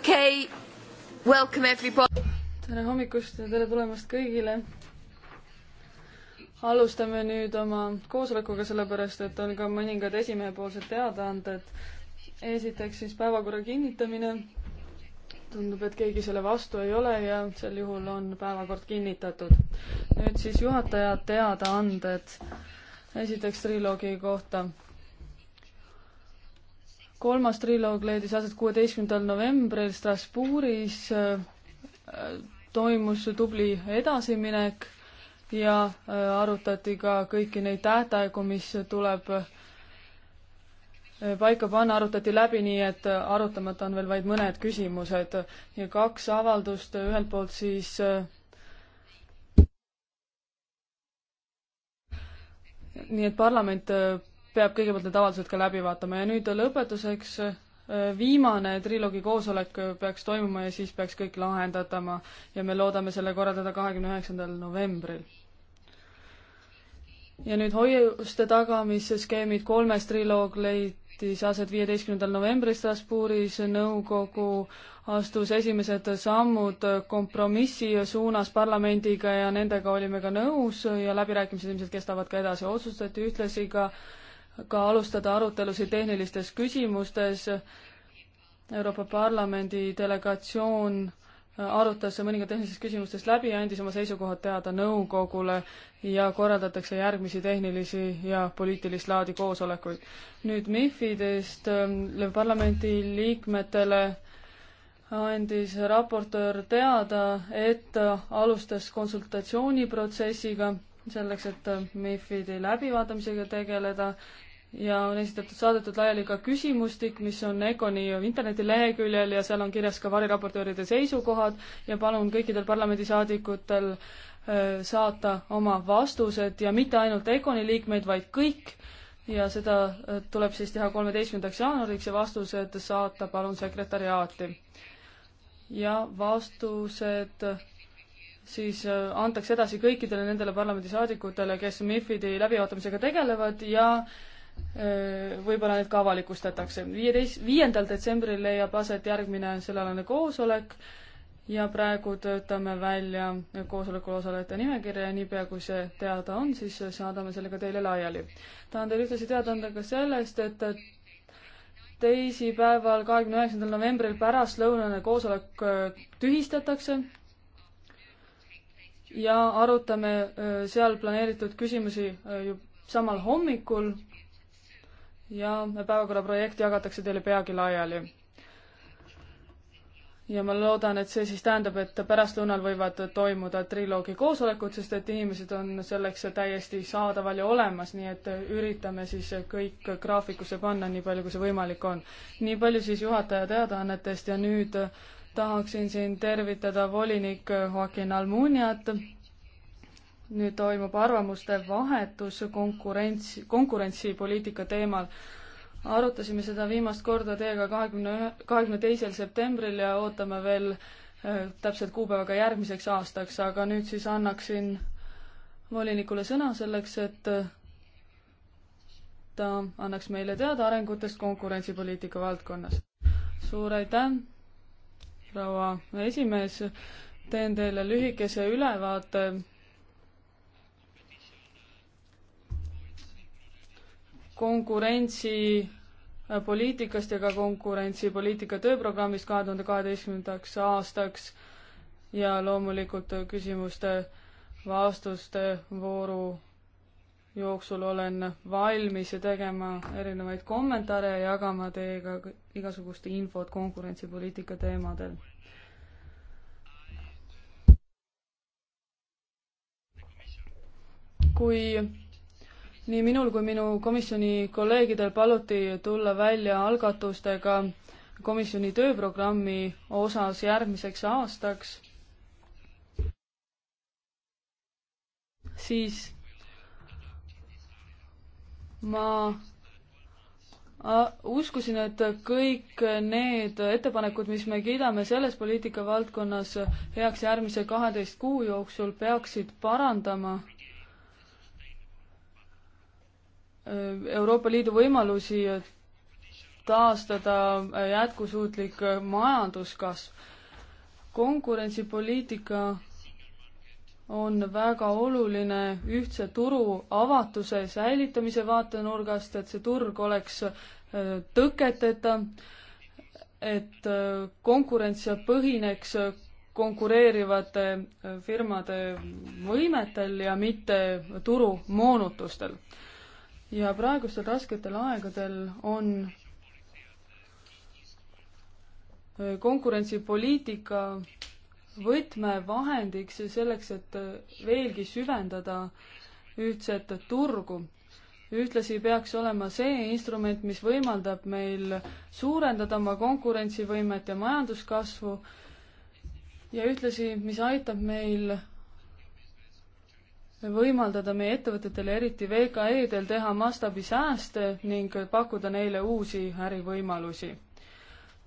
okei okay., welcome everybody. tere hommikust ja tere tulemast kõigile. alustame nüüd oma koosolekuga, sellepärast et on ka mõningad esimehepoolsed teadaanded. esiteks siis päevakorra kinnitamine. tundub, et keegi selle vastu ei ole ja sel juhul on päevakord kinnitatud. nüüd siis juhataja teadaanded. esiteks triloogi kohta kolmas triloog leidis aset kuueteistkümnendal novembril Strasbourgis, äh, toimus tubli edasiminek ja äh, arutati ka kõiki neid tähtaegu, mis tuleb äh, paika panna, arutati läbi nii, et arutamata on veel vaid mõned küsimused ja kaks avaldust, ühelt poolt siis nii et parlament peab kõigepealt need avaldused ka läbi vaatama ja nüüd lõpetuseks äh, viimane triloogi koosolek peaks toimuma ja siis peaks kõik lahendatama ja me loodame selle korraldada kahekümne üheksandal novembril. ja nüüd hoiuste tagamise skeemid, kolmes triloog leidis aset viieteistkümnendal novembril Strasbourgis, nõukogu astus esimesed sammud kompromissi suunas parlamendiga ja nendega olime ka nõus ja läbirääkimised ilmselt kestavad ka edasi, otsustati ühtlasi ka äh, ka alustada arutelusid tehnilistes küsimustes. Euroopa Parlamendi delegatsioon arutas mõningad tehnilised küsimustest läbi, andis oma seisukohad teada nõukogule ja korraldatakse järgmisi tehnilisi ja poliitilist laadi koosolekuid. nüüd MIFidest ähm, parlamendi liikmetele andis raportöör teada, et alustas konsultatsiooniprotsessiga selleks, et äh, MIFID-i läbivaatamisega tegeleda ja on esitatud, saadetud laiali ka küsimustik, mis on Econi internetileheküljel ja seal on kirjas ka variraportööride seisukohad ja palun kõikidel parlamendisaadikutel äh, saata oma vastused ja mitte ainult Econi liikmeid, vaid kõik ja seda äh, tuleb siis teha kolmeteistkümnendaks jaanuariks ja vastused saata palun sekretäriaati. ja vastused siis äh, antakse edasi kõikidele nendele parlamendisaadikutele, kes MIFID-i läbivaatamisega tegelevad ja äh, võib-olla need ka avalikustatakse. viieteist, viiendal detsembril leiab aset järgmine sellealane koosolek ja praegu töötame välja koosolekul osalejate nimekirja ja niipea, kui see teada on, siis saadame selle ka teile laiali. tahan teile ühtlasi teada anda ka sellest, et teisipäeval, kahekümne üheksandal novembril pärastlõunane koosolek äh, tühistatakse, ja arutame seal planeeritud küsimusi samal hommikul ja päevakorra projekt jagatakse teile peagi laiali. ja ma loodan, et see siis tähendab, et pärastlõunal võivad toimuda triloogi koosolekud, sest et inimesed on selleks täiesti saadaval ja olemas, nii et üritame siis kõik graafikusse panna, nii palju kui see võimalik on. nii palju siis juhataja teadaannetest ja nüüd äh, tahaksin siin tervitada volinik Joaquin Almuniat. nüüd toimub arvamuste vahetus konkurents, konkurentsipoliitika teemal. arutasime seda viimast korda teiega kahekümne ühe, kahekümne teisel septembril ja ootame veel eh, täpselt kuupäevaga järgmiseks aastaks, aga nüüd siis annaksin volinikule sõna selleks, et eh, ta annaks meile teada arengutest konkurentsipoliitika valdkonnas. suur aitäh! proua esimees. teen teile lühikese ülevaate konkurentsipoliitikast äh, ja ka konkurentsipoliitika tööprogrammist kahe tuhande kaheteistkümnendaks aastaks ja loomulikult küsimuste-vastuste vooru jooksul olen valmis tegema erinevaid kommentaare ja jagama teiega igasugust infot konkurentsipoliitika teemadel. kui nii minul kui minu komisjoni kolleegidel paluti tulla välja algatustega komisjoni tööprogrammi osas järgmiseks aastaks, siis ma äh, uskusin, et kõik need ettepanekud, mis me kiidame selles poliitikavaldkonnas heaks järgmise kaheteist kuu jooksul, peaksid parandama äh, Euroopa Liidu võimalusi taastada jätkusuutlik majanduskasv. konkurentsipoliitika on väga oluline ühtse turu avatuse säilitamise vaatenurgast, et see turg oleks äh, tõketeta, et äh, konkurents põhineks konkureerivate äh, firmade võimetel ja mitte turu moonutustel. ja praegustel rasketel aegadel on konkurentsipoliitika võtmevahendiks selleks, et äh, veelgi süvendada ühtset turgu. ühtlasi peaks olema see instrument, mis võimaldab meil suurendada oma konkurentsivõimet ja majanduskasvu ja ühtlasi, mis aitab meil võimaldada meie ettevõtetele, eriti VKE-del, teha mastaabisääste ning pakkuda neile uusi ärivõimalusi.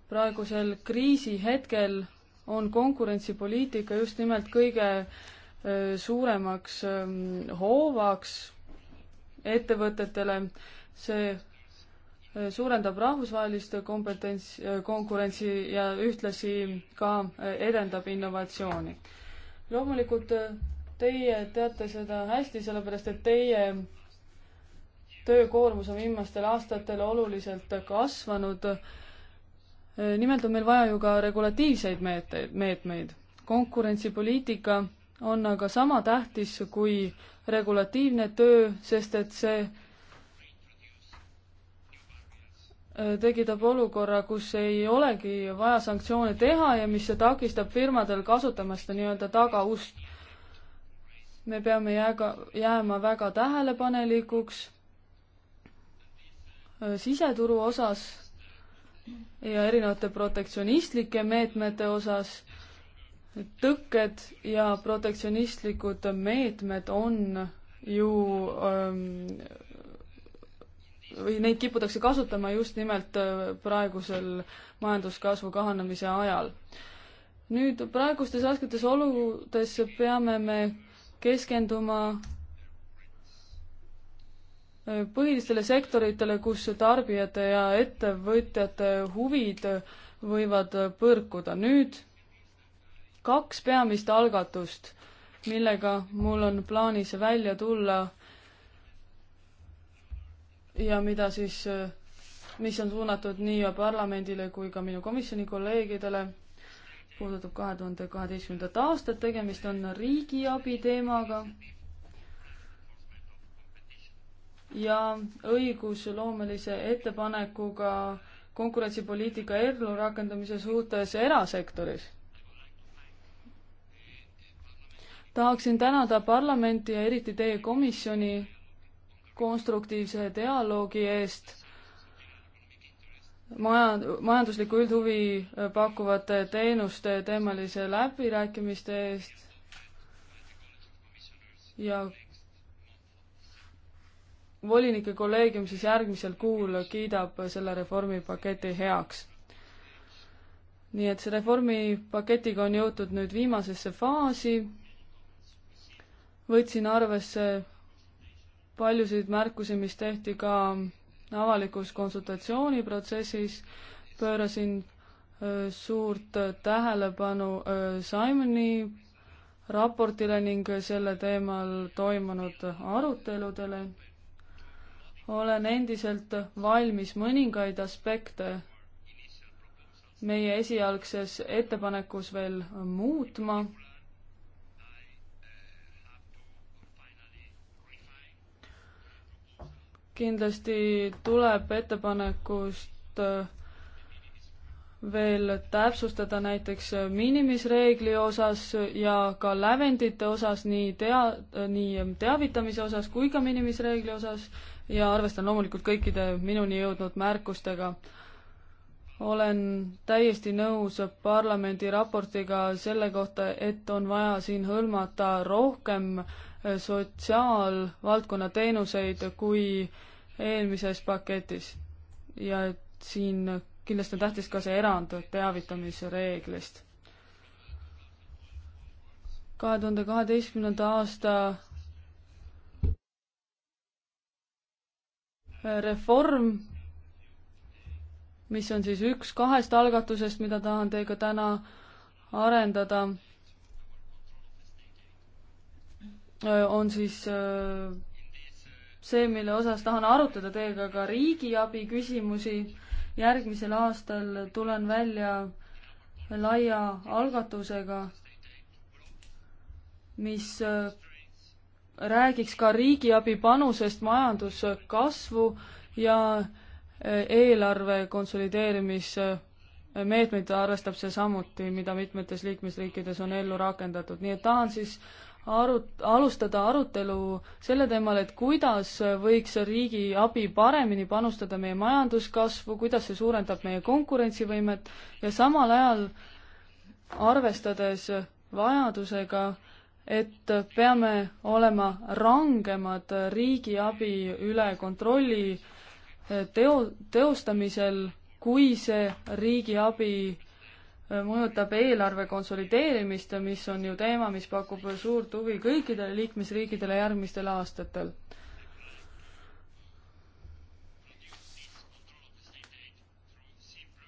praegusel kriisihetkel on konkurentsipoliitika just nimelt kõige suuremaks hoovaks ettevõtetele, see suurendab rahvusvahelist kompetents, konkurentsi ja ühtlasi ka edendab innovatsiooni. loomulikult teie teate seda hästi, sellepärast et teie töökoormus on viimastel aastatel oluliselt kasvanud Äh, nimelt on meil vaja ju ka regulatiivseid meetmeid, meetmeid. konkurentsipoliitika on aga sama tähtis kui regulatiivne töö, sest et see äh, tekitab olukorra, kus ei olegi vaja sanktsioone teha ja mis takistab firmadel kasutamast nii-öelda tagaust. me peame jääga, jääma väga tähelepanelikuks äh, siseturu osas ja erinevate protektsionistlike meetmete osas. tõkked ja protektsionistlikud meetmed on ju ähm, või neid kiputakse kasutama just nimelt äh, praegusel majanduskasvu kahanemise ajal. nüüd praegustes rasketes oludes peame me keskenduma põhilistele sektoritele, kus tarbijate ja ettevõtjate huvid võivad põrkuda. nüüd kaks peamist algatust, millega mul on plaanis välja tulla ja mida siis, mis on suunatud nii parlamendile kui ka minu komisjoni kolleegidele, puudutab kahe tuhande kaheteistkümnendat aastat, tegemist on riigiabi teemaga ja õigusloomelise ettepanekuga konkurentsipoliitika ellu rakendamise suhtes erasektoris. tahaksin tänada parlamenti ja eriti teie komisjoni konstruktiivse dialoogi eest maja, majanduslikku üldhuvi pakkuvate teenuste teemalise läbirääkimiste eest ja volinike kolleegium siis järgmisel kuul kiidab selle reformipaketi heaks. nii et see reformipaketiga on jõutud nüüd viimasesse faasi. võtsin arvesse paljusid märkusi, mis tehti ka avalikus konsultatsiooniprotsessis, pöörasin öö, suurt tähelepanu öö, Simoni raportile ning selle teemal toimunud aruteludele olen endiselt valmis mõningaid aspekte meie esialgses ettepanekus veel muutma. kindlasti tuleb ettepanekust äh, veel täpsustada näiteks minimisreegli osas ja ka lävendite osas, nii tea-, nii teavitamise osas kui ka minimisreegli osas ja arvestan loomulikult kõikide minuni jõudnud märkustega. olen täiesti nõus parlamendi raportiga selle kohta, et on vaja siin hõlmata rohkem eh, sotsiaalvaldkonna teenuseid kui eelmises paketis. ja et siin kindlasti on tähtis ka see erand teavitamisreeglist. kahe tuhande kaheteistkümnenda aasta reform, mis on siis üks kahest algatusest, mida tahan teiega täna arendada, on siis äh, see, mille osas tahan arutada teiega ka riigiabi küsimusi. järgmisel aastal tulen välja laia algatusega, mis äh, räägiks ka riigiabi panusest majanduskasvu ja eh, eelarve konsolideerimismeetmeid arvestab see samuti, mida mitmetes liikmesriikides on ellu rakendatud, nii et tahan siis arut-, alustada arutelu selle teemal, et kuidas võiks riigi abi paremini panustada meie majanduskasvu, kuidas see suurendab meie konkurentsivõimet ja samal ajal arvestades vajadusega äh, et peame olema rangemad riigiabi üle kontrolli eh, teo, teostamisel, kui see riigiabi eh, mõjutab eelarve konsolideerimist, mis on ju teema, mis pakub suurt huvi kõikidele liikmesriikidele järgmistel aastatel.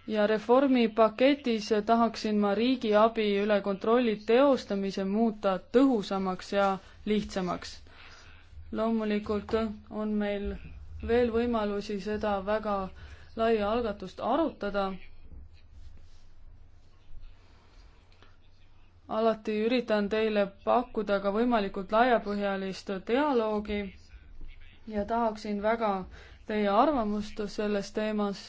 ja reformipaketis tahaksin ma riigiabi üle kontrolli teostamise muuta tõhusamaks ja lihtsamaks. loomulikult on meil veel võimalusi seda väga laia algatust arutada. alati üritan teile pakkuda ka võimalikult laiapõhjalist dialoogi ja tahaksin väga teie arvamust selles teemas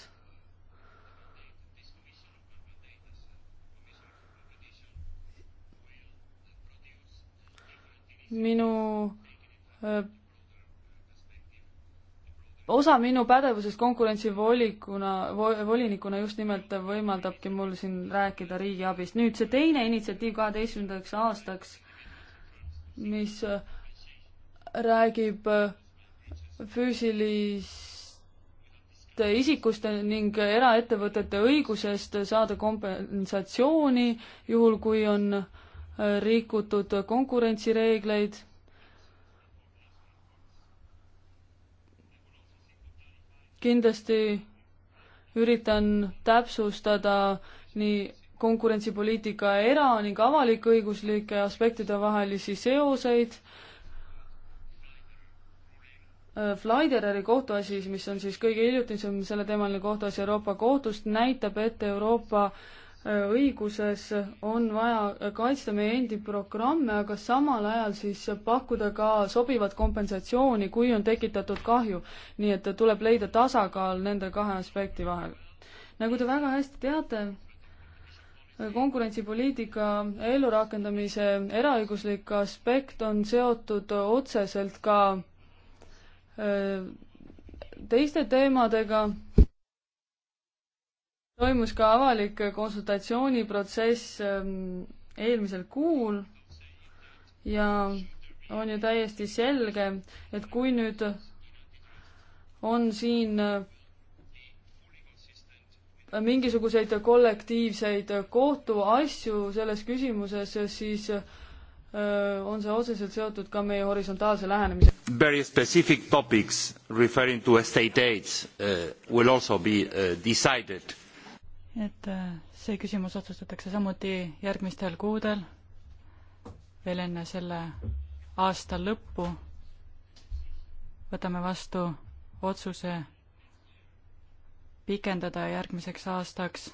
minu osa minu pädevusest konkurentsivolikuna vo,, volinikuna just nimelt võimaldabki mul siin rääkida riigiabist. nüüd see teine initsiatiiv kaheteistkümnendaks aastaks, mis räägib füüsiliste isikuste ning eraettevõtete õigusest saada kompensatsiooni, juhul kui on äh, rikutud konkurentsireegleid. kindlasti üritan täpsustada nii konkurentsipoliitika era- ning avalik-õiguslike aspektide vahelisi seoseid. Flaidereri kohtuasi, mis on siis kõige hiljutisem selleteemaline kohtuasi Euroopa kohtust, näitab, et Euroopa äh, õiguses on vaja kaitsta meie endi programme, aga samal ajal siis pakkuda ka sobivat kompensatsiooni, kui on tekitatud kahju. nii et tuleb leida tasakaal nende kahe aspekti vahel. nagu te väga hästi teate, konkurentsipoliitika ellurakendamise eraõiguslik aspekt on seotud otseselt ka äh, teiste teemadega toimus ka avalik konsultatsiooniprotsess ähm, eelmisel kuul ja on ju täiesti selge, et kui nüüd on siin äh, mingisuguseid kollektiivseid kohtuasju selles küsimuses, siis äh, on see otseselt seotud ka meie horisontaalse lähenemisega. Very specific topics referring to estate aids uh, will also be uh, decided uh, et äh, see küsimus otsustatakse samuti järgmistel kuudel, veel enne selle aasta lõppu võtame vastu otsuse pikendada järgmiseks aastaks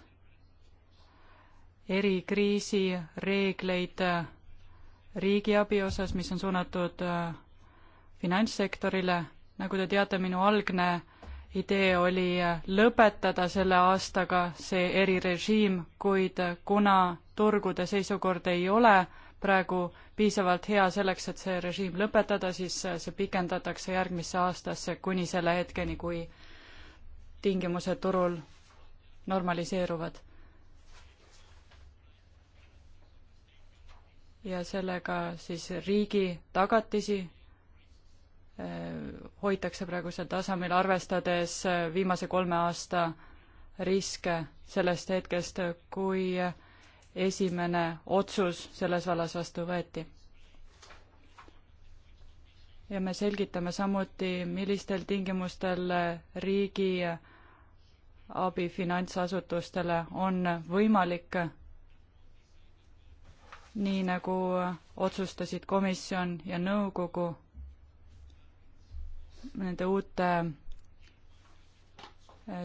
erikriisi reegleid äh, riigiabi osas, mis on suunatud äh, finantssektorile, nagu te teate, minu algne idee oli lõpetada selle aastaga see erirežiim, kuid kuna turgude seisukord ei ole praegu piisavalt hea selleks, et see režiim lõpetada, siis see pikendatakse järgmisse aastasse kuni selle hetkeni, kui tingimused turul normaliseeruvad. ja sellega siis riigi tagatisi hoitakse praegusel tasemel, arvestades äh, viimase kolme aasta riske sellest hetkest, kui esimene otsus selles vallas vastu võeti. ja me selgitame samuti, millistel tingimustel riigi abi finantsasutustele on võimalik nii nagu otsustasid komisjon ja nõukogu nende uute äh,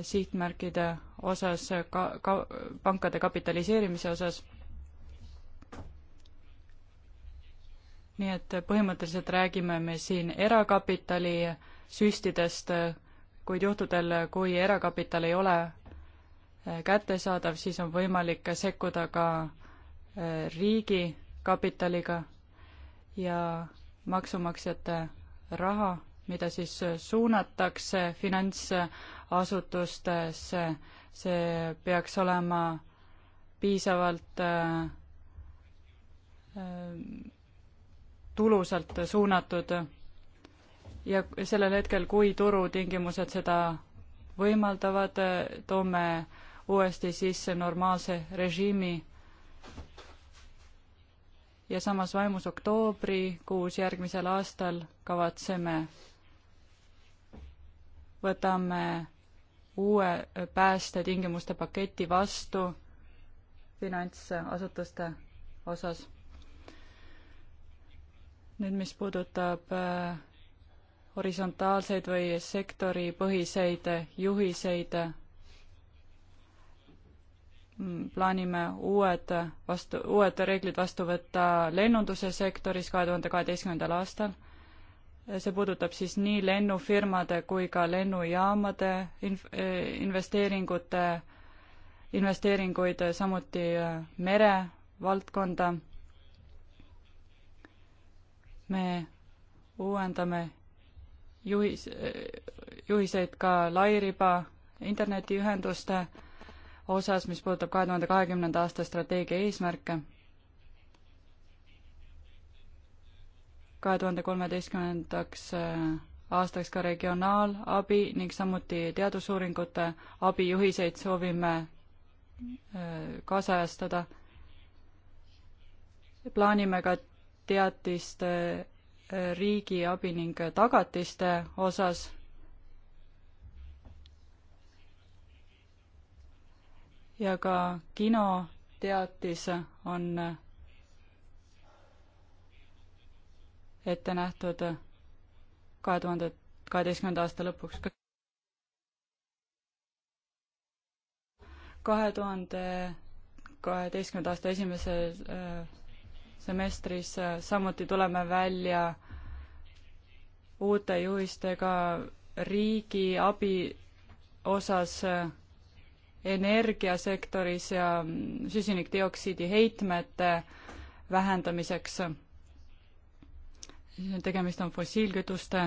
sihtmärkide osas, ka, ka pankade kapitaliseerimise osas. nii et põhimõtteliselt räägime me siin erakapitali süstidest, kuid juhtudel, kui erakapital ei ole äh, kättesaadav, siis on võimalik sekkuda ka äh, riigi kapitaliga ja maksumaksjate raha mida siis suunatakse finantsasutustesse, see peaks olema piisavalt äh, äh, tulusalt suunatud ja sellel hetkel, kui turutingimused seda võimaldavad, toome uuesti sisse normaalse režiimi. ja samas vaimus oktoobrikuus järgmisel aastal kavatseme võtame uue päästetingimuste paketi vastu finantsasutuste osas. nüüd, mis puudutab äh, horisontaalseid või sektoripõhiseid juhiseid, mm, plaanime uued vastu, uued reeglid vastu võtta lennunduse sektoris kahe tuhande kaheteistkümnendal aastal see puudutab siis nii lennufirmade kui ka lennujaamade inf-, eh, investeeringute, investeeringuid, samuti eh, merevaldkonda. me uuendame juhis, eh, juhiseid ka lairiba internetiühenduste osas, mis puudutab kahe tuhande kahekümnenda aasta strateegia eesmärke kahe tuhande kolmeteistkümnendaks äh, aastaks ka regionaalabi ning samuti teadusuuringute abijuhiseid soovime äh, kaasajastada. plaanime ka teatiste äh, riigiabi ning tagatiste osas. ja ka kinoteatis on ette nähtud kahe tuhande kaheteistkümnenda aasta lõpuks. kahe tuhande kaheteistkümnenda aasta esimeses äh, semestris äh, samuti tuleme välja uute juhistega riigi abi osas äh, energiasektoris ja mm, süsinikdioksiidi heitmete vähendamiseks tegemist on fossiilkütuste,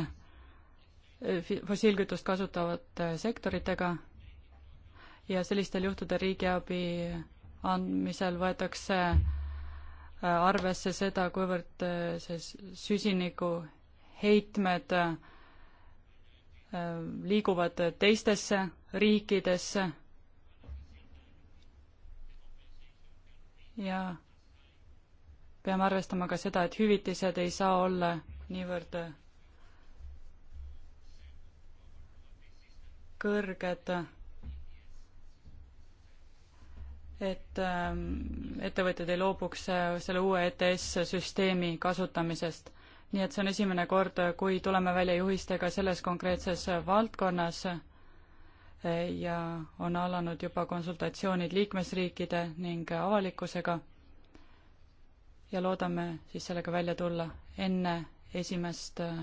fossiilkütust kasutavate sektoritega ja sellistel juhtudel riigiabi andmisel võetakse äh, arvesse seda, kuivõrd äh, see süsiniku heitmed äh, liiguvad teistesse riikidesse ja peame arvestama ka seda, et hüvitised ei saa olla niivõrd kõrged, et ähm, ettevõtjad ei loobuks äh, selle uue ETS-süsteemi kasutamisest. nii et see on esimene kord, kui tuleme välja juhistega selles konkreetses valdkonnas äh, ja on alanud juba konsultatsioonid liikmesriikide ning avalikkusega ja loodame siis sellega välja tulla enne esimest äh,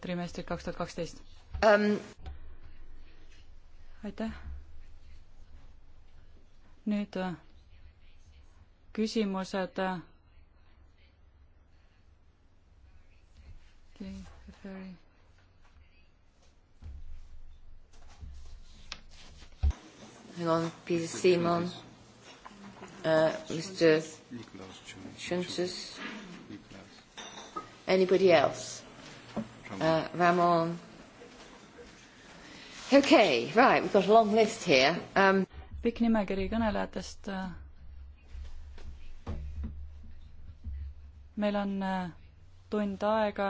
trimestrit kaks tuhat kaksteist. Ähm. aitäh. nüüd äh, küsimused. Äh, Simon. Uh, Mr. Chuntis. Anybody else? Uh, Ramon. Okay, right, we've got a long list here um.... pikk nimekiri kõnelejatest. meil on uh, tund aega,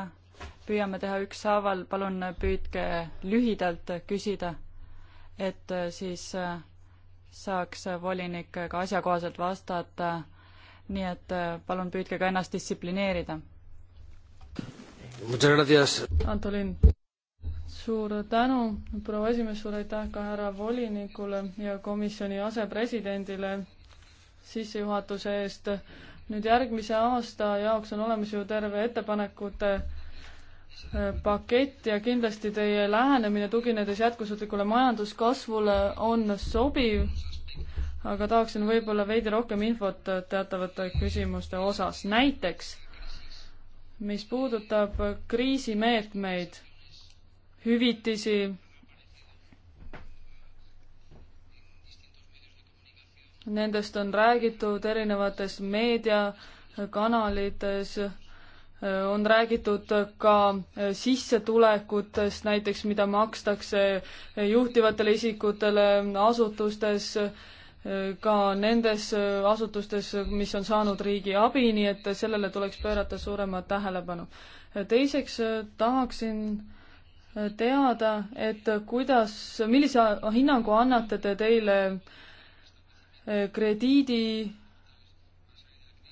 püüame teha ükshaaval, palun püüdke lühidalt küsida, et uh, siis uh, saaks volinik ka asjakohaselt vastata. nii et äh, palun püüdke ka ennast distsiplineerida. Antolin, suur tänu, proua esimees, suur aitäh ka härra volinikule ja komisjoni asepresidendile sissejuhatuse eest. nüüd järgmise aasta jaoks on olemas ju terve ettepanekute pakett ja kindlasti teie lähenemine, tuginedes jätkusuutlikule majanduskasvule, on sobiv, aga tahaksin võib-olla veidi rohkem infot teatavate küsimuste osas. näiteks, mis puudutab kriisimeetmeid, hüvitisi, nendest on räägitud erinevates meediakanalites on räägitud ka sissetulekutest, näiteks mida makstakse juhtivatele isikutele asutustes, ka nendes asutustes, mis on saanud riigi abi, nii et sellele tuleks pöörata suuremat tähelepanu. teiseks tahaksin teada, et kuidas, millise hinnangu annate te teile krediidi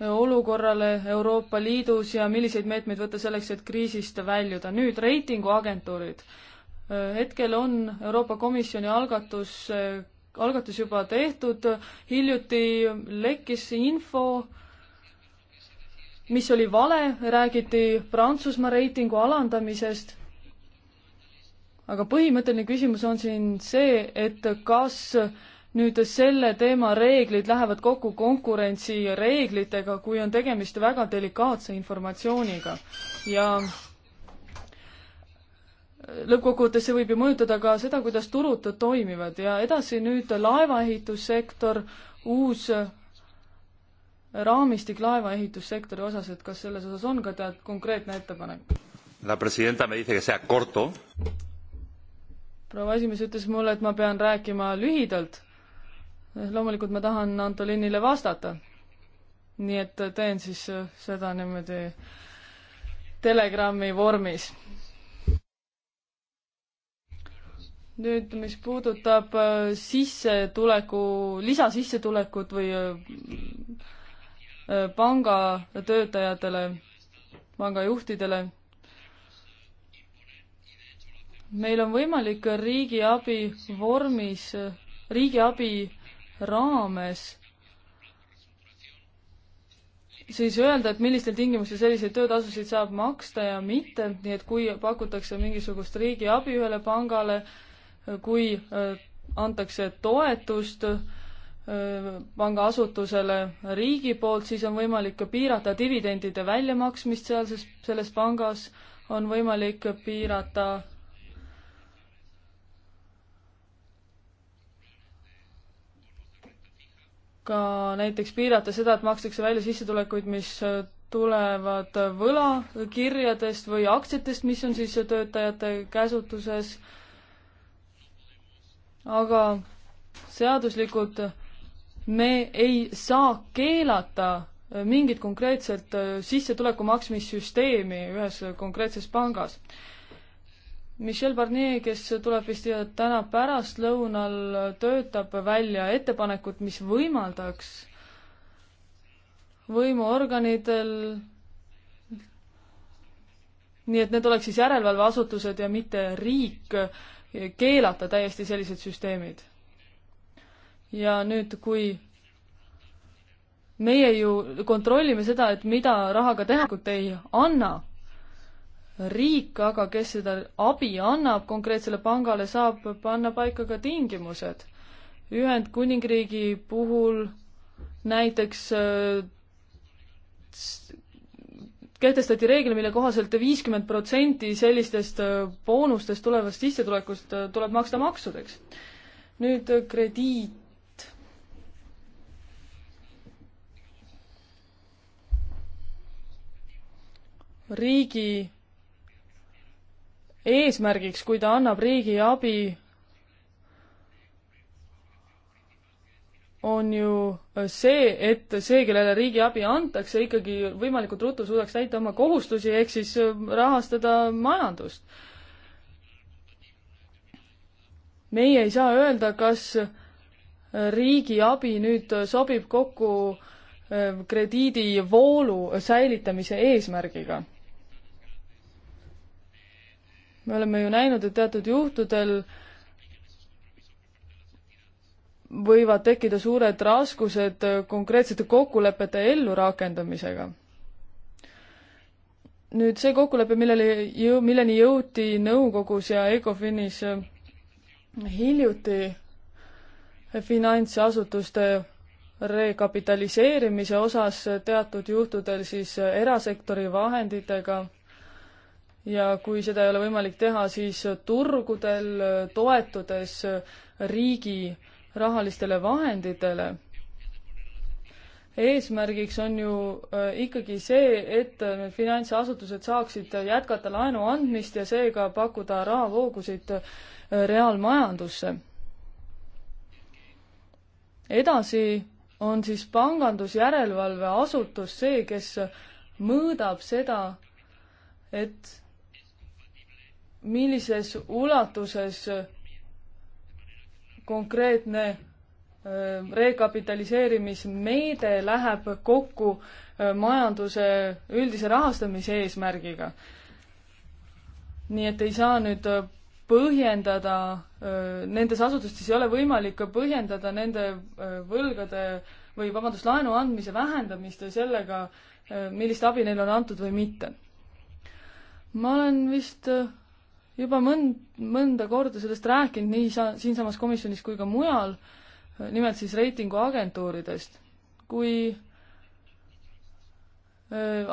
olukorrale Euroopa Liidus ja milliseid meetmeid võtta selleks, et kriisist väljuda. nüüd reitinguagentuurid. hetkel on Euroopa Komisjoni algatus, algatus juba tehtud, hiljuti lekkis info, mis oli vale, räägiti Prantsusmaa reitingu alandamisest aga põhimõtteline küsimus on siin see, et kas nüüd selle teema reeglid lähevad kokku konkurentsireeglitega, kui on tegemist väga delikaatse informatsiooniga ja lõppkokkuvõttes see võib ju mõjutada ka seda, kuidas turud toimivad ja edasi nüüd laevaehitussektor, uus raamistik laevaehitussektori osas, et kas selles osas on ka tead konkreetne ettepanek? proua esimees ütles mulle, et ma pean rääkima lühidalt loomulikult ma tahan Antolinile vastata. nii et teen siis seda niimoodi Telegrami vormis. nüüd, mis puudutab äh, sissetuleku, lisasissetulekut või äh, pangatöötajatele, pangajuhtidele meil on võimalik riigiabi vormis, riigiabi raames siis öelda, et millistel tingimustel selliseid töötasusid saab maksta ja mitte, nii et kui pakutakse mingisugust riigiabi ühele pangale, kui äh, antakse toetust äh, pangaasutusele riigi poolt, siis on võimalik ka piirata dividendide väljamaksmist sealses, selles pangas, on võimalik piirata ka näiteks piirata seda, et makstakse välja sissetulekuid, mis tulevad võlakirjadest või aktsiatest, mis on siis töötajate käsutuses. aga seaduslikult me ei saa keelata mingit konkreetset sissetuleku maksmissüsteemi ühes konkreetses pangas Michel Barnier, kes tuleb vist täna pärastlõunal, töötab välja ettepanekut, mis võimaldaks võimuorganitel nii et need oleks siis järelevalveasutused ja mitte riik, keelata täiesti sellised süsteemid. ja nüüd, kui meie ju kontrollime seda, et mida rahaga teha, kui ei anna riik aga, kes seda abi annab konkreetsele pangale, saab panna paika ka tingimused. Ühendkuningriigi puhul näiteks äh, kehtestati reegel, mille kohaselt viiskümmend protsenti sellistest äh, boonustest tulevast sissetulekust äh, tuleb maksta maksudeks. nüüd krediit. riigi eesmärgiks, kui ta annab riigi abi, on ju see, et see, kellele riigi abi antakse, ikkagi võimalikult ruttu suudaks täita oma kohustusi, ehk siis äh, rahastada majandust. meie ei saa öelda, kas äh, riigi abi nüüd sobib kokku äh, krediidivoolu säilitamise eesmärgiga me oleme ju näinud, et teatud juhtudel võivad tekkida suured raskused konkreetsete kokkulepete ellurakendamisega. nüüd see kokkulepe, millele jõu-, milleni jõuti nõukogus ja ECOFINis hiljuti finantsasutuste rekapitaliseerimise osas teatud juhtudel siis erasektori vahenditega ja kui seda ei ole võimalik teha, siis turgudel toetudes riigi rahalistele vahenditele. eesmärgiks on ju äh, ikkagi see, et need finantsasutused saaksid jätkata laenu andmist ja seega pakkuda rahavoogusid äh, reaalmajandusse. edasi on siis pangandusjärelevalveasutus see, kes mõõdab seda, et millises ulatuses konkreetne äh, rekapitaliseerimismeede läheb kokku äh, majanduse üldise rahastamise eesmärgiga. nii et ei saa nüüd äh, põhjendada, nendes asutustes ei ole võimalik ka põhjendada nende võlgade või vabandust, laenu andmise vähendamist ja sellega, millist abi neile on antud või mitte. ma olen vist juba mõnd-, mõnda korda sellest rääkinud nii sa-, siinsamas komisjonis kui ka mujal, nimelt siis reitinguagentuuridest. kui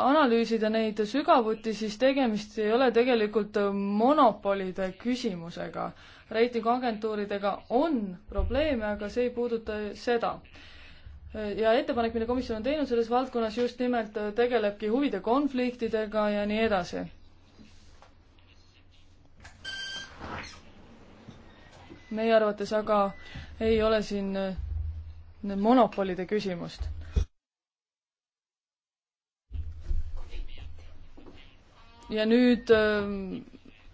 analüüsida neid sügavuti, siis tegemist ei ole tegelikult monopolide küsimusega. reitinguagentuuridega on probleeme, aga see ei puuduta seda. ja ettepanek, mille komisjon on teinud selles valdkonnas, just nimelt tegelebki huvide konfliktidega ja nii edasi meie arvates aga ei ole siin äh, monopolide küsimust. ja nüüd äh,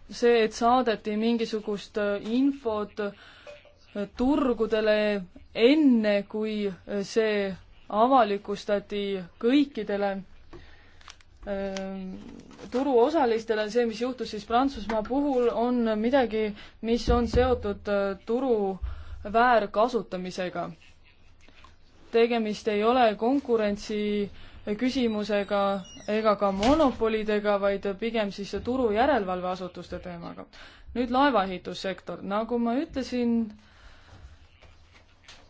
see, et saadeti mingisugust äh, infot turgudele enne, kui see avalikustati kõikidele turuosalistele, see, mis juhtus siis Prantsusmaa puhul, on midagi, mis on seotud turu väärkasutamisega. tegemist ei ole konkurentsi küsimusega ega ka monopolidega, vaid pigem siis turu järelevalveasutuste teemaga. nüüd laevaehitussektor, nagu ma ütlesin,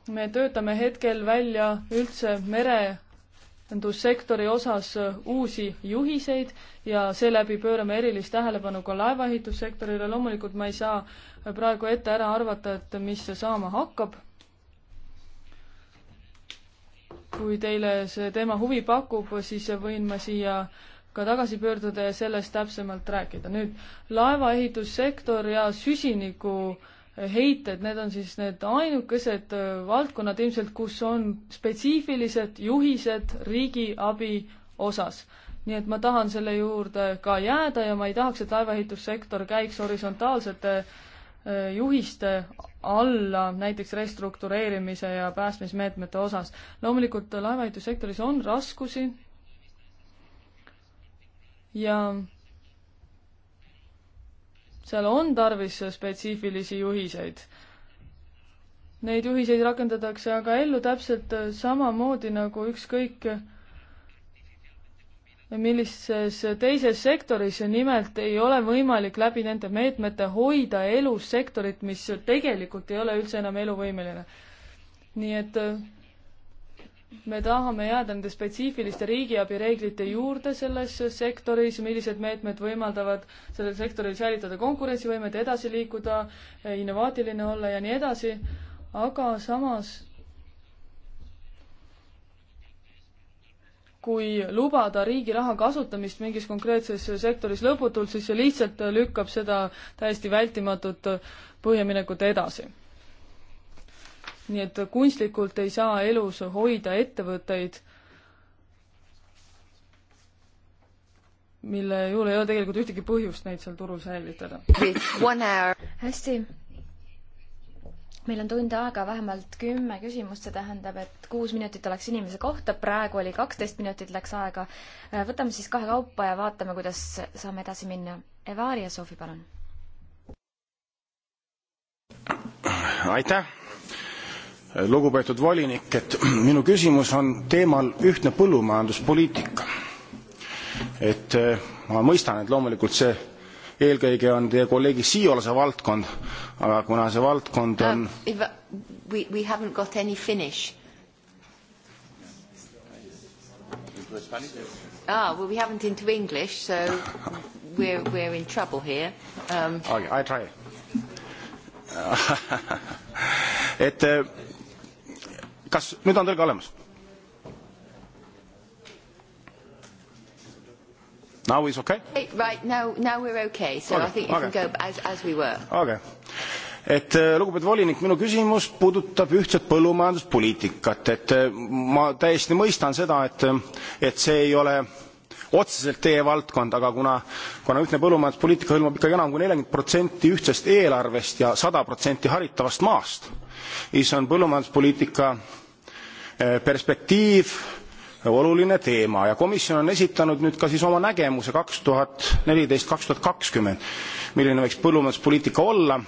me töötame hetkel välja üldse mere merendussektori osas äh, uusi juhiseid ja seeläbi pöörame erilist tähelepanu ka laevaehitussektorile. loomulikult ma ei saa äh, praegu ette ära arvata, et mis saama hakkab. kui teile see teema huvi pakub, siis võin ma siia ka tagasi pöörduda ja sellest täpsemalt rääkida. nüüd laevaehitussektor ja süsiniku äh, heited, need on siis need ainukesed äh, valdkonnad ilmselt, kus on spetsiifilised juhised riigiabi osas. nii et ma tahan selle juurde ka jääda ja ma ei tahaks, et laevaehitussektor käiks horisontaalsete äh, juhiste alla näiteks restruktureerimise ja päästmismeetmete osas. loomulikult laevaehitussektoris on raskusi ja seal on tarvis spetsiifilisi juhiseid. Neid juhiseid rakendatakse aga ellu täpselt äh, samamoodi nagu ükskõik äh, millises teises sektoris, nimelt ei ole võimalik läbi nende meetmete hoida elus sektorit, mis tegelikult ei ole üldse enam eluvõimeline. nii et äh, me tahame jääda nende spetsiifiliste riigiabireeglite juurde selles sektoris, millised meetmed võimaldavad sellel sektoril säilitada konkurentsivõimet, edasi liikuda, innovaatiline olla ja nii edasi, aga samas kui lubada riigi raha kasutamist mingis konkreetses sektoris lõputult, siis see lihtsalt lükkab seda täiesti vältimatut põhjaminekut edasi nii et kunstlikult ei saa elus hoida ettevõtteid, mille juhul ei ole tegelikult ühtegi põhjust neid seal turul säilitada. hästi. meil on tund aega vähemalt kümme küsimust, see tähendab, et kuus minutit oleks inimese kohta, praegu oli kaksteist minutit läks aega. võtame siis kahe kaupa ja vaatame, kuidas saame edasi minna. Evari ja Sofi, palun. aitäh lugupeetud volinik, et minu küsimus on teemal ühtne põllumajanduspoliitika. et eh, ma mõistan, et loomulikult see eelkõige on teie kolleegi Siolase valdkond, aga kuna see valdkond on uh, uh, we, we haven't got any finish. Ah, well, we haven't into English, so we're, we're in trouble here um.... Okay, I try et eh, kas nüüd on tõlge olemas? Now is okay? Right, now, now we're okay, so okay. I think you okay. can go as, as we were. Okay. et äh, lugupeetud volinik, minu küsimus puudutab ühtset põllumajanduspoliitikat, et äh, ma täiesti mõistan seda, et, äh, et see ei ole otseselt teie valdkond, aga kuna, kuna ühtne põllumajanduspoliitika hõlmab ikkagi enam kui nelikümmend protsenti ühtsest eelarvest ja sada protsenti haritavast maast, siis on põllumajanduspoliitika eh, perspektiiv eh, oluline teema ja komisjon on esitanud nüüd ka siis oma nägemuse 2014 2020 milline võiks põllumajanduspoliitika olla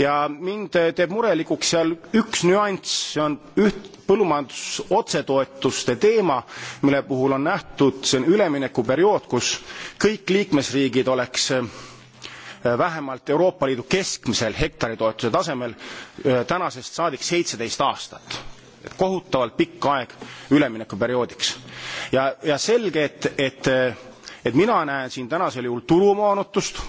ja mind eh, teeb murelikuks seal üks nüanss see on üht põllumajandusotsetoetuste teema mille puhul on nähtud see on üleminekuperiood kus kõik liikmesriigid oleks Äh, vähemalt Euroopa Liidu keskmisel hektaritoetuse tasemel äh, tänasest saadik seitseteist aastat et kohutavalt pikk aeg üleminekuperioodiks ja ja selge et et äh, et mina näen siin tänasel juhul turumoonutust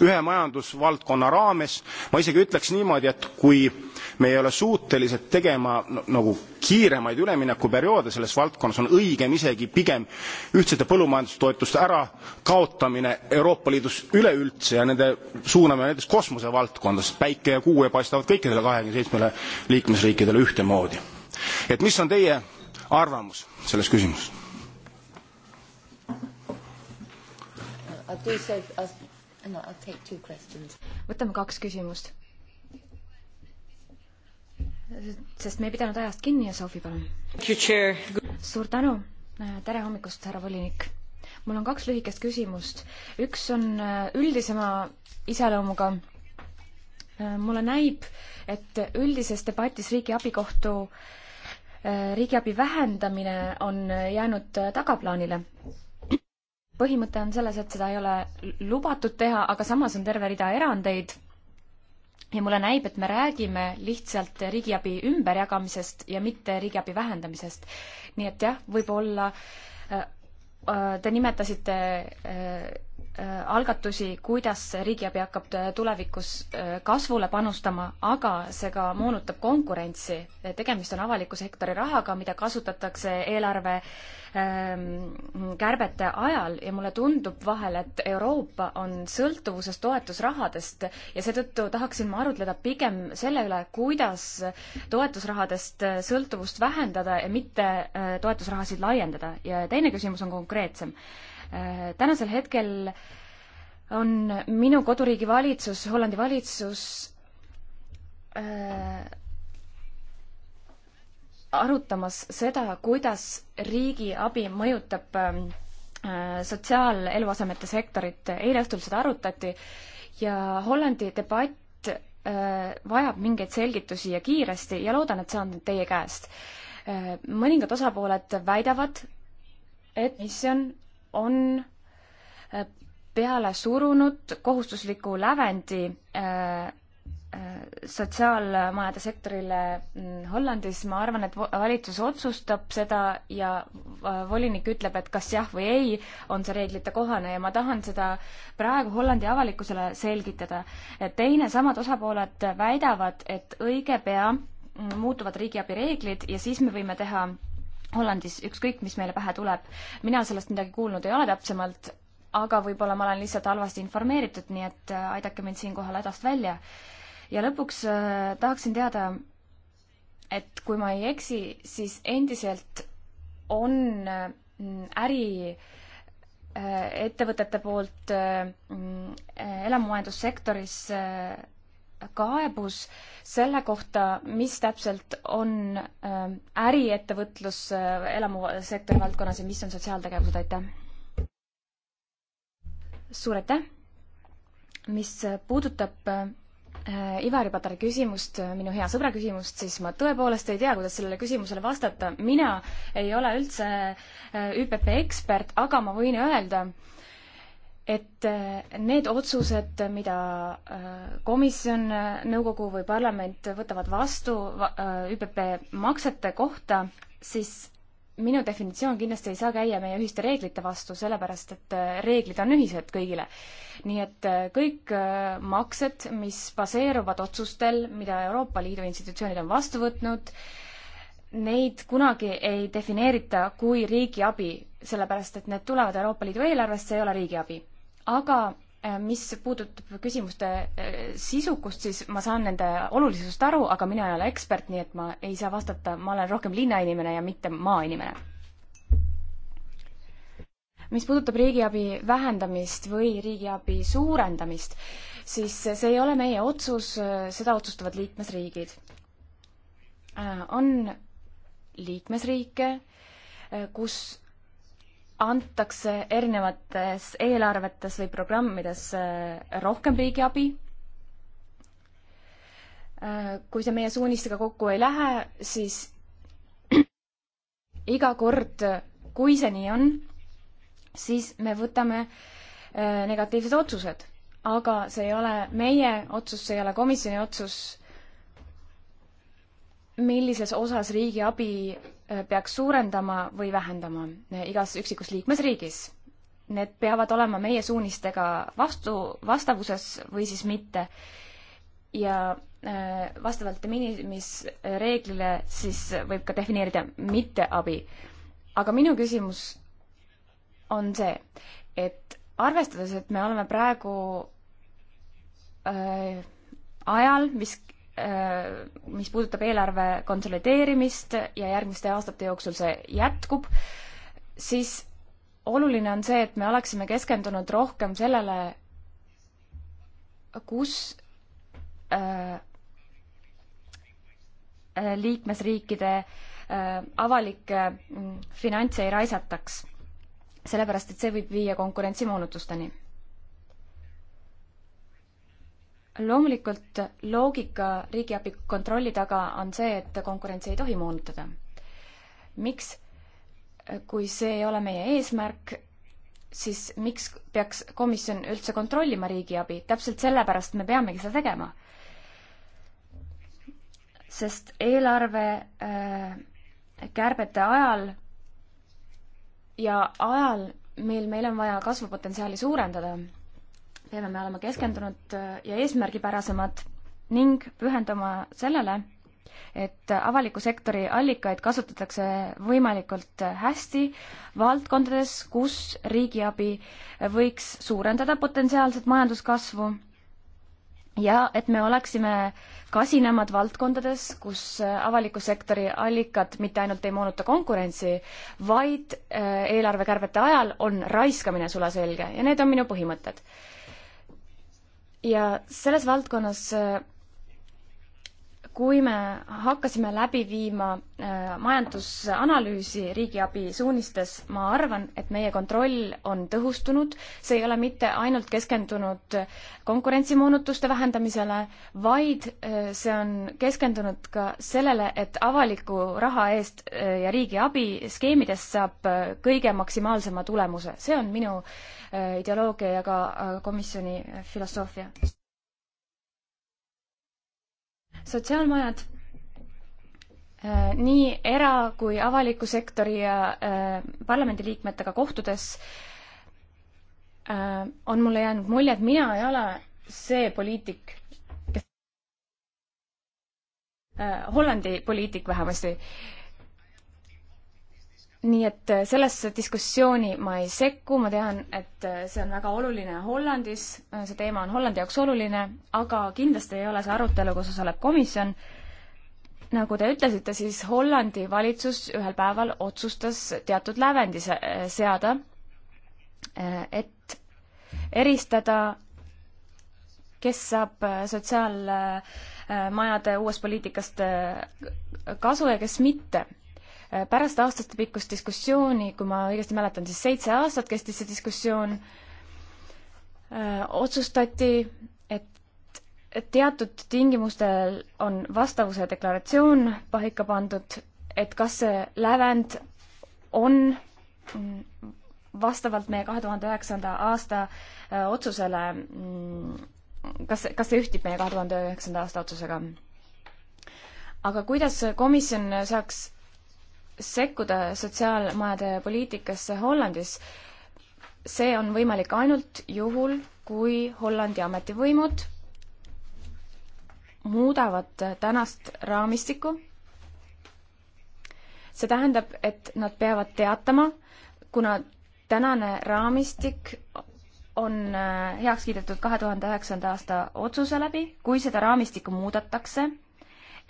ühe majandusvaldkonna raames ma isegi ütleks niimoodi et kui me ei ole suutelised tegema no, nagu kiiremaid üleminekuperioode selles valdkonnas, on õigem isegi pigem ühtsete põllumajandustoetuste ärakaotamine Euroopa Liidus üleüldse ja nende suunamine näiteks kosmosevaldkonda, sest päike ja kuu ju paistavad kõikidele kahekümne seitsmele liikmesriikidele ühtemoodi. et mis on teie arvamus selles küsimuses? Uh, uh, võtame kaks küsimust sest me ei pidanud ajast kinni ja Sofi, palun. suur tänu, tere hommikust, härra volinik. mul on kaks lühikest küsimust. üks on äh, üldisema iseloomuga. Äh, mulle näib, et üldises debatis riigiabi kohtu äh, riigiabi vähendamine on jäänud tagaplaanile põhimõte on selles, et seda ei ole lubatud teha, aga samas on terve rida erandeid ja mulle näib, et me räägime lihtsalt riigiabi ümberjagamisest ja mitte riigiabi vähendamisest. nii et jah, võib-olla äh, äh, te nimetasite äh, Äh, algatusi, kuidas riigiabi hakkab äh, tulevikus äh, kasvule panustama, aga see ka moonutab konkurentsi. tegemist on avaliku sektori rahaga, mida kasutatakse eelarve ähm, kärbete ajal ja mulle tundub vahel, et Euroopa on sõltuvuses toetusrahadest ja seetõttu tahaksin ma arutleda pigem selle üle, kuidas toetusrahadest sõltuvust vähendada ja mitte toetusrahasid laiendada. ja teine küsimus on konkreetsem tänasel hetkel on minu koduriigi valitsus, Hollandi valitsus äh, arutamas seda, kuidas riigiabi mõjutab äh, sotsiaaleluasemete sektorit. eile õhtul seda arutati ja Hollandi debatt äh, vajab mingeid selgitusi ja kiiresti ja loodan, et saan teie käest äh,. mõningad osapooled väidavad, et misjon on äh, peale surunud kohustusliku lävendi äh, äh, sotsiaalmajade sektorile mm, Hollandis, ma arvan, et valitsus otsustab seda ja volinik ütleb, et kas jah või ei, on see reeglite kohane ja ma tahan seda praegu Hollandi avalikkusele selgitada. teine, samad osapooled väidavad, et õige pea mm, muutuvad riigiabi reeglid ja siis me võime teha Hollandis, ükskõik mis meile pähe tuleb. mina sellest midagi kuulnud ei ole täpsemalt, aga võib-olla ma olen lihtsalt halvasti informeeritud, nii et äh, aidake mind siinkohal hädast välja. ja lõpuks äh, tahaksin teada, et kui ma ei eksi, siis endiselt on äh, äri äh, ettevõtete poolt mm, elamumajandussektoris kaebus selle kohta, mis täpselt on ähm, äriettevõtlus äh, elamusektori valdkonnas ja mis on sotsiaaltegevused, aitäh! suur aitäh! mis puudutab äh, Ivari Padari küsimust, äh, minu hea sõbra küsimust, siis ma tõepoolest ei tea, kuidas sellele küsimusele vastata. mina ei ole üldse ÜPP ekspert, aga ma võin öelda, et äh, need otsused, mida äh, komisjon, äh, nõukogu või parlament võtavad vastu ÜPP maksete kohta, siis minu definitsioon kindlasti ei saa käia meie ühiste reeglite vastu, sellepärast et reeglid on ühised kõigile. nii et kõik maksed, mis baseeruvad otsustel, mida Euroopa Liidu institutsioonid on vastu võtnud, neid kunagi ei defineerita kui riigiabi, sellepärast et need tulevad Euroopa Liidu eelarvest, see ei ole riigiabi aga äh, mis puudutab küsimuste äh, sisukust, siis ma saan nende olulisusest aru, aga mina ei ole ekspert, nii et ma ei saa vastata, ma olen rohkem linnainimene ja mitte maainimene. mis puudutab riigiabi vähendamist või riigiabi suurendamist, siis see ei ole meie otsus, seda otsustavad liikmesriigid. Äh, on liikmesriike, kus antakse erinevates eelarvetes või programmides äh, rohkem riigiabi. Äh, kui see meie suunistega kokku ei lähe, siis iga kord, kui see nii on, siis me võtame äh, negatiivsed otsused, aga see ei ole meie otsus, see ei ole komisjoni otsus, millises osas riigiabi Äh, peaks suurendama või vähendama äh, igas üksikus liikmesriigis. Need peavad olema meie suunistega vastu, vastavuses või siis mitte. ja äh, vastavalt minimis reeglile siis võib ka defineerida mitteabi. aga minu küsimus on see, et arvestades, et me oleme praegu äh, ajal, mis Äh, mis puudutab eelarve konsolideerimist ja järgmiste aastate jooksul see jätkub, siis oluline on see, et me oleksime keskendunud rohkem sellele, kus äh, liikmesriikide äh, avalikke finantse ei raisataks. sellepärast, et see võib viia konkurentsimoonutusteni loomulikult loogika riigiabi kontrolli taga on see, et konkurentsi ei tohi moonutada. miks? kui see ei ole meie eesmärk, siis miks peaks komisjon üldse kontrollima riigiabi? täpselt sellepärast me peamegi seda tegema. sest eelarve äh, kärbete ajal ja ajal, mil meil on vaja kasvupotentsiaali suurendada peame me olema keskendunud äh, ja eesmärgipärasemad ning pühenduma sellele, et avaliku sektori allikaid kasutatakse võimalikult hästi valdkondades, kus riigiabi võiks suurendada potentsiaalset majanduskasvu ja et me oleksime kasinamad valdkondades, kus avaliku sektori allikad mitte ainult ei moonuta konkurentsi, vaid äh, eelarvekärbete ajal on raiskamine sulaselge ja need on minu põhimõtted ja selles valdkonnas äh, kui me hakkasime läbi viima äh, majandusanalüüsi riigiabi suunistes, ma arvan, et meie kontroll on tõhustunud, see ei ole mitte ainult keskendunud konkurentsimoonutuste vähendamisele, vaid äh, see on keskendunud ka sellele, et avaliku raha eest äh, ja riigiabi skeemidest saab kõige maksimaalsema tulemuse. see on minu ideoloogia ja ka komisjoni filosoofia sotsiaalmajad äh, nii era- kui avaliku sektori ja äh, parlamendiliikmetega kohtudes äh, on mulle jäänud mulje, et mina ei ole see poliitik, kes äh,, Hollandi poliitik vähemasti äh,, nii et äh, sellesse diskussiooni ma ei sekku, ma tean, et äh, see on väga oluline Hollandis, äh, see teema on Hollandi jaoks oluline, aga kindlasti ei ole see arutelu, kus osaleb komisjon. nagu te ütlesite, siis Hollandi valitsus ühel päeval otsustas teatud lävendi seada, et eristada, kes saab sotsiaalmajade uuest poliitikast kasu ja kes mitte Äh, pärast aastatepikkust diskussiooni, kui ma õigesti mäletan, siis seitse aastat kestis see diskussioon, äh, otsustati, et teatud tingimustel on vastavuse deklaratsioon paika pandud, et kas see lävend on mm, vastavalt meie kahe tuhande üheksanda aasta äh, otsusele, mm, kas, kas see ühtib meie kahe tuhande üheksanda aasta otsusega? aga kuidas komisjon saaks sekkuda sotsiaalmajade poliitikasse Hollandis, see on võimalik ainult juhul, kui Hollandi ametivõimud muudavad tänast raamistikku. see tähendab, et nad peavad teatama, kuna tänane raamistik on äh, heaks kiidetud kahe tuhande üheksanda aasta otsuse läbi, kui seda raamistikku muudetakse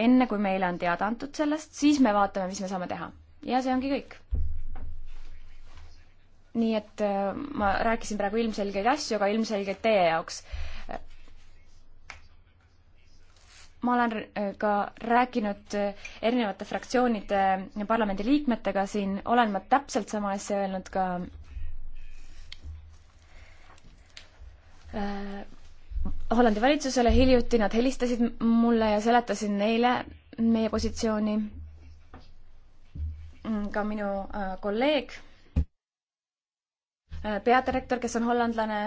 enne kui meile on teada antud sellest, siis me vaatame, mis me saame teha. ja see ongi kõik. nii et äh, ma rääkisin praegu ilmselgeid asju, aga ilmselgeid teie jaoks. ma olen äh, ka rääkinud äh, erinevate fraktsioonide parlamendiliikmetega siin, olen ma täpselt sama asja öelnud ka Hollandi valitsusele hiljuti, nad helistasid mulle ja seletasin neile meie positsiooni. ka minu äh, kolleeg, äh, peadirektor, kes on hollandlane,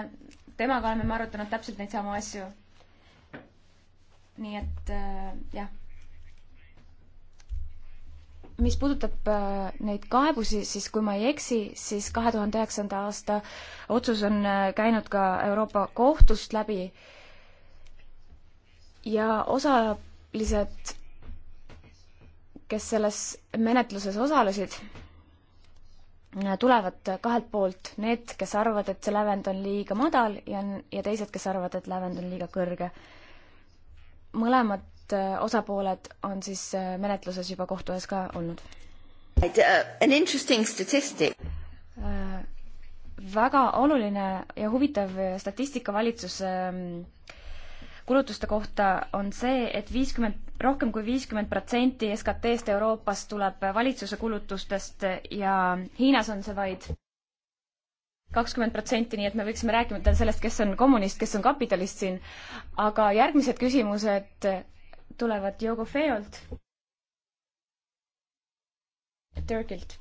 temaga oleme me arutanud täpselt neid samu asju. nii et äh, jah. mis puudutab neid kaebusi, siis kui ma ei eksi, siis kahe tuhande üheksanda aasta otsus on käinud ka Euroopa Kohtust läbi ja osalised, kes selles menetluses osalesid, tulevad kahelt poolt, need, kes arvavad, et see lävend on liiga madal ja, ja teised, kes arvavad, et lävend on liiga kõrge. mõlemad äh, osapooled on siis äh, menetluses juba kohtu ees ka olnud. Uh, an interesting statistic. Äh, väga oluline ja huvitav statistika valitsus ähm, kulutuste kohta on see et, et viiskümmend, rohkem kui viiskümmend protsenti SKT-st Euroopas tuleb valitsuse kulutustest ja Hiinas on see vaid kakskümmend protsenti, nii et me võiksime rääkida sellest, kes on kommunist, kes on kapitalist siin. aga järgmised küsimused tulevad Yogo Feolt. Türgilt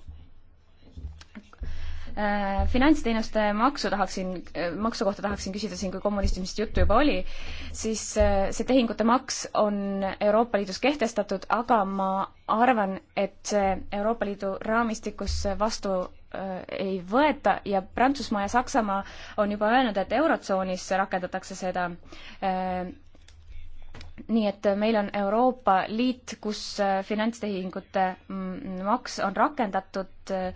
Äh, finantsteenuste maksu tahaksin, äh, maksu kohta tahaksin küsida siin, kui kommunismist juttu juba oli, siis äh, see tehingute maks on Euroopa Liidus kehtestatud, aga ma arvan, et see Euroopa Liidu raamistikus vastu ei võeta ja Prantsusmaa ja Saksamaa on juba öelnud, et Eurotsoonis rakendatakse seda nii et meil on Euroopa Liit, kus finantstehingute mm, maks on rakendatud äh,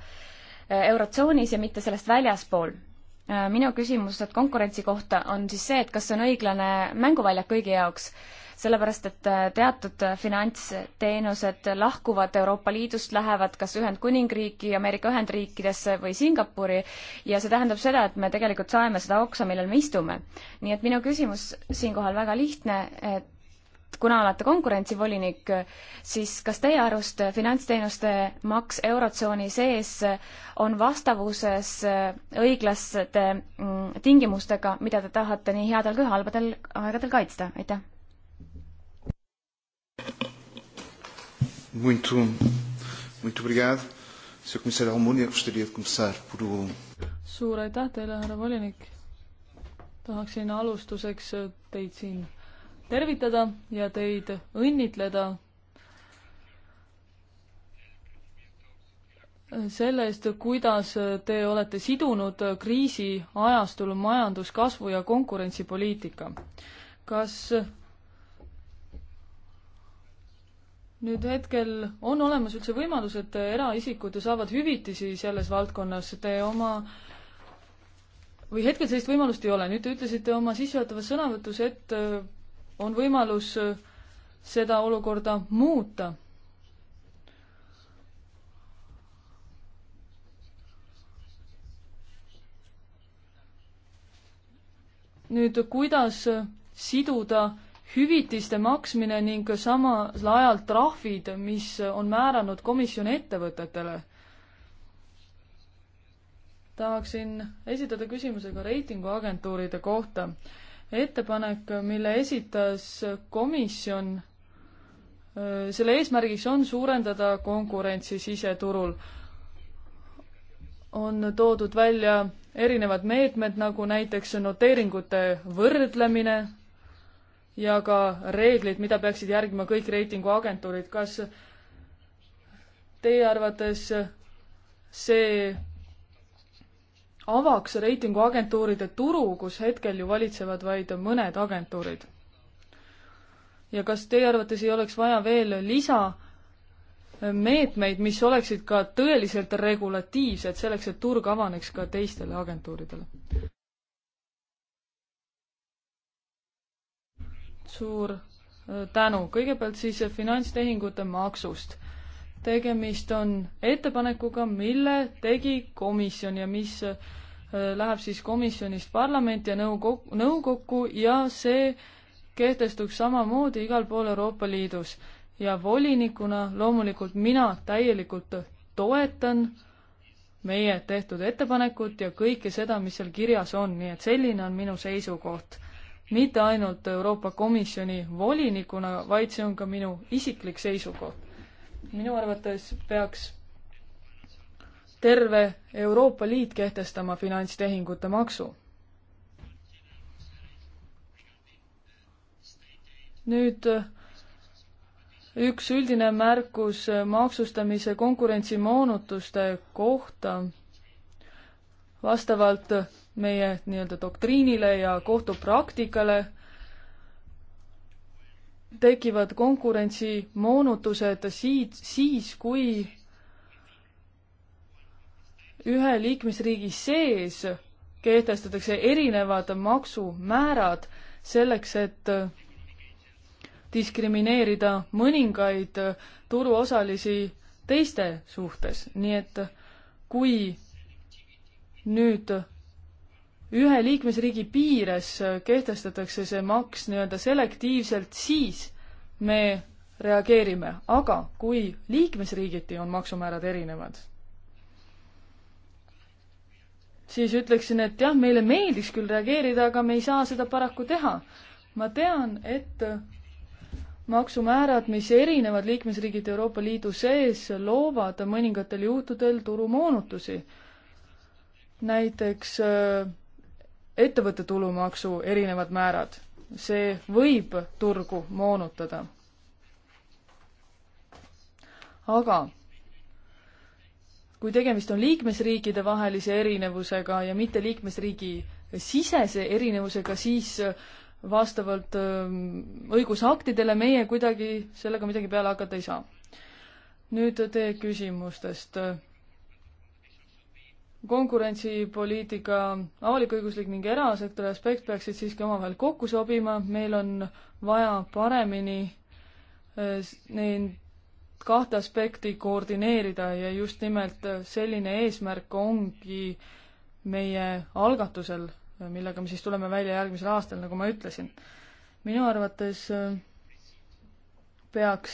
Eurotsoonis ja mitte sellest väljaspool. Äh, minu küsimused konkurentsi kohta on siis see, et kas see on õiglane mänguväljak kõigi jaoks, sellepärast et äh, teatud äh, finantsteenused lahkuvad Euroopa Liidust, lähevad kas Ühendkuningriiki, Ameerika Ühendriikidesse või Singapuri ja see tähendab seda, et me tegelikult saeme seda oksa, millel me istume. nii et minu küsimus siinkohal väga lihtne, et kuna olete konkurentsivolinik, siis kas teie arust finantsteenuste maks Eurotsooni sees on vastavuses õiglaste mm, tingimustega, mida te tahate nii headel kui halbadel aegadel kaitsta, aitäh? Muito, muito obrigado. Senhor Comissário Almunia, gostaria de começar por o... Suur aitäh teile, härra volinik! tahaksin alustuseks teid siin tervitada ja teid õnnitleda selle eest, kuidas te olete sidunud kriisi ajastul majanduskasvu ja konkurentsipoliitika. kas nüüd hetkel on olemas üldse võimalus, et eraisikud saavad hüvitisi selles valdkonnas, te oma või hetkel sellist võimalust ei ole, nüüd te ütlesite oma sissejuhatavas sõnavõtus, et on võimalus äh, seda olukorda muuta. nüüd, kuidas äh, siduda hüvitiste maksmine ning samal ajal trahvid, mis äh, on määranud komisjon ettevõtetele. tahaksin esitada küsimuse ka reitinguagentuuride kohta ettepanek, mille esitas komisjon, selle eesmärgiks on suurendada konkurentsi siseturul. on toodud välja erinevad meetmed, nagu näiteks noteeringute võrdlemine ja ka reeglid, mida peaksid järgima kõik reitinguagentuurid. kas teie arvates see avaks reitinguagentuuride turu, kus hetkel ju valitsevad vaid mõned agentuurid. ja kas teie arvates ei oleks vaja veel lisa äh, meetmeid, mis oleksid ka tõeliselt regulatiivsed, selleks et turg avaneks ka teistele agentuuridele? suur äh, tänu, kõigepealt siis äh, finantstehingute maksust tegemist on ettepanekuga, mille tegi komisjon ja mis äh, läheb siis komisjonist parlamenti ja nõukokku, nõukokku ja see kehtestuks samamoodi igal pool Euroopa Liidus. ja volinikuna loomulikult mina täielikult toetan meie tehtud ettepanekut ja kõike seda, mis seal kirjas on, nii et selline on minu seisukoht. mitte ainult Euroopa Komisjoni volinikuna, vaid see on ka minu isiklik seisukoht minu arvates peaks terve Euroopa Liit kehtestama finantstehingute maksu. nüüd üks üldine märkus maksustamise konkurentsimoonutuste kohta. vastavalt meie nii-öelda doktriinile ja kohtupraktikale tekivad konkurentsimoonutused siit, siis, kui ühe liikmesriigi sees kehtestatakse erinevad maksumäärad selleks, et diskrimineerida mõningaid turuosalisi teiste suhtes, nii et kui nüüd ühe liikmesriigi piires kehtestatakse see maks nii-öelda selektiivselt, siis me reageerime, aga kui liikmesriigiti on maksumäärad erinevad, siis ütleksin, et jah, meile meeldiks küll reageerida, aga me ei saa seda paraku teha. ma tean, et maksumäärad, mis erinevad liikmesriigid Euroopa Liidu sees, loovad mõningatel juhtudel turumoonutusi. näiteks äh, ettevõtte tulumaksu erinevad määrad. see võib turgu moonutada. aga kui tegemist on liikmesriikide vahelise erinevusega ja mitte liikmesriigi sisese erinevusega, siis äh, vastavalt ähm, õigusaktidele meie kuidagi sellega midagi peale hakata ei saa. nüüd teie küsimustest konkurentsipoliitika avalik-õiguslik ning erasektori aspekt peaksid siiski omavahel kokku sobima, meil on vaja paremini eh, neid kahte aspekti koordineerida ja just nimelt eh, selline eesmärk ongi meie algatusel, eh, millega me siis tuleme välja järgmisel aastal, nagu ma ütlesin. minu arvates peaks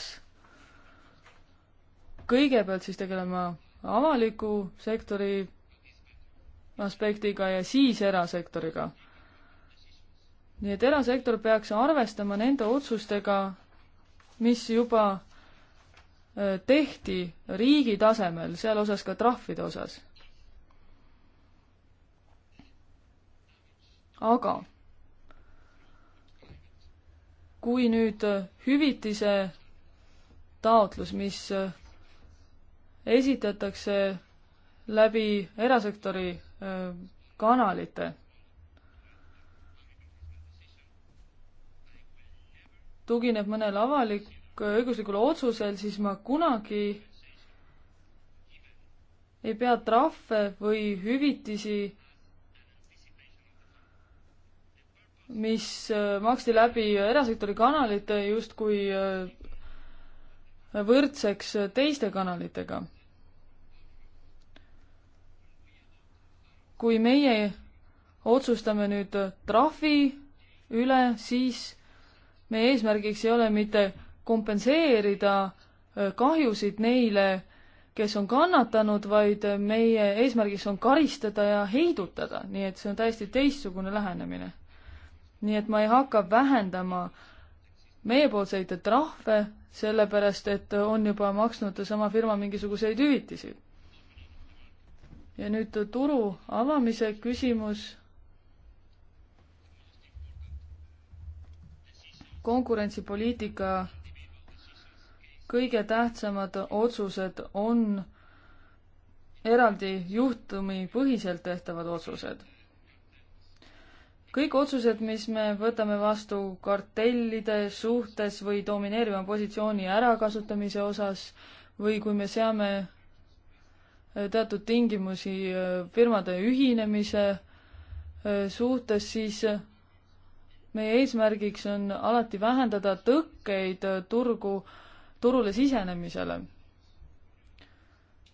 kõigepealt siis tegelema avaliku sektori aspektiga ja siis erasektoriga. nii et erasektor peaks arvestama nende otsustega, mis juba äh, tehti riigi tasemel, seal osas ka trahvide osas. aga kui nüüd äh, hüvitise taotlus, mis äh, esitatakse läbi erasektori kanalite. tugineb mõnel avalik-õiguslikul otsusel, siis ma kunagi ei pea trahve või hüvitisi, mis äh, maksti läbi äh, erasektori kanalite justkui äh, võrdseks teiste kanalitega kui meie otsustame nüüd trahvi üle, siis meie eesmärgiks ei ole mitte kompenseerida äh, kahjusid neile, kes on kannatanud, vaid meie eesmärgiks on karistada ja heidutada, nii et see on täiesti teistsugune lähenemine. nii et ma ei hakka vähendama meiepoolseid trahve, sellepärast et on juba maksnud sama firma mingisuguseid hüvitisi ja nüüd turu avamise küsimus. konkurentsipoliitika kõige tähtsamad otsused on eraldi juhtumipõhiselt tehtavad otsused. kõik otsused, mis me võtame vastu kartellide suhtes või domineeriva positsiooni ärakasutamise osas või kui me seame teatud tingimusi äh, firmade ühinemise äh, suhtes, siis äh, meie eesmärgiks on alati vähendada tõkkeid turgu, turule sisenemisele.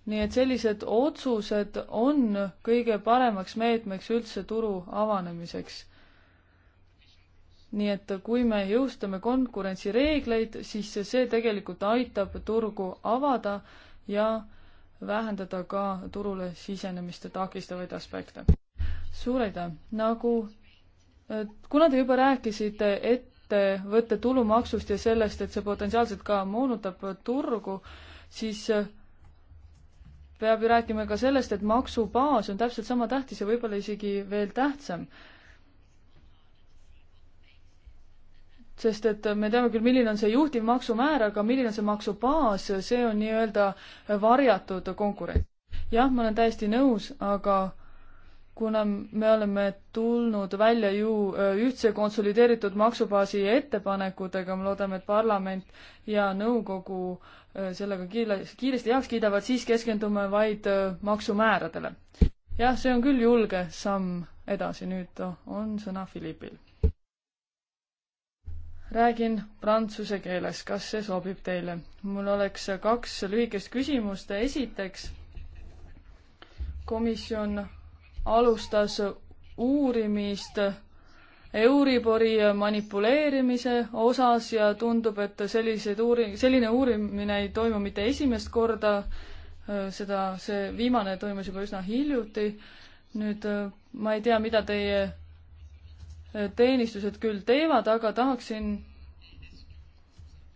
nii et sellised otsused on kõige paremaks meetmeks üldse turu avanemiseks. nii et kui me jõustame konkurentsireegleid, siis see tegelikult aitab turgu avada ja äh, vähendada ka turule sisenemist takistavaid aspekte. suur aitäh, nagu kuna te juba rääkisite ettevõtte tulumaksust ja sellest, et see potentsiaalselt ka moonutab turgu, siis äh, peab ju rääkima ka sellest, et maksubaas on täpselt sama tähtis ja võib-olla isegi veel tähtsam. sest et me teame küll, milline on see juhtiv maksumäär, aga milline on see maksubaas, see on nii-öelda varjatud konkurents. jah, ma olen täiesti nõus, aga kuna me oleme tulnud välja ju äh, ühtse konsolideeritud maksubaasi ettepanekutega, me loodame, et parlament ja nõukogu äh, sellega kiiresti heaks kiidavad, siis keskendume vaid äh, maksumääradele. jah, see on küll julge samm edasi, nüüd on sõna Philippil räägin prantsuse keeles, kas see sobib teile? mul oleks kaks lühikest küsimust, esiteks komisjon alustas uurimist Euribori manipuleerimise osas ja tundub, et selliseid uuri-, selline uurimine ei toimu mitte esimest korda, seda, see viimane toimus juba üsna hiljuti. nüüd ma ei tea, mida teie teenistused küll teevad, aga tahaksin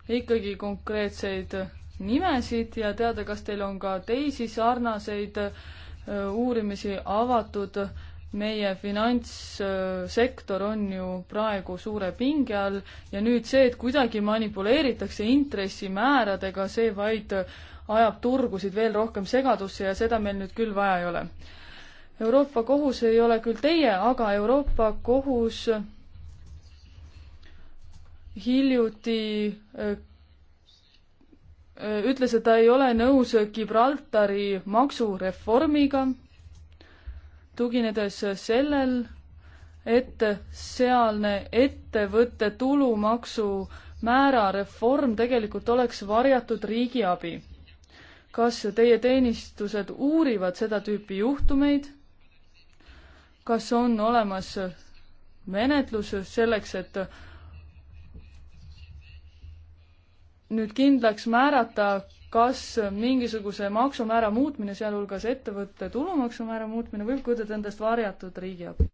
ikkagi konkreetseid nimesid ja teada, kas teil on ka teisi sarnaseid äh, uurimisi avatud. meie finantssektor on ju praegu suure pinge all ja nüüd see, et kuidagi manipuleeritakse intressimääradega, see vaid ajab turgusid veel rohkem segadusse ja seda meil nüüd küll vaja ei ole Euroopa Kohus ei ole küll teie, aga Euroopa Kohus hiljuti äh, ütles, et ta ei ole nõus Gibraltari maksureformiga, tuginedes sellel, et sealne ettevõtte tulumaksu määra reform tegelikult oleks varjatud riigiabi. kas teie teenistused uurivad seda tüüpi juhtumeid? kas on olemas menetlus selleks, et nüüd kindlaks määrata, kas mingisuguse maksumäära muutmine, sealhulgas ettevõtte tulumaksumäära muutmine, võib kujutada endast varjatud riigiabi?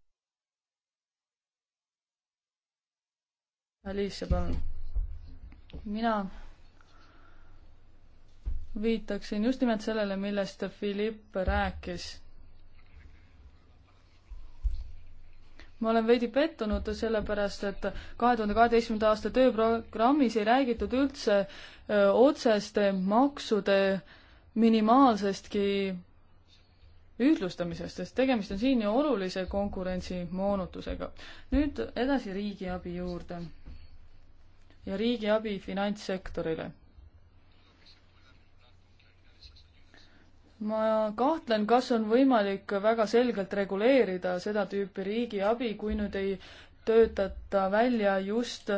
Alice, palun. mina viitaksin just nimelt sellele, millest Philipp rääkis ma olen veidi pettunud, sellepärast et kahe tuhande kaheteistkümnenda aasta tööprogrammis ei räägitud üldse öö, otseste maksude minimaalsestki ühtlustamisest, sest tegemist on siin ju olulise konkurentsimoonutusega. nüüd edasi riigiabi juurde ja riigiabi finantssektorile ma kahtlen, kas on võimalik väga selgelt reguleerida seda tüüpi riigiabi, kui nüüd ei töötata välja just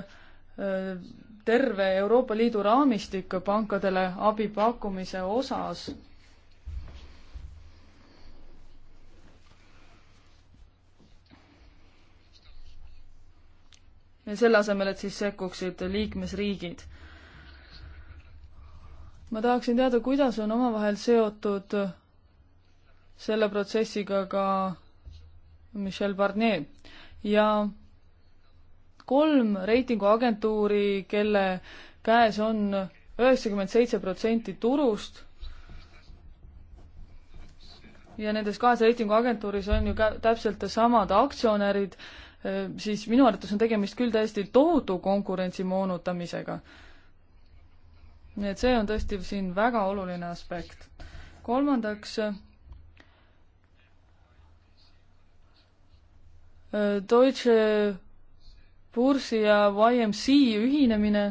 terve Euroopa Liidu raamistik pankadele abi pakkumise osas. ja selle asemel, et siis sekkuksid liikmesriigid ma tahaksin teada, kuidas on omavahel seotud selle protsessiga ka Michel Barnier ja kolm reitinguagentuuri, kelle käes on üheksakümmend seitse protsenti turust ja nendes kahes reitinguagentuuris on ju ka täpselt samad aktsionärid, eh, siis minu arvates on tegemist küll täiesti tohutu konkurentsi moonutamisega nii et see on tõesti siin väga oluline aspekt. kolmandaks, äh, Deutsche Börsi ja YMC ühinemine.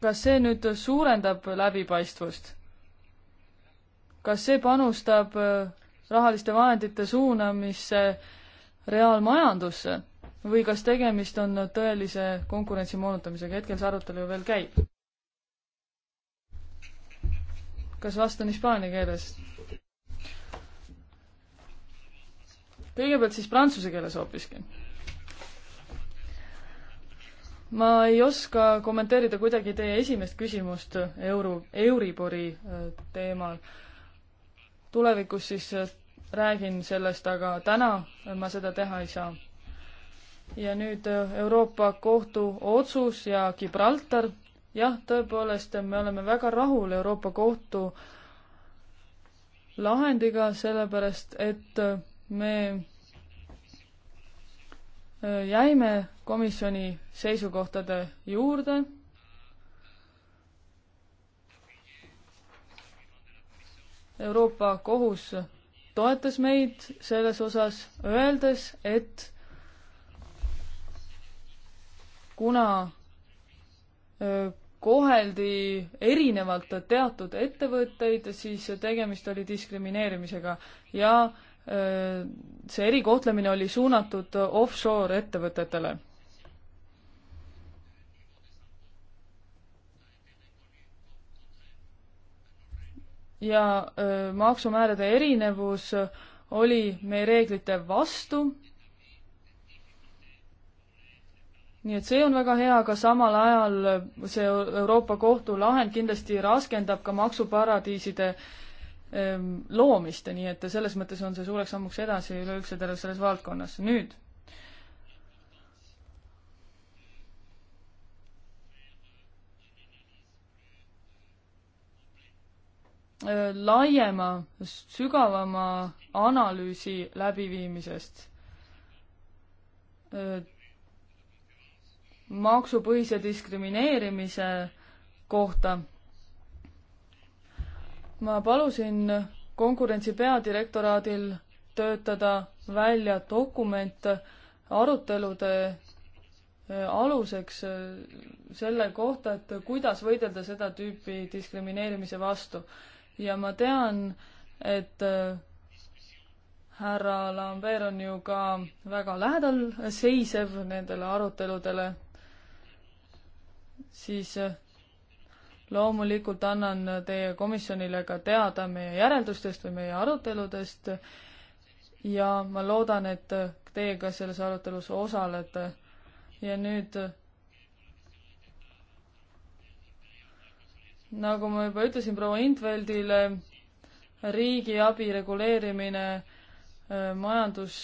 kas see nüüd suurendab läbipaistvust? kas see panustab äh, rahaliste vahendite suunamisse reaalmajandusse? või kas tegemist on tõelise konkurentsi moonutamisega, hetkel see arutelu ju veel käib. kas vastan hispaania keeles? kõigepealt siis prantsuse keeles hoopiski. ma ei oska kommenteerida kuidagi teie esimest küsimust euro, Euribori äh, teemal. tulevikus siis äh, räägin sellest, aga täna äh, ma seda teha ei saa ja nüüd äh, Euroopa Kohtu otsus ja Gibraltar. jah, tõepoolest, me oleme väga rahul Euroopa Kohtu lahendiga, sellepärast et äh, me äh, jäime komisjoni seisukohtade juurde Euroopa Kohus toetas meid selles osas, öeldes, et kuna koheldi erinevalt teatud ettevõtteid, siis tegemist oli diskrimineerimisega ja see erikohtlemine oli suunatud offshore ettevõtetele. ja maksumäärade erinevus oli meie reeglite vastu nii et see on väga hea, aga samal ajal see Euroopa Kohtu lahend kindlasti raskendab ka maksuparadiiside ehm, loomist, nii et selles mõttes on see suureks sammuks edasi üleüldse terves selles valdkonnas. nüüd ehm, laiema, sügavama analüüsi läbiviimisest ehm, maksupõhise diskrimineerimise kohta. ma palusin konkurentsi peadirektoraadil töötada välja dokument arutelude äh, aluseks äh, selle kohta, et kuidas võidelda seda tüüpi diskrimineerimise vastu. ja ma tean, et äh, härra Lambert on ju ka väga lähedal seisev nendele aruteludele siis äh, loomulikult annan äh, teie komisjonile ka teada meie järeldustest või meie aruteludest ja ma loodan, et äh, teie ka selles arutelus osalete. ja nüüd nagu ma juba ütlesin proua Intveldile, riigiabi reguleerimine majandus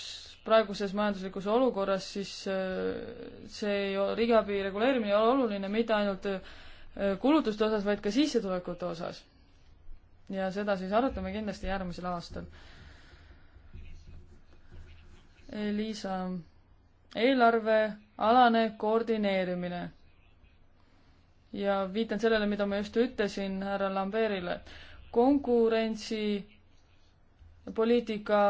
praeguses majanduslikus olukorras, siis äh, see ei ole, riigiabi reguleerimine ei ole oluline mitte ainult äh, kulutuste osas, vaid ka sissetulekute osas. ja seda siis arutame kindlasti järgmisel aastal. Liisa, eelarvealane koordineerimine. ja viitan sellele, mida ma just ütlesin härra Lamberile. konkurentsi poliitika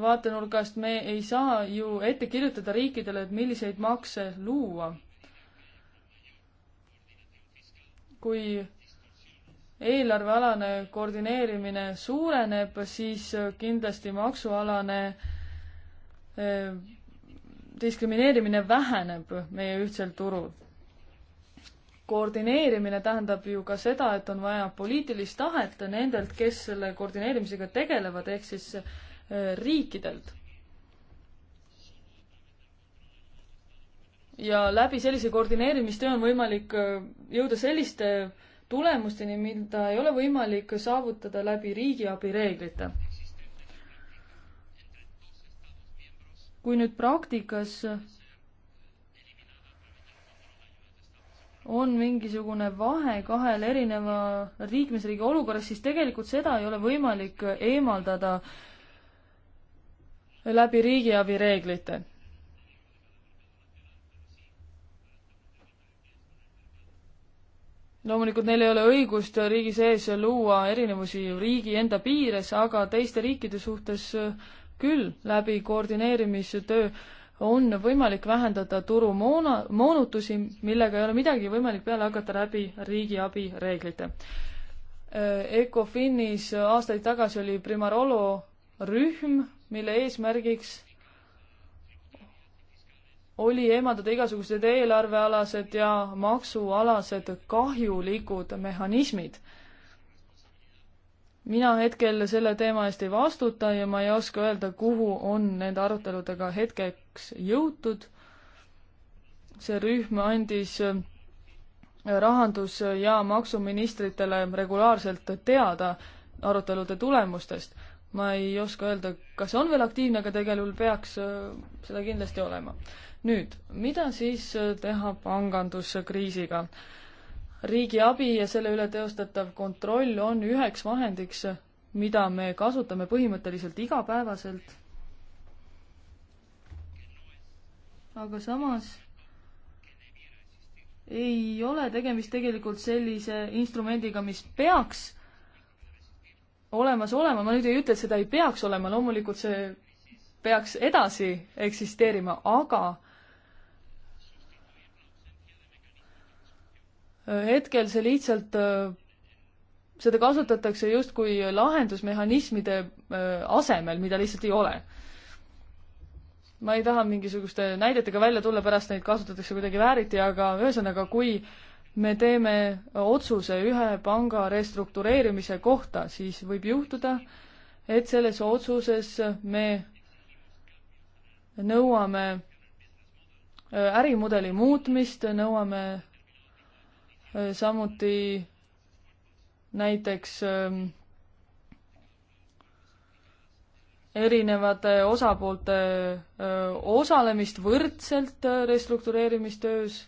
vaatenurgast me ei saa ju ette kirjutada riikidele, et milliseid makse luua. kui eelarvealane koordineerimine suureneb, siis kindlasti maksualane eh, diskrimineerimine väheneb meie ühtsel turul. koordineerimine tähendab ju ka seda, et on vaja poliitilist tahet nendelt, kes selle koordineerimisega tegelevad, ehk siis riikidelt. ja läbi sellise koordineerimistöö on võimalik äh, jõuda selliste tulemusteni, mida ei ole võimalik saavutada läbi riigiabi reeglite. kui nüüd praktikas on mingisugune vahe kahel erineva liikmesriigi olukorras, siis tegelikult seda ei ole võimalik eemaldada äh, läbi riigiabi reeglite. loomulikult neil ei ole õigust riigi sees luua erinevusi riigi enda piires, aga teiste riikide suhtes küll läbi koordineerimistöö on võimalik vähendada turumoona, moonutusi, millega ei ole midagi võimalik peale hakata läbi riigiabi reeglite. Ecofinis aastaid tagasi oli Primarolo rühm, mille eesmärgiks oli eemaldada igasugused eelarvealased ja maksualased kahjulikud mehhanismid. mina hetkel selle teema eest ei vastuta ja ma ei oska öelda, kuhu on nende aruteludega hetkeks jõutud. see rühm andis äh, rahandus- ja maksuministritele regulaarselt teada arutelude tulemustest ma ei oska öelda, kas see on veel aktiivne, aga igal juhul peaks äh, seda kindlasti olema. nüüd, mida siis äh, teha panganduskriisiga? riigi abi ja selle üle teostatav kontroll on üheks vahendiks, mida me kasutame põhimõtteliselt igapäevaselt. aga samas ei ole tegemist tegelikult sellise instrumendiga, mis peaks olemas olema, ma nüüd ei ütle, et seda ei peaks olema, loomulikult see peaks edasi eksisteerima, aga hetkel see lihtsalt, seda kasutatakse justkui lahendusmehhanismide äh, asemel, mida lihtsalt ei ole. ma ei taha mingisuguste näidetega välja tulla, pärast neid kasutatakse kuidagi vääriti, aga ühesõnaga, kui äh, me teeme otsuse ühe panga restruktureerimise kohta, siis võib juhtuda, et selles otsuses me nõuame äh, ärimudeli muutmist, nõuame äh, samuti näiteks ähm, erinevate osapoolte äh, osalemist võrdselt restruktureerimistöös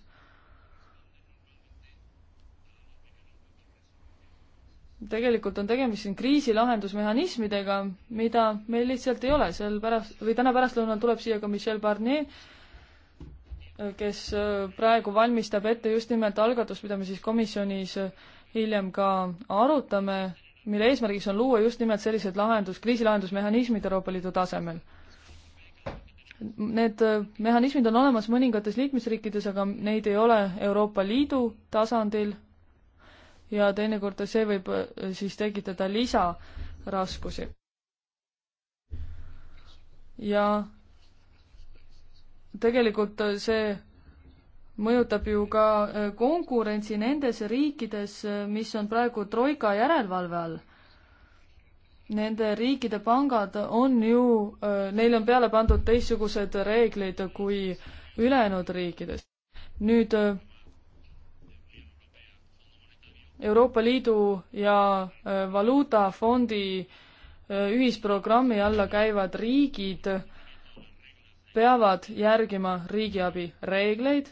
tegelikult on tegemist siin kriisilahendusmehhanismidega, mida meil lihtsalt ei ole, seal pärast või täna pärastlõunal tuleb siia ka Michel Barnier, kes äh, praegu valmistab ette just nimelt algatust, mida me siis komisjonis äh, hiljem ka arutame, mille eesmärgiks on luua just nimelt sellised lahendus, kriisilahendusmehhanismid Euroopa Liidu tasemel. Need äh, mehhanismid on olemas mõningates liikmesriikides, aga neid ei ole Euroopa Liidu tasandil ja teinekord see võib äh, siis tekitada lisaraskusi. ja tegelikult äh, see mõjutab ju ka äh, konkurentsi nendes riikides, mis on praegu Troika järelevalve all. Nende riikide pangad on ju, neile on peale pandud teistsugused reeglid kui ülejäänud riikides. nüüd Euroopa Liidu ja äh, Valuutafondi äh, ühisprogrammi alla käivad riigid peavad järgima riigiabi reegleid.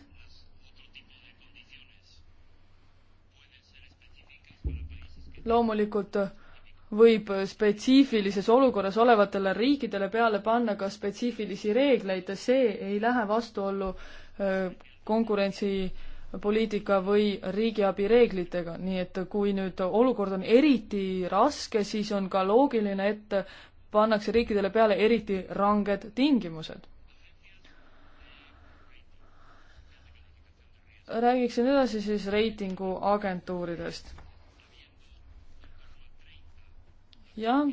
loomulikult võib spetsiifilises olukorras olevatele riikidele peale panna ka spetsiifilisi reegleid, see ei lähe vastuollu äh, konkurentsi äh, poliitika või riigiabi reeglitega, nii et kui nüüd olukord on eriti raske, siis on ka loogiline, et pannakse riikidele peale eriti ranged tingimused. räägiksin edasi siis reitinguagentuuridest. jah,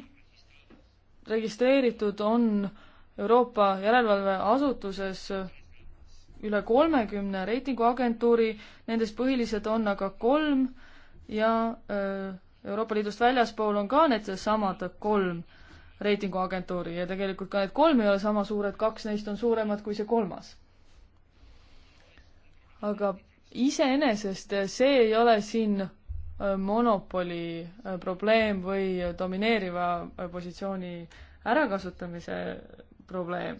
registreeritud on Euroopa järelevalveasutuses üle kolmekümne reitinguagentuuri, nendest põhilised on aga kolm ja öö, Euroopa Liidust väljaspool on ka needsamad kolm reitinguagentuuri ja tegelikult ka need kolm ei ole sama suured, kaks neist on suuremad kui see kolmas. aga iseenesest see ei ole siin monopoli probleem või domineeriva positsiooni ärakasutamise probleem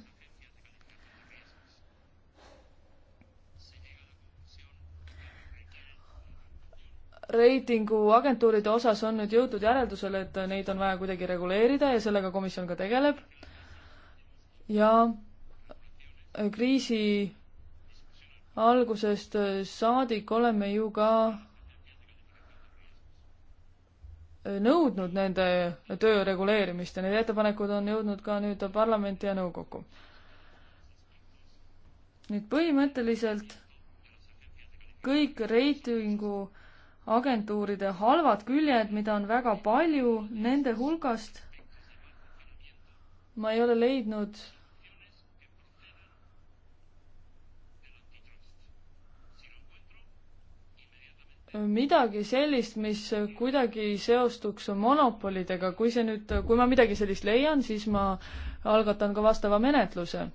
reitinguagentuuride osas on nüüd jõutud järeldusele, et neid on vaja kuidagi reguleerida ja sellega komisjon ka tegeleb. ja kriisi algusest saadik oleme ju ka nõudnud nende töö reguleerimist ja need ettepanekud on jõudnud ka nüüd parlamenti ja nõukokku. nüüd põhimõtteliselt kõik reitingu agentuuride halvad küljed, mida on väga palju nende hulgast. ma ei ole leidnud midagi sellist, mis kuidagi seostuks monopolidega, kui see nüüd, kui ma midagi sellist leian, siis ma algatan ka vastava menetluse.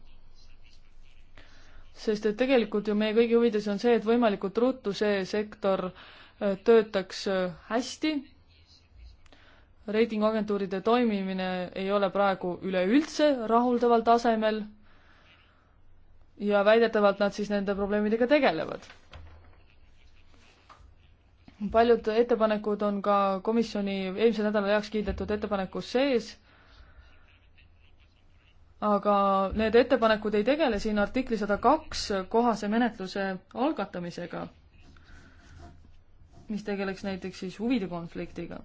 sest et tegelikult ju meie kõigi huvides on see, et võimalikult ruttu see sektor äh, töötaks äh, hästi. reitinguagentuuride toimimine ei ole praegu üleüldse rahuldaval tasemel. ja väidetavalt nad siis nende probleemidega tegelevad. paljud ettepanekud on ka komisjoni eelmisel nädalal heaks kiidetud ettepanekus sees aga need ettepanekud ei tegele siin artikli sada kaks kohase menetluse algatamisega mis tegeleks näiteks siis huvide konfliktiga.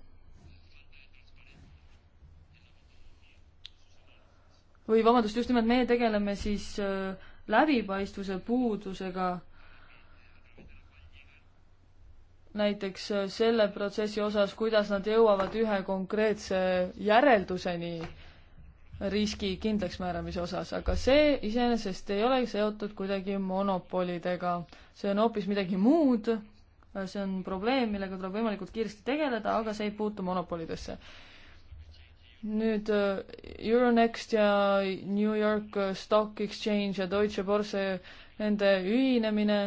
või vabandust, just nimelt meie tegeleme siis äh, läbipaistvuse puudusega näiteks äh, selle protsessi osas, kuidas nad jõuavad ühe konkreetse järelduseni riski kindlaksmääramise osas, aga see iseenesest ei ole seotud kuidagi monopolidega. see on hoopis midagi muud, Äh, see on probleem, millega tuleb võimalikult kiiresti tegeleda, aga see ei puutu monopolidesse. nüüd äh, Euronext ja New York äh, Stock Exchange ja Deutsche Börse, nende ühinemine,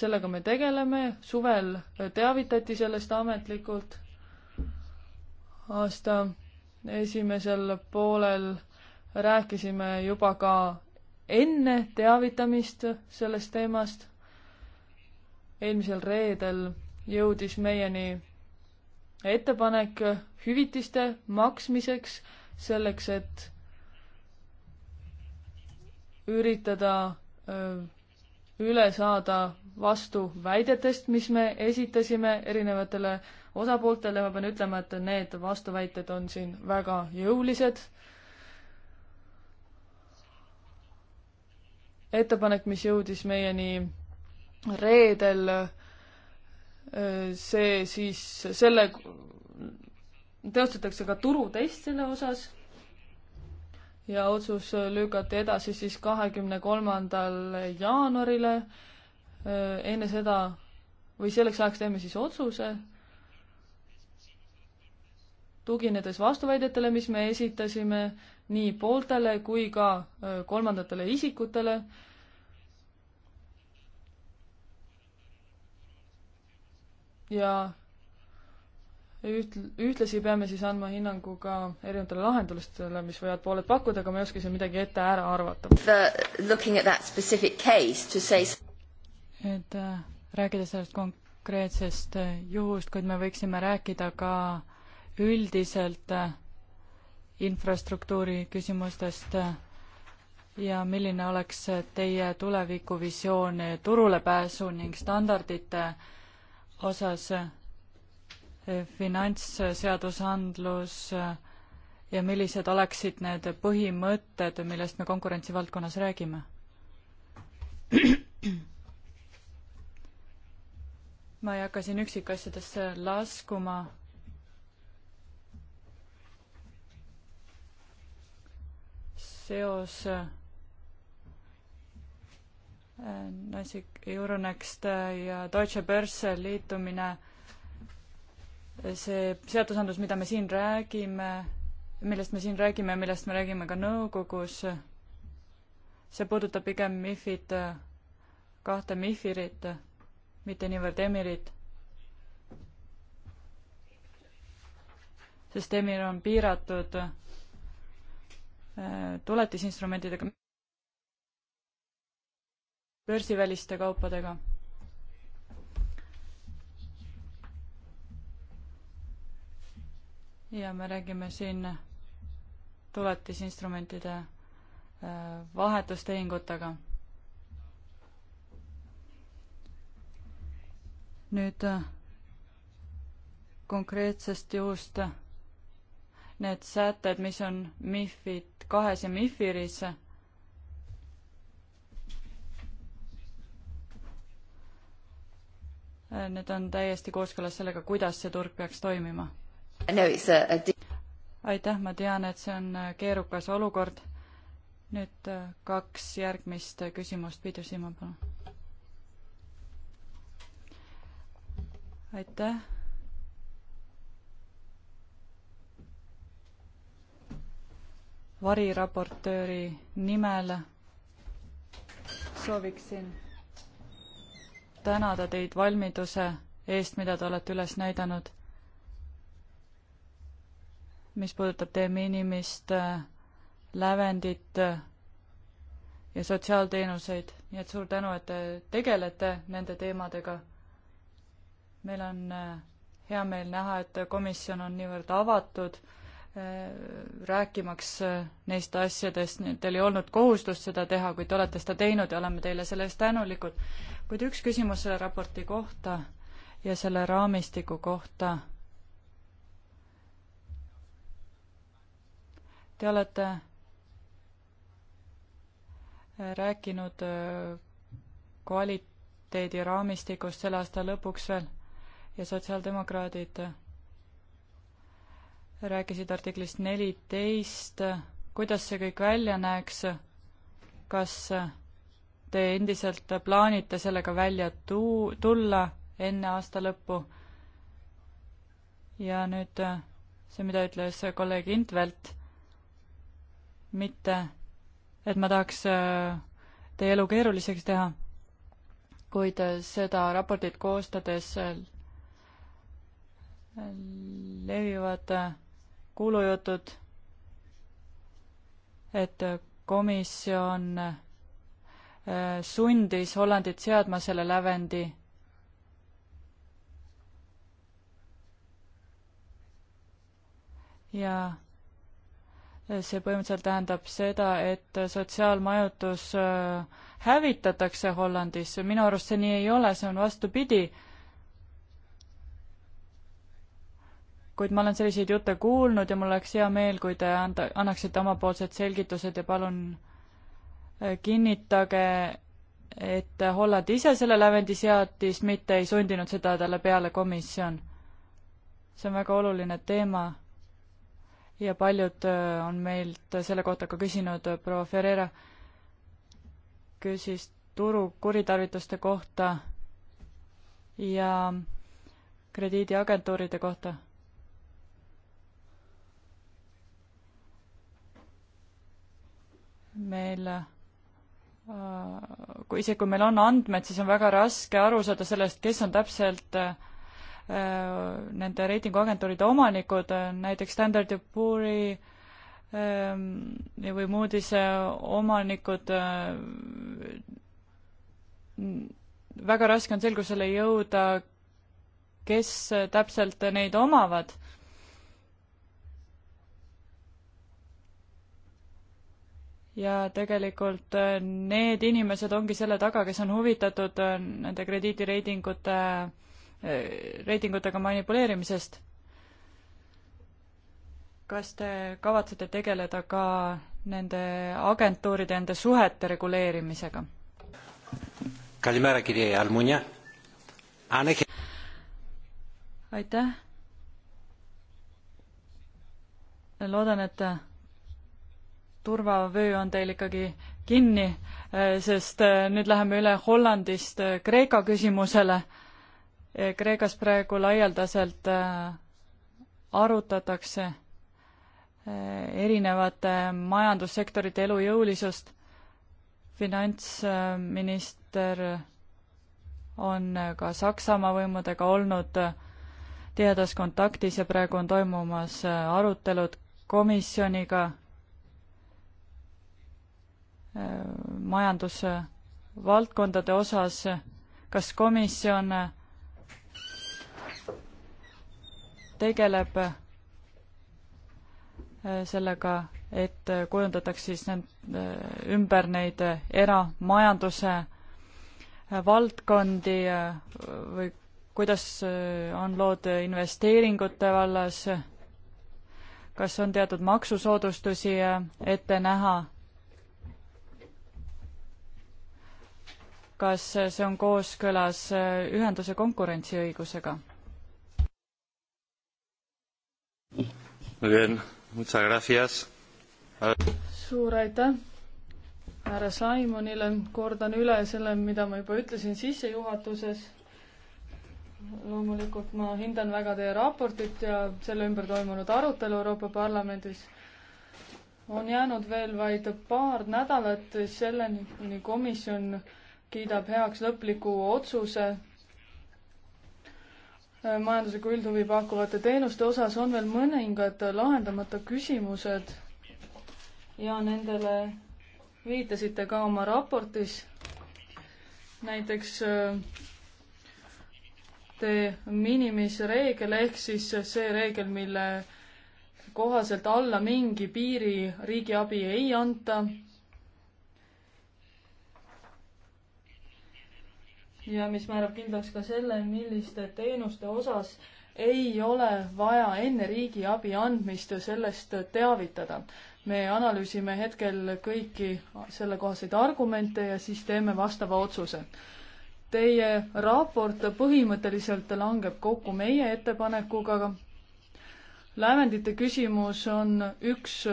sellega me tegeleme, suvel teavitati sellest ametlikult, aasta esimesel poolel rääkisime juba ka enne teavitamist sellest teemast eelmisel reedel jõudis meieni ettepanek hüvitiste maksmiseks selleks, et üritada üle saada vastuväidetest, mis me esitasime erinevatele osapooltele, ma pean ütlema, et need vastuväited on siin väga jõulised. ettepanek, mis jõudis meieni reedel see siis, selle, teostatakse ka turutest selle osas ja otsus lükati edasi siis kahekümne kolmandal jaanuarile. enne seda või selleks ajaks teeme siis otsuse, tuginedes vastuväidetele, mis me esitasime nii pooltele kui ka kolmandatele isikutele ja üht-, ühtlasi peame siis andma hinnangu ka erinevatele lahendustele, mis võivad pooled pakkuda, aga ma ei oska siin midagi ette ära arvata. et äh, rääkida sellest konkreetsest äh, juhust, kuid me võiksime rääkida ka üldiselt äh, infrastruktuuri küsimustest ja milline oleks teie tulevikuvisioon turulepääsu ning standardite äh, osas eh, finantsseadusandlus eh, ja millised oleksid need põhimõtted, millest me konkurentsi valdkonnas räägime? ma ei hakka siin üksikasjadesse laskuma. seos eh, Nasik Euronext ja Deutsche Börse liitumine, see seadusandlus, mida me siin räägime, millest me siin räägime, millest me räägime ka nõukogus, see puudutab pigem MIFID, kahte MIFIRit, mitte niivõrd EMIRit. sest EMIR on piiratud eh, tuletisinstrumentidega börsiväliste kaupadega. ja me räägime siin tuletisinstrumentide äh, vahetustehingutega. nüüd äh, konkreetsest juhust need sätted, mis on MIFID kahes ja MIFIRis Äh, need on täiesti kooskõlas sellega, kuidas see turg peaks toimima. aitäh, ma tean, et see on äh, keerukas olukord. nüüd äh, kaks järgmist küsimust, Peter Simon, palun. aitäh. variraportööri nimel sooviksin tänada teid valmiduse eest, mida te olete üles näidanud, mis puudutab teie miinimist lävendit ja sotsiaalteenuseid, nii et suur tänu, et te tegelete nende teemadega. meil on hea meel näha, et komisjon on niivõrd avatud rääkimaks äh, neist asjadest, teil ei olnud kohustust seda teha, kuid te olete seda teinud ja oleme teile selle eest tänulikud. kuid üks küsimus selle raporti kohta ja selle raamistiku kohta. Te olete äh, rääkinud äh, kvaliteediraamistikust selle aasta lõpuks veel ja sotsiaaldemokraadid rääkisid artiklist neliteist, kuidas see kõik välja näeks, kas te endiselt plaanite sellega välja tuu-, tulla enne aasta lõppu? ja nüüd äh, see, mida ütles kolleeg Intvelt, mitte et ma tahaks äh, teie elu keeruliseks teha, kuid äh, seda raportit koostades levivad kuulujutud, et komisjon äh, sundis Hollandit seadma selle lävendi. ja see põhimõtteliselt tähendab seda, et sotsiaalmajutus äh, hävitatakse Hollandis, minu arust see nii ei ole, see on vastupidi kuid ma olen selliseid jutte kuulnud ja mul oleks hea meel, kui te anda, annaksite omapoolsed selgitused ja palun äh, kinnitage, et Holland ise selle lävendi seadis, mitte ei sundinud seda talle peale komisjon. see on väga oluline teema ja paljud äh, on meilt selle kohta ka küsinud, äh, proua Ferreira küsis turu kuritarvituste kohta ja krediidiagentuuride kohta meil äh, kui isegi, kui meil on andmed, siis on väga raske aru saada sellest, kes on täpselt äh, nende reitinguagentuuride omanikud, näiteks Standard ja Poori ähm, või Moody'se omanikud, äh, väga raske on selgusele jõuda, kes täpselt neid omavad ja tegelikult äh, need inimesed ongi selle taga, kes on huvitatud äh, nende krediidireitingute, äh, reitingutega manipuleerimisest. kas te kavatsete tegeleda ka nende agentuuride, nende suhete reguleerimisega? aitäh. loodan, et turvavöö on teil ikkagi kinni, eh, sest eh, nüüd läheme üle Hollandist eh, Kreeka küsimusele. Kreekas praegu laialdaselt arutatakse erinevate majandussektorite elujõulisust. finantsminister on ka Saksamaa võimudega olnud tihedas kontaktis ja praegu on toimumas arutelud komisjoniga majandusvaldkondade osas, kas komisjon tegeleb äh, sellega, et kujundataks siis need, äh, ümber neid eramajanduse äh, valdkondi või kuidas on lood investeeringute vallas, kas on teatud maksusoodustusi ette näha kas see on kooskõlas äh, ühenduse konkurentsiõigusega? suur aitäh härra Simonile, kordan üle selle, mida ma juba ütlesin sissejuhatuses. loomulikult ma hindan väga teie raportit ja selle ümber toimunud arutelu Euroopa Parlamendis on jäänud veel vaid paar nädalat selleni, kuni komisjon kiidab heaks lõpliku otsuse majanduslikku üldhuvi pakkuvate teenuste osas on veel mõningad lahendamata küsimused ja nendele viitasite ka oma raportis. näiteks de äh, minimis reegel ehk siis see reegel, mille kohaselt alla mingi piiri riigiabi ei anta ja mis määrab kindlaks ka selle, milliste teenuste osas ei ole vaja enne riigiabi andmist sellest teavitada. me analüüsime hetkel kõiki sellekohaseid argumente ja siis teeme vastava otsuse. Teie raport põhimõtteliselt langeb kokku meie ettepanekuga. lävendite küsimus on üks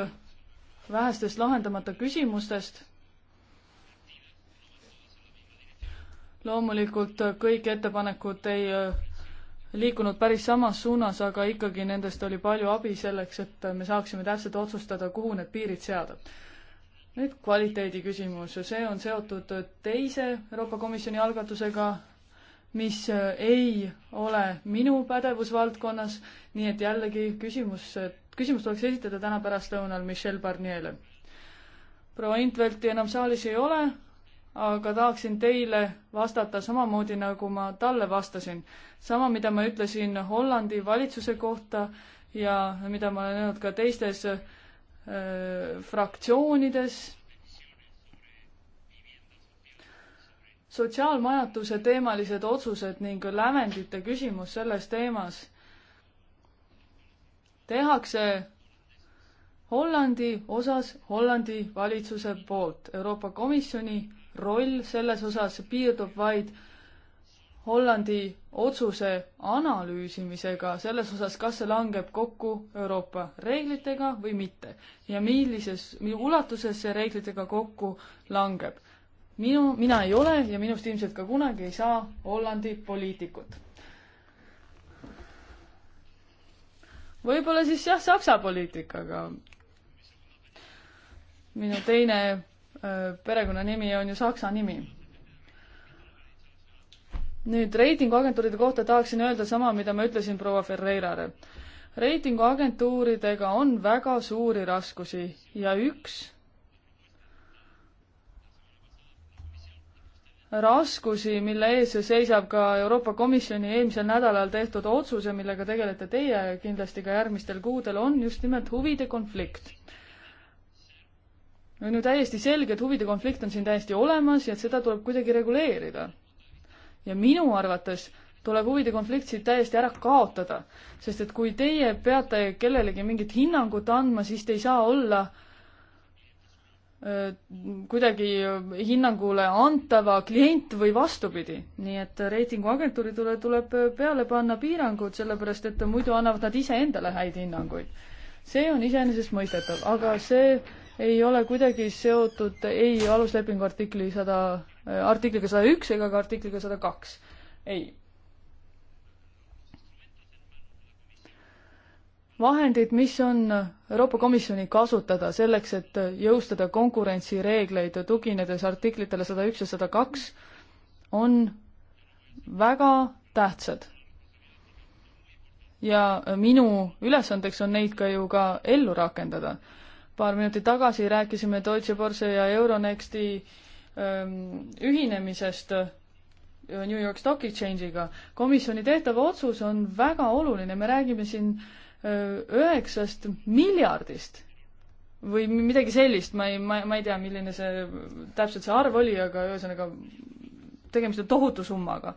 vähestest lahendamata küsimustest loomulikult kõik ettepanekud ei äh, liikunud päris samas suunas, aga ikkagi nendest oli palju abi selleks, et äh, me saaksime täpselt otsustada, kuhu need piirid seada. nüüd kvaliteedi küsimus, see on seotud äh, teise Euroopa Komisjoni algatusega, mis ei ole minu pädevusvaldkonnas, nii et jällegi küsimus, küsimus tuleks esitada täna pärastlõunal Michel Barnier'le. proua Intvelti enam saalis ei ole, aga tahaksin teile vastata samamoodi, nagu ma talle vastasin. sama, mida ma ütlesin Hollandi valitsuse kohta ja mida ma olen öelnud ka teistes äh, fraktsioonides. sotsiaalmajatuse teemalised otsused ning lävendite küsimus selles teemas tehakse Hollandi osas Hollandi valitsuse poolt Euroopa Komisjoni roll selles osas piirdub vaid Hollandi otsuse analüüsimisega selles osas, kas see langeb kokku Euroopa reeglitega või mitte ja millises, ulatuses see reeglitega kokku langeb. minu, mina ei ole ja minust ilmselt ka kunagi ei saa Hollandi poliitikut. võib-olla siis jah, Saksa poliitikaga. minu teine Äh, perekonnanimi on ju saksa nimi. nüüd reitinguagentuuride kohta tahaksin öelda sama, mida ma ütlesin proua Ferreirale. reitinguagentuuridega on väga suuri raskusi ja üks raskusi, mille ees seisab ka Euroopa Komisjoni eelmisel nädalal tehtud otsus ja millega tegelete teie kindlasti ka järgmistel kuudel, on just nimelt huvide konflikt on ju täiesti selge, et huvide konflikt on siin täiesti olemas ja et seda tuleb kuidagi reguleerida. ja minu arvates tuleb huvide konflikt siit täiesti ära kaotada, sest et kui teie peate kellelegi mingit hinnangut andma, siis te ei saa olla öö, äh, kuidagi hinnangule antava klient või vastupidi. nii et reitinguagentuuridele tuleb peale panna piirangud, sellepärast et muidu annavad nad iseendale häid hinnanguid. see on iseenesestmõistetav, aga see ei ole kuidagi seotud ei aluslepingu artikli sada, artikliga sada üks ega ka artikliga sada kaks. ei. vahendid, mis on Euroopa Komisjoni kasutada selleks, et jõustada konkurentsireegleid, tuginedes artiklitele sada üks ja sada kaks, on väga tähtsad ja minu ülesandeks on neid ka ju ka ellu rakendada paar minutit tagasi rääkisime Deutsche Börse ja Euronexti ähm, ühinemisest äh, New York Stock Exchange'iga. komisjoni tehtav otsus on väga oluline, me räägime siin äh, üheksast miljardist või midagi sellist, ma ei, ma, ma ei tea, milline see täpselt see arv oli, aga ühesõnaga tegemist on tohutu summaga.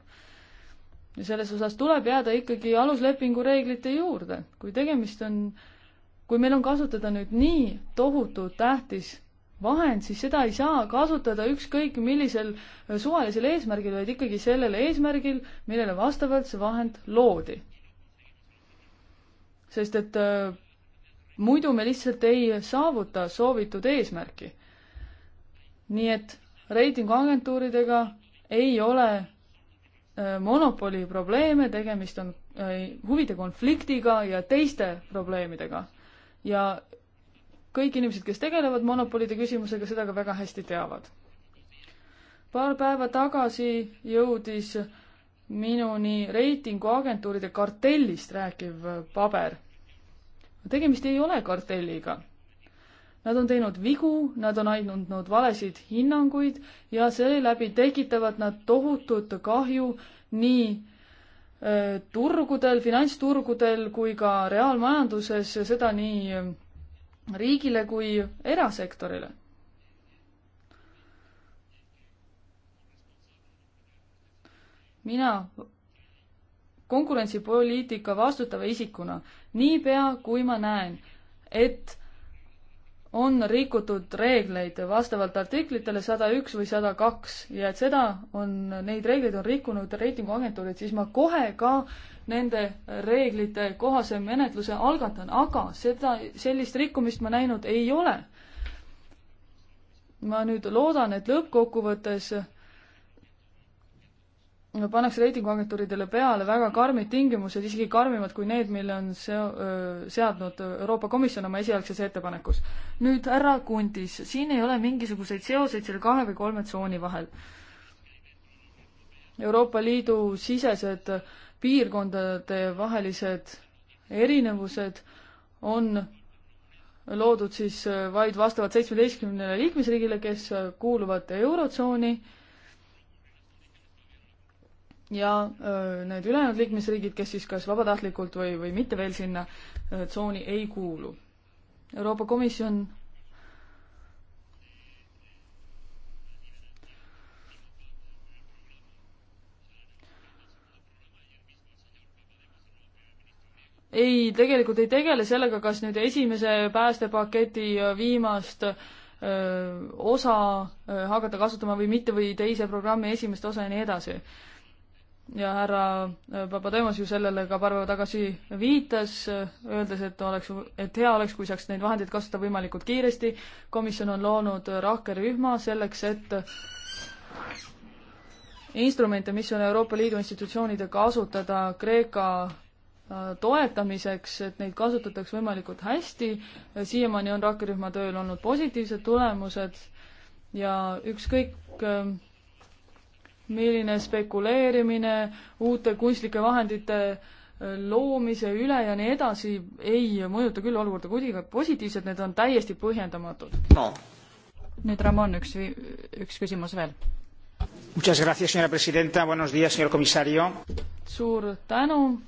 ja selles osas tuleb jääda ikkagi aluslepingu reeglite juurde, kui tegemist on äh, kui meil on kasutada nüüd nii tohutult tähtis vahend, siis seda ei saa kasutada ükskõik millisel äh, suvalisel eesmärgil, vaid ikkagi sellel eesmärgil, millele vastavalt see vahend loodi. sest et äh, muidu me lihtsalt ei saavuta soovitud eesmärki. nii et reitinguagentuuridega ei ole äh, monopoli probleeme, tegemist on äh, huvide konfliktiga ja teiste probleemidega ja kõik inimesed, kes tegelevad monopolide küsimusega, seda ka väga hästi teavad. paar päeva tagasi jõudis minuni reitinguagentuuride kartellist rääkiv paber. tegemist ei ole kartelliga. Nad on teinud vigu, nad on andnud valesid hinnanguid ja seeläbi tekitavad nad tohutut kahju nii Äh, turgudel, finantsturgudel kui ka reaalmajanduses ja seda nii riigile kui erasektorile. mina konkurentsipoliitika vastutava isikuna, niipea kui ma näen, et on rikutud reegleid vastavalt artiklitele sada üks või sada kaks ja et seda on, neid reegleid on rikkunud reitinguagentuurid, siis ma kohe ka nende reeglite kohase menetluse algatan, aga seda, sellist rikkumist ma näinud ei ole. ma nüüd loodan, et lõppkokkuvõttes pannakse reitinguagentuuridele peale väga karmid tingimused, isegi karmimad kui need, mille on seo-, seadnud Euroopa Komisjon oma esialgses ettepanekus. nüüd härra Kundis, siin ei ole mingisuguseid seoseid selle kahe või kolme tsooni vahel. Euroopa Liidu sisesed piirkondade vahelised erinevused on loodud siis vaid vastavalt seitsmeteistkümnele liikmesriigile, kes kuuluvad Eurotsooni, ja öö, need ülejäänud liikmesriigid, kes siis kas vabatahtlikult või, või mitte veel sinna öö, tsooni ei kuulu. Euroopa Komisjon ei, tegelikult ei tegele sellega, kas nüüd esimese päästepaketi viimast öö, osa hakata kasutama või mitte või teise programmi esimest osa ja nii edasi ja härra äh, Papademos ju sellele ka paar päeva tagasi viitas, äh, öeldes, et oleks, et hea oleks, kui saaks neid vahendeid kasutada võimalikult kiiresti. komisjon on loonud rakkerühma selleks, et instrumente, mis on Euroopa Liidu institutsioonide kasutada Kreeka äh, toetamiseks, et neid kasutataks võimalikult hästi. siiamaani on rakkerühma tööl olnud positiivsed tulemused ja ükskõik milline spekuleerimine uute kunstlike vahendite äh, loomise üle ja nii edasi ei mõjuta küll olukorda kuidagi positiivselt, need on täiesti põhjendamatud no.. nüüd Ramon, üks, üks küsimus veel. Muchas gracias, señora presidenta, buenos dias, señor comisario. suur tänu.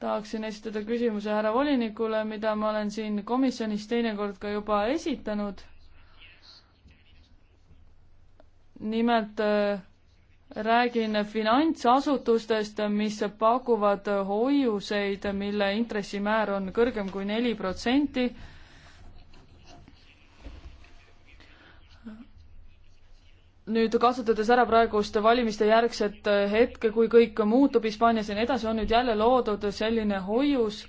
tahaksin esitada küsimuse härra volinikule, mida ma olen siin komisjonis teinekord ka juba esitanud nimelt äh, räägin finantsasutustest, mis pakuvad hoiuseid, mille intressimäär on kõrgem kui neli protsenti. nüüd kasutades ära praegust valimiste järgset hetke, kui kõik muutub Hispaanias ja nii edasi, on nüüd jälle loodud selline hoius,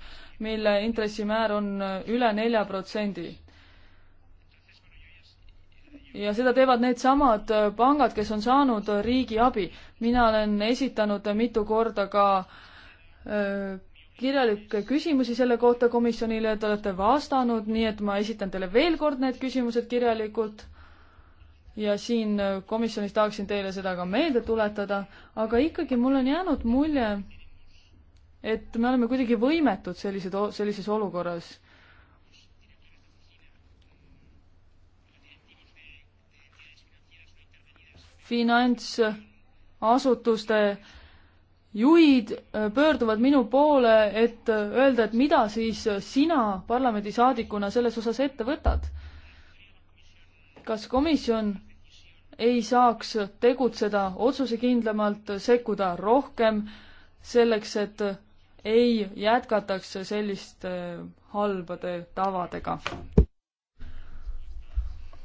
mille intressimäär on üle nelja protsendi ja seda teevad needsamad äh, pangad, kes on saanud äh, riigi abi. mina olen esitanud äh, mitu korda ka kirjalikke küsimusi selle kohta komisjonile, te olete vastanud, nii et ma esitan teile veel kord need küsimused kirjalikult. ja siin komisjonis tahaksin teile seda ka meelde tuletada, aga ikkagi mul on jäänud mulje, et me oleme kuidagi võimetud sellised, sellises olukorras finantsasutuste juhid äh, pöörduvad minu poole, et äh, öelda, et mida siis äh, sina parlamendisaadikuna selles osas ette võtad. kas komisjon ei saaks tegutseda otsusekindlamalt, sekkuda rohkem selleks, et ei jätkataks selliste halbade tavadega?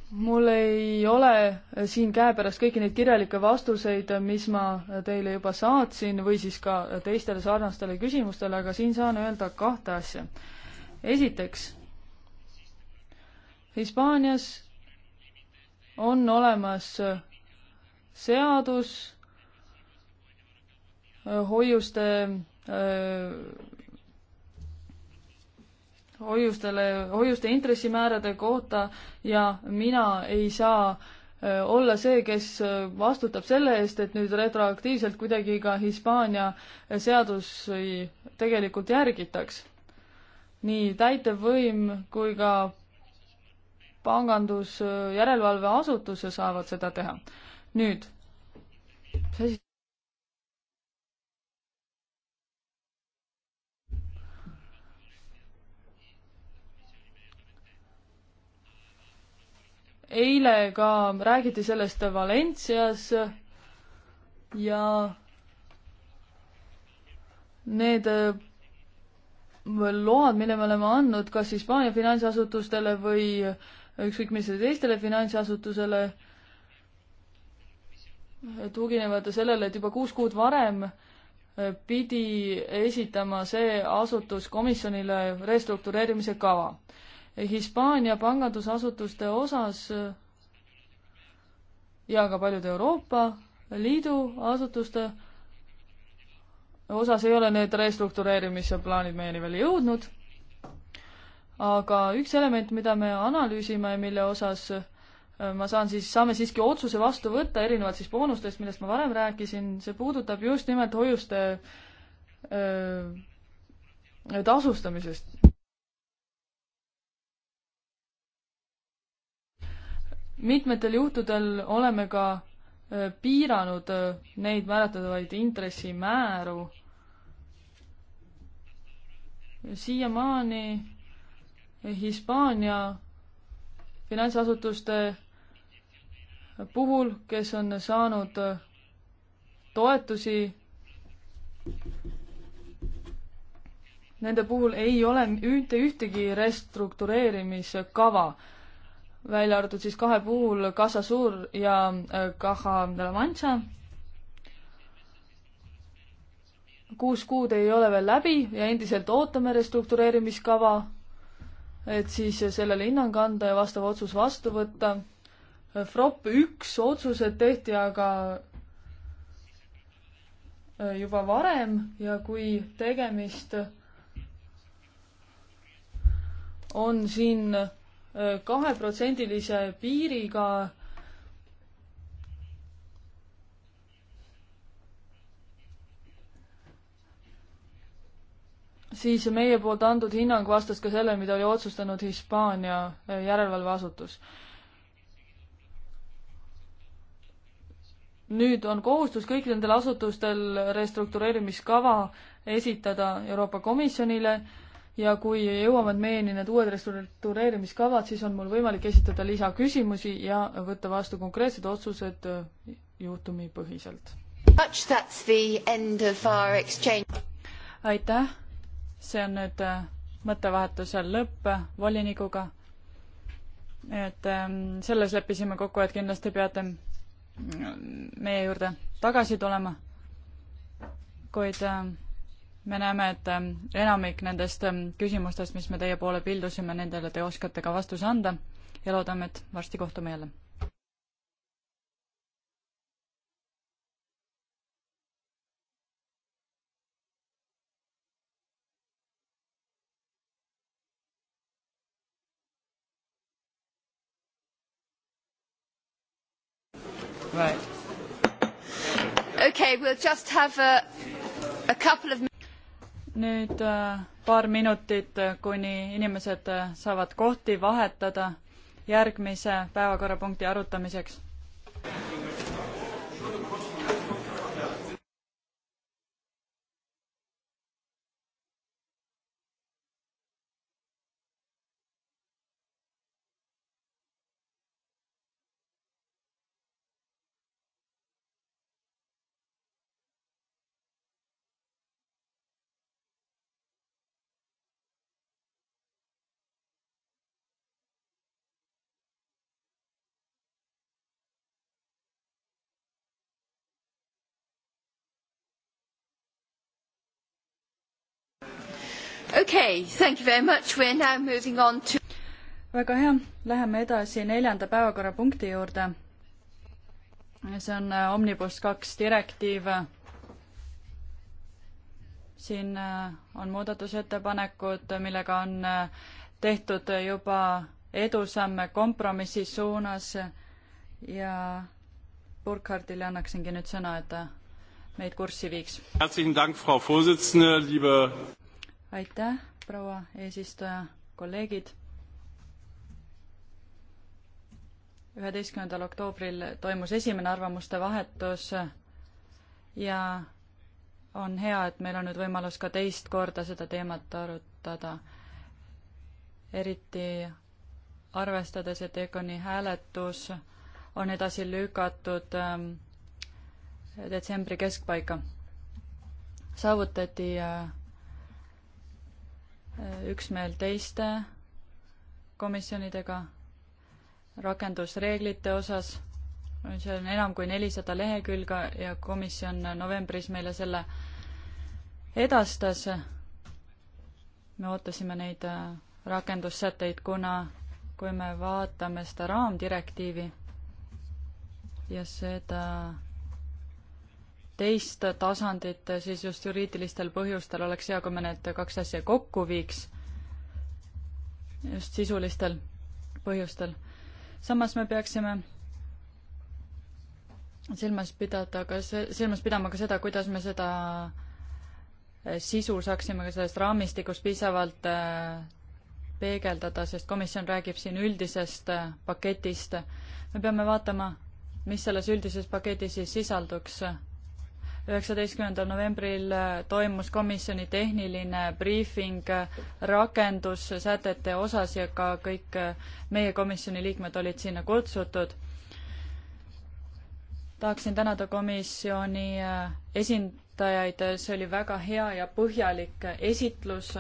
mul ei ole siin käepärast kõiki neid kirjalikke vastuseid, mis ma teile juba saatsin või siis ka teistele sarnastele küsimustele, aga siin saan öelda kahte asja. esiteks, Hispaanias on olemas seadus hoiuste öö, äh, hoiustele, hoiuste intressimäärade kohta ja mina ei saa olla see, kes vastutab selle eest, et nüüd retroaktiivselt kuidagi ka Hispaania seadusi tegelikult järgitaks. nii täitevvõim kui ka pangandusjärelevalveasutuse saavad seda teha. nüüd, mis asi eile ka räägiti sellest Valencias ja need äh, load, mille me oleme andnud kas Hispaania finantsasutustele või ükskõik millisele teistele finantsasutusele, tuginevad sellele, et juba kuus kuud varem äh, pidi esitama see asutus komisjonile restruktureerimise kava Hispaania pangandusasutuste osas äh, ja ka paljude Euroopa Liidu asutuste osas ei ole need restruktureerimise plaanid meieni veel jõudnud. aga üks element, mida me analüüsime, mille osas äh, ma saan siis, saame siiski otsuse vastu võtta, erinevalt siis boonustest, millest ma varem rääkisin, see puudutab just nimelt hoiuste öö, äh, tasustamisest mitmetel juhtudel oleme ka piiranud neid määratlevaid intressimääru. siiamaani Hispaania finantsasutuste puhul, kes on saanud toetusi, nende puhul ei ole mitte ühtegi restruktureerimiskava välja arvatud siis kahe puhul, Casa Sur ja äh, Caja de la Mancha. kuus kuud ei ole veel läbi ja endiselt ootame restruktureerimiskava, et siis sellele hinnang anda ja vastav otsus vastu võtta. FROP üks otsused tehti aga äh, juba varem ja kui tegemist on siin kaheprotsendilise piiriga siis meie poolt antud hinnang vastas ka sellele, mida oli otsustanud Hispaania järelevalveasutus. nüüd on kohustus kõikidel nendel asutustel restruktureerimiskava esitada Euroopa Komisjonile ja kui jõuavad meieni need uued restruktureerimiskavad, siis on mul võimalik esitada lisaküsimusi ja võtta vastu konkreetsed otsused äh, juhtumipõhiselt. aitäh, see on nüüd äh, mõttevahetuse lõpp äh, volinikuga. et ähm, selles leppisime kokku, et kindlasti peate mm, meie juurde tagasi tulema, kuid ähm, me näeme, et ähm, enamik nendest ähm, küsimustest, mis me teie poole pildusime, nendele te oskate ka vastuse anda ja loodame, et varsti kohtume jälle. Right. Okay, we'll just have a, a couple of nüüd äh, paar minutit, äh, kuni inimesed äh, saavad kohti vahetada järgmise päevakorrapunkti arutamiseks Okay, thank you very much, we are now moving on to väga hea, läheme edasi neljanda päevakorrapunkti juurde. see on äh, Omnibus kaks direktiiv. siin äh, on muudatusettepanekud, millega on äh, tehtud juba edusamme kompromissi suunas ja Burkhardile annaksingi nüüd sõna, et ta meid kurssi viiks aitäh, proua eesistuja, kolleegid. üheteistkümnendal oktoobril toimus esimene arvamuste vahetus ja on hea, et meil on nüüd võimalus ka teist korda seda teemat arutada. eriti arvestades, et EKONi hääletus on edasi lükatud ähm, detsembri keskpaika. saavutati äh, üksmeel teiste komisjonidega rakendusreeglite osas, see on enam kui nelisada lehekülge ja komisjon novembris meile selle edastas. me ootasime neid äh, rakendussätteid, kuna kui me vaatame seda raamdirektiivi ja seda teist tasandit, siis just juriidilistel põhjustel oleks hea, kui me need kaks asja kokku viiks, just sisulistel põhjustel. samas me peaksime silmas pidada ka see, silmas pidama ka seda, kuidas me seda eh, sisu saaksime ka sellest raamistikust piisavalt eh, peegeldada, sest komisjon räägib siin üldisest eh, paketist. me peame vaatama, mis selles üldises paketis siis sisalduks üheksateistkümnendal novembril äh, toimus komisjoni tehniline briifing äh, rakendussätete osas ja ka kõik äh, meie komisjoni liikmed olid sinna kutsutud. tahaksin tänada komisjoni esindajaid, see oli väga hea ja põhjalik esitlus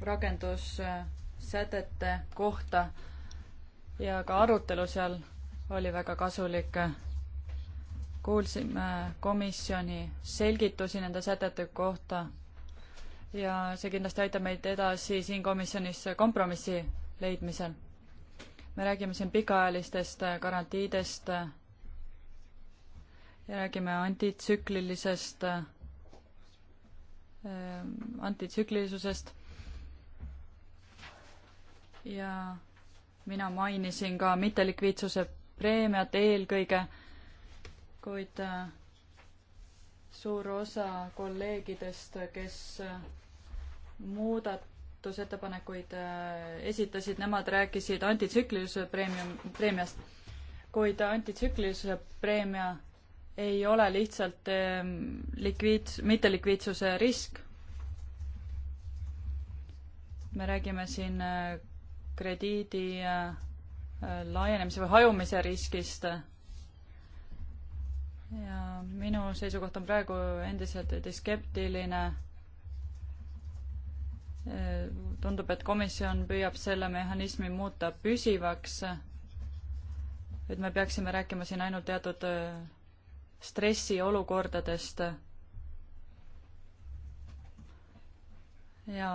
rakendussätete kohta ja ka arutelu seal oli väga kasulik kuulsime komisjoni selgitusi nende sätete kohta ja see kindlasti aitab meid edasi siin komisjonis kompromissi leidmisel. me räägime siin pikaajalistest garantiidest ja räägime antitsüklilisest, ähm, antitsüklilisusest ja mina mainisin ka mittelikviidsuse preemiat eelkõige kuid äh, suur osa kolleegidest, kes äh, muudatusettepanekuid äh, esitasid, nemad rääkisid antitsüklilisuse preemium, preemiast, kuid antitsüklilisuse preemia ei ole lihtsalt ähm, likviids-, mittelikviidsuse risk. me räägime siin krediidi laienemise või hajumise riskist ja minu seisukoht on praegu endiselt skeptiline. tundub, et komisjon püüab selle mehhanismi muuta püsivaks. et me peaksime rääkima siin ainult teatud äh, stressiolukordadest. ja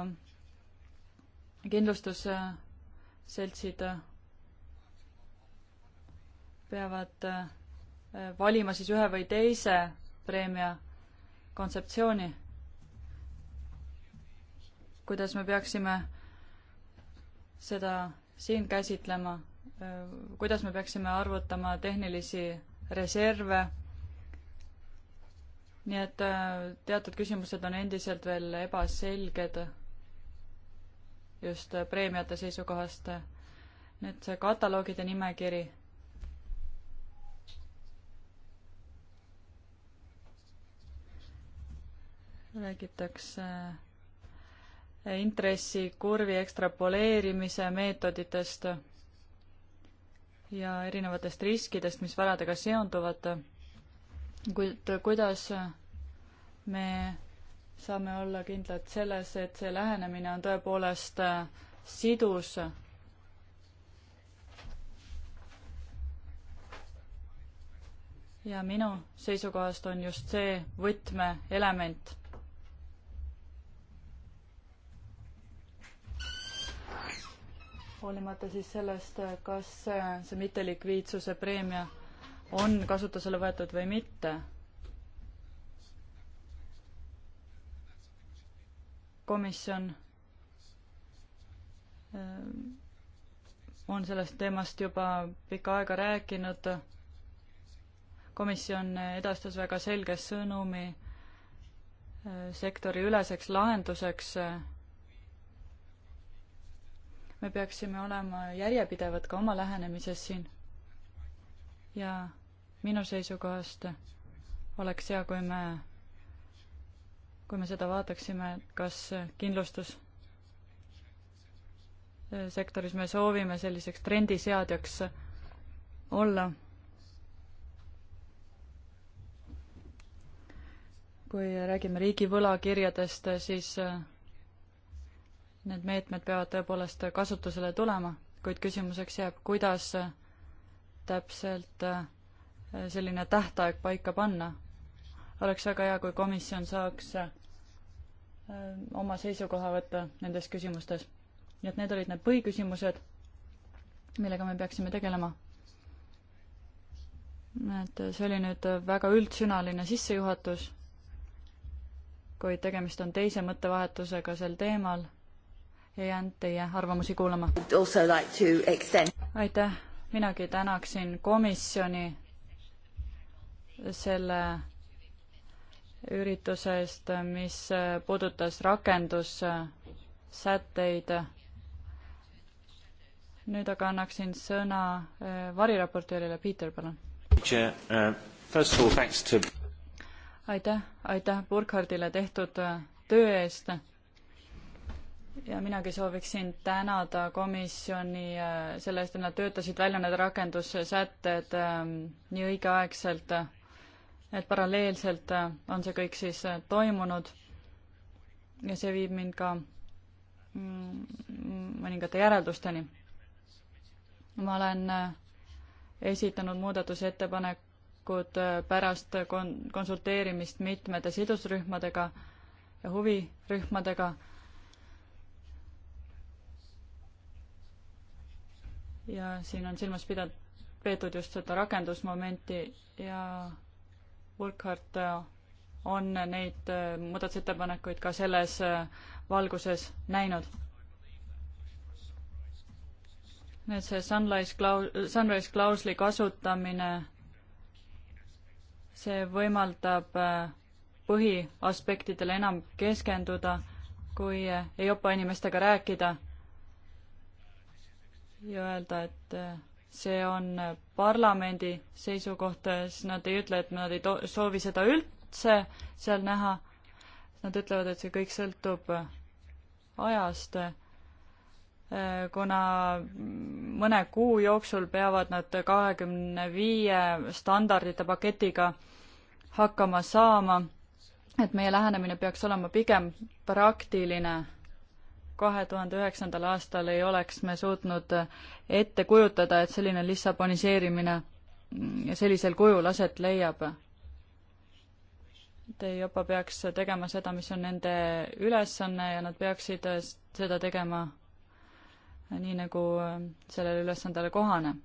kindlustusseltsid äh, peavad äh, valima siis ühe või teise preemia kontseptsiooni. kuidas me peaksime seda siin käsitlema, kuidas me peaksime arvutama tehnilisi reserve, nii et äh, teatud küsimused on endiselt veel ebaselged just äh, preemiate seisukohast. nüüd see kataloogide nimekiri räägitakse äh, intressikurvi ekstrapoleerimise meetoditest ja erinevatest riskidest, mis varadega seonduvad. kuid kuidas me saame olla kindlad selles, et see lähenemine on tõepoolest äh, sidus? ja minu seisukohast on just see võtmeelement hoolimata siis sellest, kas see mittelikviidsuse preemia on kasutusele võetud või mitte. komisjon eh, on sellest teemast juba pikka aega rääkinud. komisjon edastas väga selge sõnumi eh, sektoriüleseks lahenduseks eh, me peaksime olema järjepidevad ka oma lähenemises siin. ja minu seisukohast oleks hea, kui me, kui me seda vaataksime, kas kindlustus e, sektoris me soovime selliseks trendiseadjaks olla. kui räägime riigi võlakirjadest, siis e, need meetmed peavad tõepoolest kasutusele tulema, kuid küsimuseks jääb, kuidas täpselt äh, selline tähtaeg paika panna. oleks väga hea, kui komisjon saaks äh, oma seisukoha võtta nendes küsimustes. nii et need olid need põhiküsimused, millega me peaksime tegelema. et see oli nüüd väga üldsõnaline sissejuhatus, kuid tegemist on teise mõttevahetusega sel teemal ja jään teie arvamusi kuulama. aitäh, minagi tänaksin komisjoni selle ürituse eest, mis puudutas rakendussätteid. nüüd aga annaksin sõna eh, variraportöörile, Peeter, palun. Uh, aitäh, aitäh Burkhardile tehtud eh, töö eest ja minagi sooviksin tänada komisjoni äh, selle eest, et nad töötasid välja need rakendussätted ähm, nii õigeaegselt, äh, et paralleelselt äh, on see kõik siis toimunud. ja see viib mind ka mm, mõningate järeldusteni. ma olen esitanud muudatusettepanekud pärast kon-, konsulteerimist mitmete sidusrühmadega ja huvirühmadega ja siin on silmas pidanud, peetud just seda rakendusmomenti ja Burkhardt äh, on neid äh, muudatusettepanekuid ka selles äh, valguses näinud. nüüd see sunrise klaus-, sunrise klausli kasutamine, see võimaldab põhiaspektidele enam keskenduda, kui EIOPA inimestega rääkida ja öelda, et eh, see on parlamendi seisukoht, siis nad ei ütle, et nad ei to-, soovi seda üldse seal näha. Nad ütlevad, et see kõik sõltub eh, ajast, eh, kuna mõne kuu jooksul peavad nad kahekümne viie standardite paketiga hakkama saama, et meie lähenemine peaks olema pigem praktiline kahe tuhande üheksandal aastal ei oleks me suutnud ette kujutada, et selline lissaboniseerimine sellisel kujul aset leiab. Te juba peaks tegema seda, mis on nende ülesanne ja nad peaksid seda tegema nii, nagu sellele ülesandele kohane.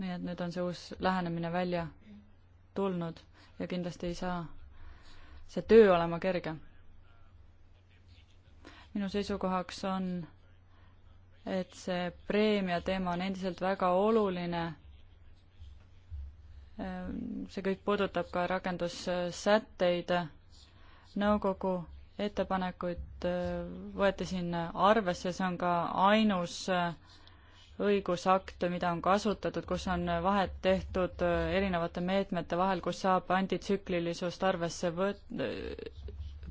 nii et nüüd on see uus lähenemine välja tulnud ja kindlasti ei saa see töö olema kerge minu seisukohaks on, et see preemia teema on endiselt väga oluline. see kõik puudutab ka rakendussätteid. nõukogu ettepanekuid äh, võeti siin arvesse, see on ka ainus äh, õigusakt, mida on kasutatud, kus on vahet tehtud äh, erinevate meetmete vahel, kus saab antitsüklilisust arvesse võt-,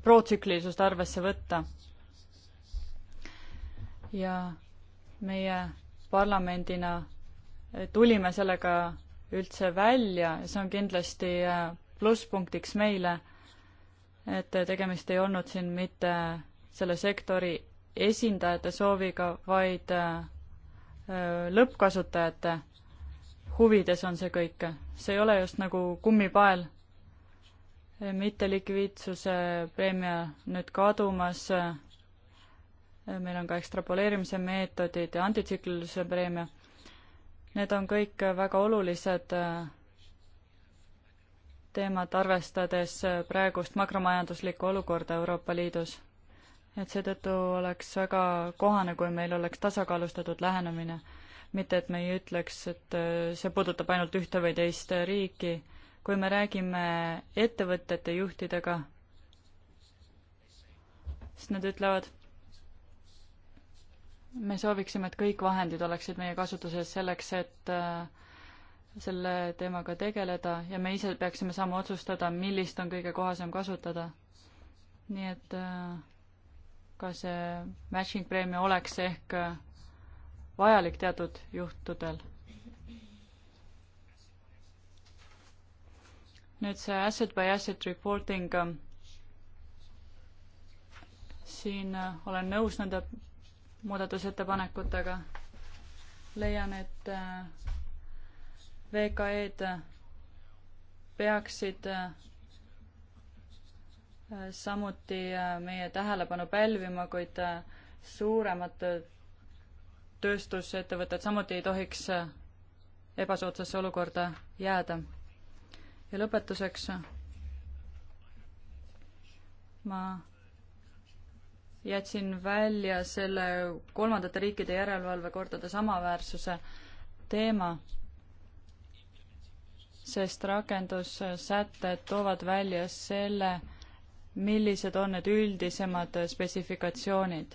protsüklilisust arvesse võtta ja meie parlamendina tulime sellega üldse välja ja see on kindlasti äh, plusspunktiks meile, et tegemist ei olnud siin mitte selle sektori esindajate sooviga, vaid äh, äh, lõppkasutajate huvides on see kõik. see ei ole just nagu kummipael. mittelikviidsuse preemia nüüd kadumas ka meil on ka ekstrapoleerimise meetodid ja antitsüklilise preemia. Need on kõik väga olulised äh, teemad, arvestades äh, praegust makromajanduslikku olukorda Euroopa Liidus. et seetõttu oleks väga kohane, kui meil oleks tasakaalustatud lähenemine. mitte et me ei ütleks, et äh, see puudutab ainult ühte või teist riiki. kui me räägime ettevõtete juhtidega, siis nad ütlevad me sooviksime, et kõik vahendid oleksid meie kasutuses selleks, et äh, selle teemaga tegeleda ja me ise peaksime saama otsustada, millist on kõige kohasem kasutada. nii et äh, ka see matching preemia oleks ehk äh, vajalik teatud juhtudel. nüüd see asset by asset reporting, siin olen nõus nende muudatusettepanekutega. leian, et äh, VKE-d äh, peaksid äh, samuti meie tähelepanu pälvima, kuid suuremad tööstusettevõtted samuti ei tohiks ebasoodsasse olukorda jääda. ja lõpetuseks ma jätsin välja selle kolmandate riikide järelevalvekordade samaväärsuse teema, sest rakendussätted toovad välja selle, millised on need üldisemad spetsifikatsioonid.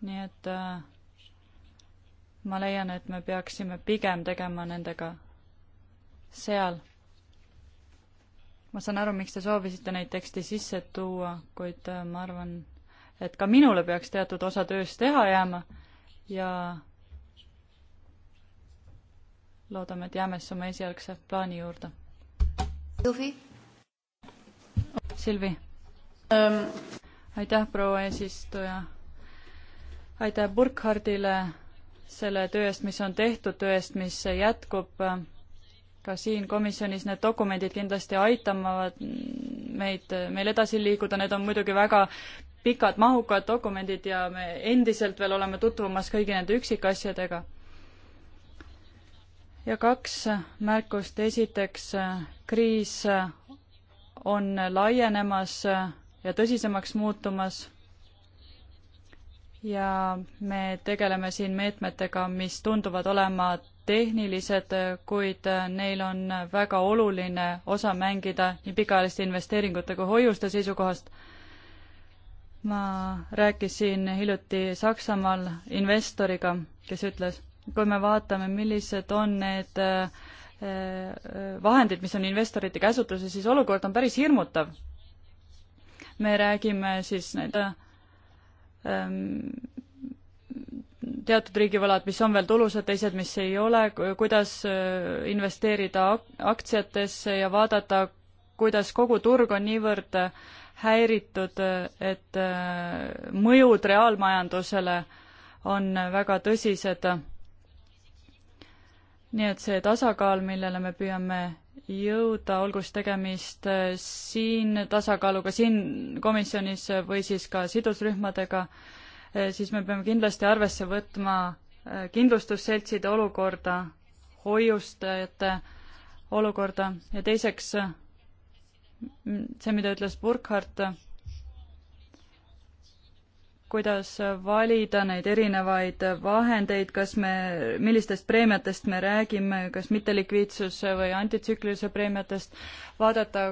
nii et äh, ma leian, et me peaksime pigem tegema nendega seal ma saan aru, miks te soovisite neid teksti sisse tuua, kuid äh, ma arvan, et ka minule peaks teatud osa tööst teha jääma ja loodame, et jääme siis oma esialgse plaani juurde. Silvi? Silvi ähm.? aitäh, proua eesistuja. aitäh Burkhardile selle töö eest, mis on tehtud, töö eest, mis jätkub ka siin komisjonis need dokumendid kindlasti aitavad meid, meil edasi liikuda, need on muidugi väga pikad mahukad dokumendid ja me endiselt veel oleme tutvumas kõigi nende üksikasjadega. ja kaks märkust, esiteks kriis on laienemas ja tõsisemaks muutumas ja me tegeleme siin meetmetega, mis tunduvad olema tehnilised, kuid neil on väga oluline osa mängida nii pikaajaliste investeeringute kui hoiuste seisukohast. ma rääkisin hiljuti Saksamaal investoriga, kes ütles, kui me vaatame, millised on need eh, vahendid, mis on investorite käsutuses, siis olukord on päris hirmutav. me räägime siis nii-öelda Ehm, teatud riigivõlad, mis on veel tulusad, teised, mis ei ole, kuidas eh, investeerida aktsiatesse ja vaadata, kuidas kogu turg on niivõrd häiritud, et eh, mõjud reaalmajandusele on väga tõsised. nii et see tasakaal, millele me püüame jõuda, olgu siis tegemist äh, siin tasakaaluga siin komisjonis või siis ka sidusrühmadega, äh, siis me peame kindlasti arvesse võtma äh, kindlustusseltside olukorda, hoiustajate olukorda ja teiseks see, mida ütles Burkhardt kuidas valida neid erinevaid vahendeid, kas me, millistest preemiatest me räägime, kas mittelikviidsuse või antitsüklilise preemiatest, vaadata,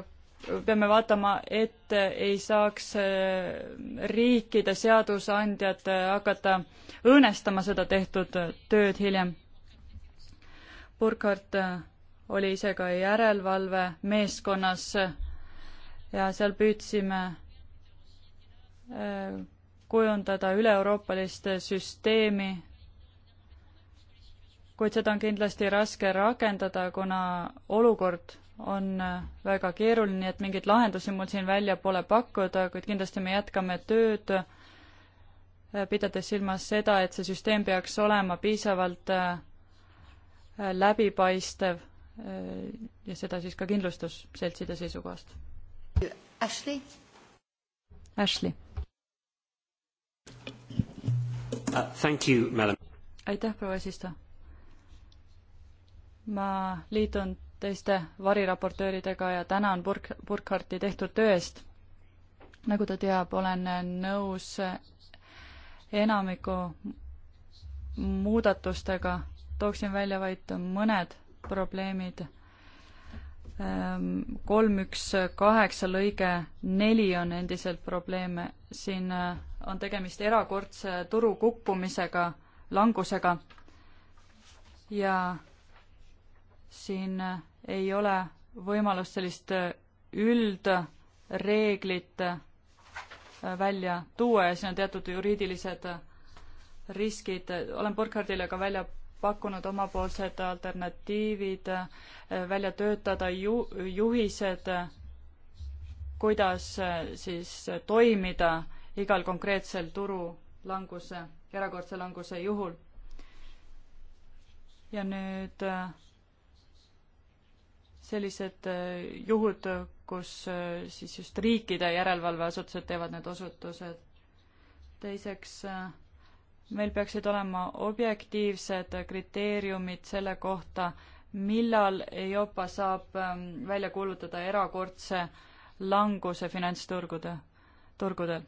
peame vaatama, et ei saaks eh, riikide seadusandjad hakata õõnestama seda tehtud tööd hiljem. Burkhardt oli ise ka järelevalvemeeskonnas ja seal püüdsime eh, kujundada üle-euroopalist süsteemi, kuid seda on kindlasti raske rakendada, kuna olukord on väga keeruline, nii et mingeid lahendusi mul siin välja pole pakkuda, kuid kindlasti me jätkame tööd, pidades silmas seda, et see süsteem peaks olema piisavalt äh, läbipaistev äh, ja seda siis ka kindlustusseltside seisukohast. Ashley. Ashley uh,. aitäh, proua eesistuja. ma liitun teiste variraportööridega ja tänan Burk-, Burkharti tehtud töö eest. nagu ta teab, olen nõus enamiku muudatustega, tooksin välja vaid mõned probleemid. Ehm, kolm, üks, kaheksa lõige neli on endiselt probleeme, siin äh, on tegemist erakordse turu kukkumisega, langusega ja siin ei ole võimalust sellist üldreeglit välja tuua ja siin on teatud juriidilised riskid, olen Burkhardile ka välja pakkunud omapoolsed alternatiivid, välja töötada ju-, juhised, kuidas siis toimida igal konkreetsel turu languse, erakordse languse juhul. ja nüüd äh, sellised äh, juhud, kus äh, siis just riikide järelevalveasutused teevad need osutused. teiseks, meil peaksid olema objektiivsed kriteeriumid selle kohta, millal EIOPA saab ähm, välja kuulutada erakordse languse finantsturgude, turgudel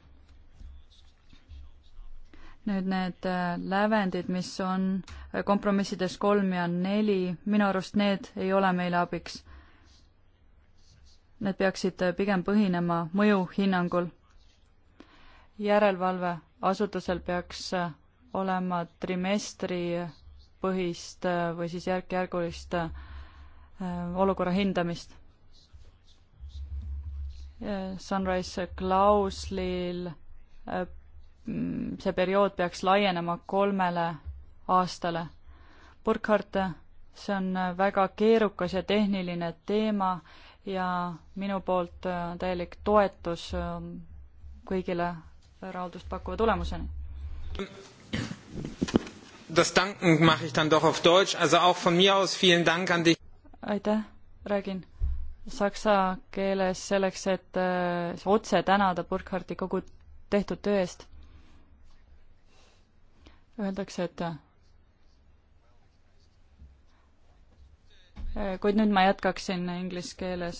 nüüd need äh, lävendid, mis on äh, kompromissides kolm ja neli, minu arust need ei ole meile abiks. Need peaksid äh, pigem põhinema mõjuhinnangul. järelevalveasutusel peaks olema trimestripõhist või siis järk-järgulist olukorra hindamist. Sunrise klauslil see periood peaks laienema kolmele aastale. Burkhardt, see on väga keerukas ja tehniline teema ja minu poolt täielik toetus kõigile rahuldust pakkuva tulemuseni. Das Danken mache ich dann doch auf Deutsch, also auch von mir aus vielen Dank an dich. aitäh, räägin saksa keeles selleks, et otse tänada Burkhardi kogu tehtud töö eest öeldakse, et äh, kuid nüüd ma jätkaksin inglise keeles.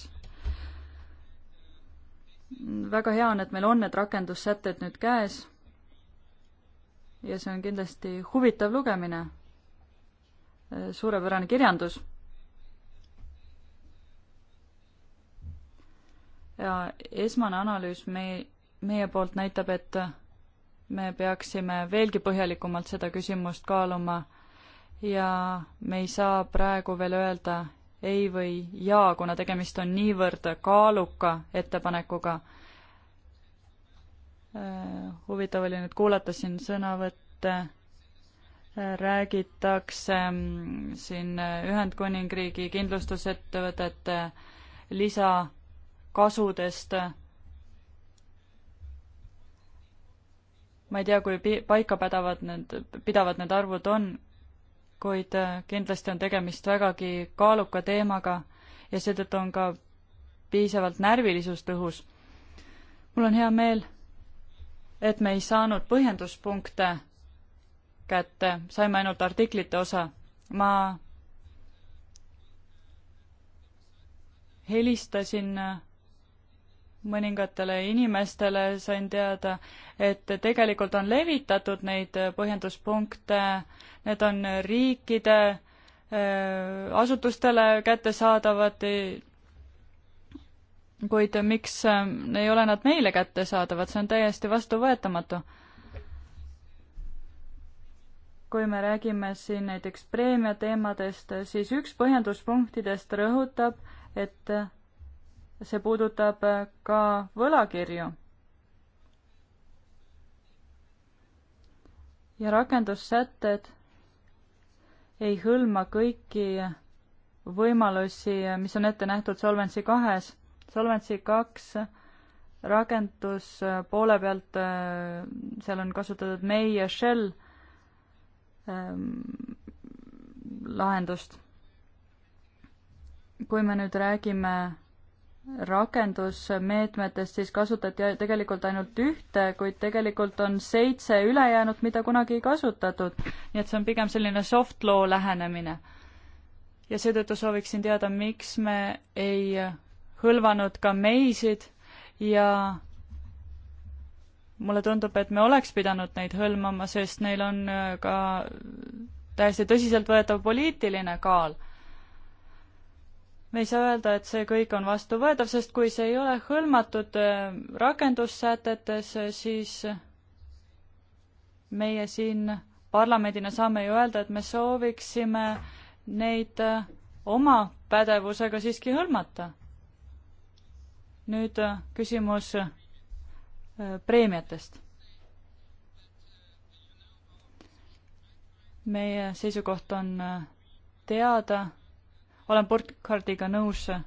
väga hea on, et meil on need rakendussätted nüüd käes. ja see on kindlasti huvitav lugemine. Äh, suurepärane kirjandus ja esmane analüüs me, meie poolt näitab, et me peaksime veelgi põhjalikumalt seda küsimust kaaluma ja me ei saa praegu veel öelda ei või jaa, kuna tegemist on niivõrd kaaluka ettepanekuga. huvitav oli nüüd kuulata siin sõnavõtte, räägitakse mm, siin Ühendkuningriigi kindlustusettevõtete lisakasudest ma ei tea, kui paika pädavad need, pidavad need arvud on, kuid äh, kindlasti on tegemist vägagi kaaluka teemaga ja seetõttu on ka piisavalt närvilisust õhus. mul on hea meel, et me ei saanud põhjenduspunkte kätte, saime ainult artiklite osa. ma helistasin äh, mõningatele inimestele sain teada, et tegelikult on levitatud neid põhjenduspunkte, need on riikide äh, asutustele kättesaadavad, kuid miks äh, ei ole nad meile kättesaadavad, see on täiesti vastuvõetamatu. kui me räägime siin näiteks preemia teemadest, siis üks põhjenduspunktidest rõhutab, et see puudutab äh, ka võlakirju. ja rakendussätted ei hõlma kõiki võimalusi, mis on ette nähtud Solvency kahes. Solvency kaks rakendus äh, poole pealt, äh, seal on kasutatud May ja Shell ähm, lahendust. kui me nüüd räägime rakendusmeetmetest siis kasutati tegelikult ainult ühte, kuid tegelikult on seitse ülejäänut, mida kunagi ei kasutatud. nii et see on pigem selline soft law lähenemine. ja seetõttu sooviksin teada, miks me ei hõlvanud ka meisid ja mulle tundub, et me oleks pidanud neid hõlmama, sest neil on äh, ka täiesti tõsiseltvõetav poliitiline kaal me ei saa öelda, et see kõik on vastuvõetav, sest kui see ei ole hõlmatud äh, rakendussätetes, äh, siis meie siin parlamendina saame ju öelda, et me sooviksime neid äh, oma pädevusega siiski hõlmata. nüüd küsimus preemiatest. meie seisukoht on teada olen Portcardiga nõus äh,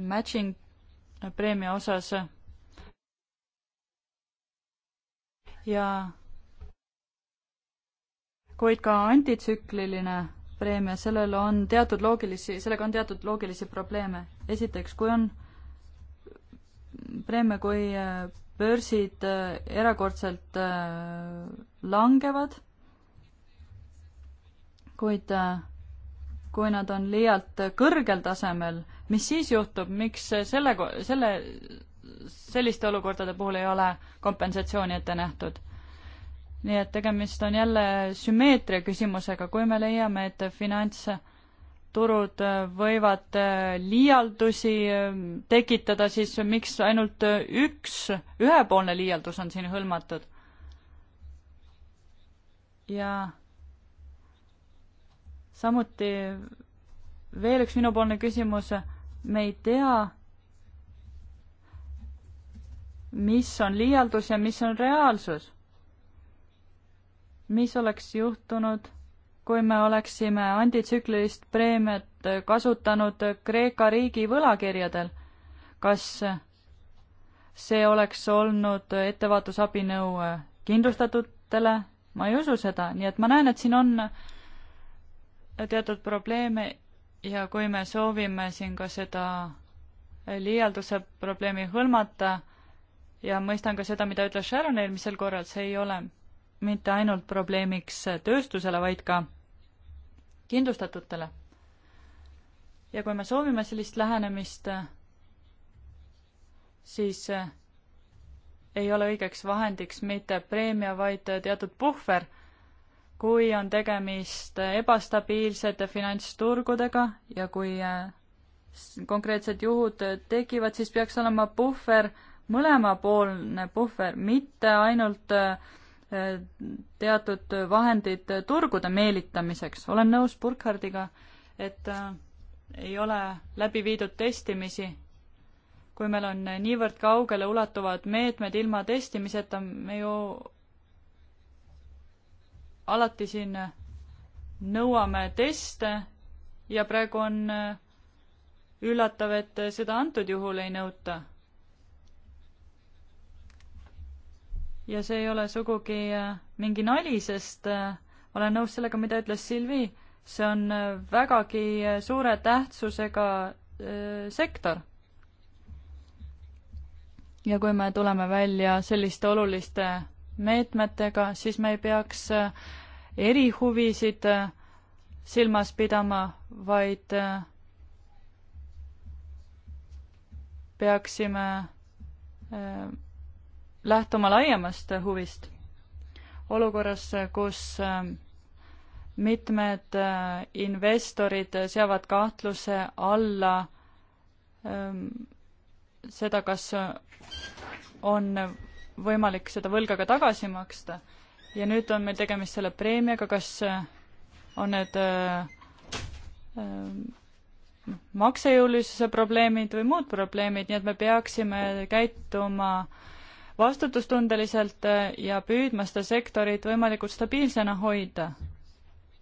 matching preemia osas. ja kuid ka antitsükliline preemia, sellel on teatud loogilisi, sellega on teatud loogilisi probleeme. esiteks, kui on preemia, kui äh, börsid äh, erakordselt langevad kuid äh, kui nad on liialt kõrgel tasemel, mis siis juhtub, miks selle, selle, selliste olukordade puhul ei ole kompensatsiooni ette nähtud? nii et tegemist on jälle sümmeetria küsimusega, kui me leiame, et finantsturud võivad liialdusi tekitada, siis miks ainult üks, ühepoolne liialdus on siin hõlmatud? ja samuti veel üks minupoolne küsimus, me ei tea, mis on liialdus ja mis on reaalsus. mis oleks juhtunud, kui me oleksime antitsüklilist preemiat kasutanud Kreeka riigi võlakirjadel? kas see oleks olnud ettevaatusabinõu kindlustatutele, ma ei usu seda, nii et ma näen, et siin on teatud probleeme ja kui me soovime siin ka seda liialduse probleemi hõlmata ja mõistan ka seda, mida ütles Sharon eelmisel korral, see ei ole mitte ainult probleemiks tööstusele, vaid ka kindlustatutele. ja kui me soovime sellist lähenemist, siis ei ole õigeks vahendiks mitte preemia, vaid teatud puhver kui on tegemist ebastabiilsete finantsturgudega ja kui äh, konkreetsed juhud tekivad, siis peaks olema puhver, mõlemapoolne puhver, mitte ainult äh, teatud vahendid turgude meelitamiseks. olen nõus Burkhardiga, et äh, ei ole läbi viidud testimisi. kui meil on niivõrd kaugele ulatuvad meetmed ilma testimiseta, me ju alati siin nõuame teste ja praegu on äh, üllatav, et seda antud juhul ei nõuta. ja see ei ole sugugi äh, mingi nali, sest äh, olen nõus sellega, mida ütles Silvi, see on vägagi suure tähtsusega sektor ja kui me tuleme välja selliste oluliste meetmetega, siis me ei peaks äh, erihuvisid äh, silmas pidama, vaid äh, peaksime lähtuma laiemast huvist. olukorras, kus mitmed investorid seavad kahtluse alla ähm, seda, kas on võimalik seda võlga ka tagasi maksta. ja nüüd on meil tegemist selle preemiaga, kas äh, on need äh, äh, maksejõulisuse probleemid või muud probleemid, nii et me peaksime käituma vastutustundeliselt äh, ja püüdma seda sektorit võimalikult stabiilsena hoida.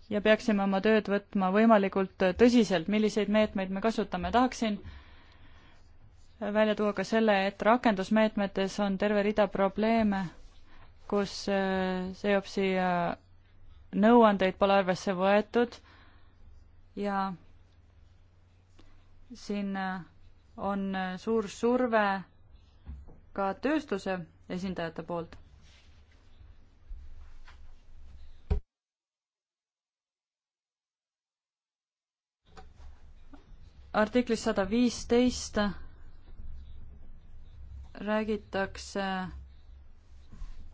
ja peaksime oma tööd võtma võimalikult äh, tõsiselt, milliseid meetmeid me kasutame. tahaksin äh, välja tuua ka selle, et rakendusmeetmetes on terve rida probleeme, kus äh, seopsi äh, nõuandeid pole arvesse võetud ja siin äh, on suur surve ka tööstuse esindajate poolt. artiklis sada viisteist räägitakse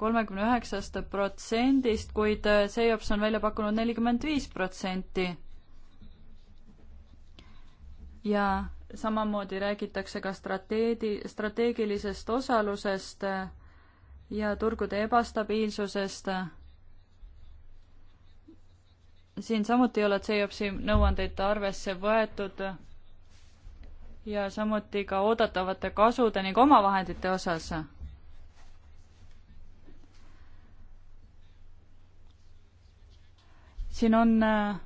kolmekümne üheksast protsendist, kuid äh, Seops on välja pakkunud nelikümmend viis protsenti. ja samamoodi räägitakse ka strateegi-, strateegilisest osalusest äh, ja turgude ebastabiilsusest. siin samuti ei ole CEOPS-i nõuandeid arvesse võetud ja samuti ka oodatavate kasude ning omavahendite osas. siin on äh,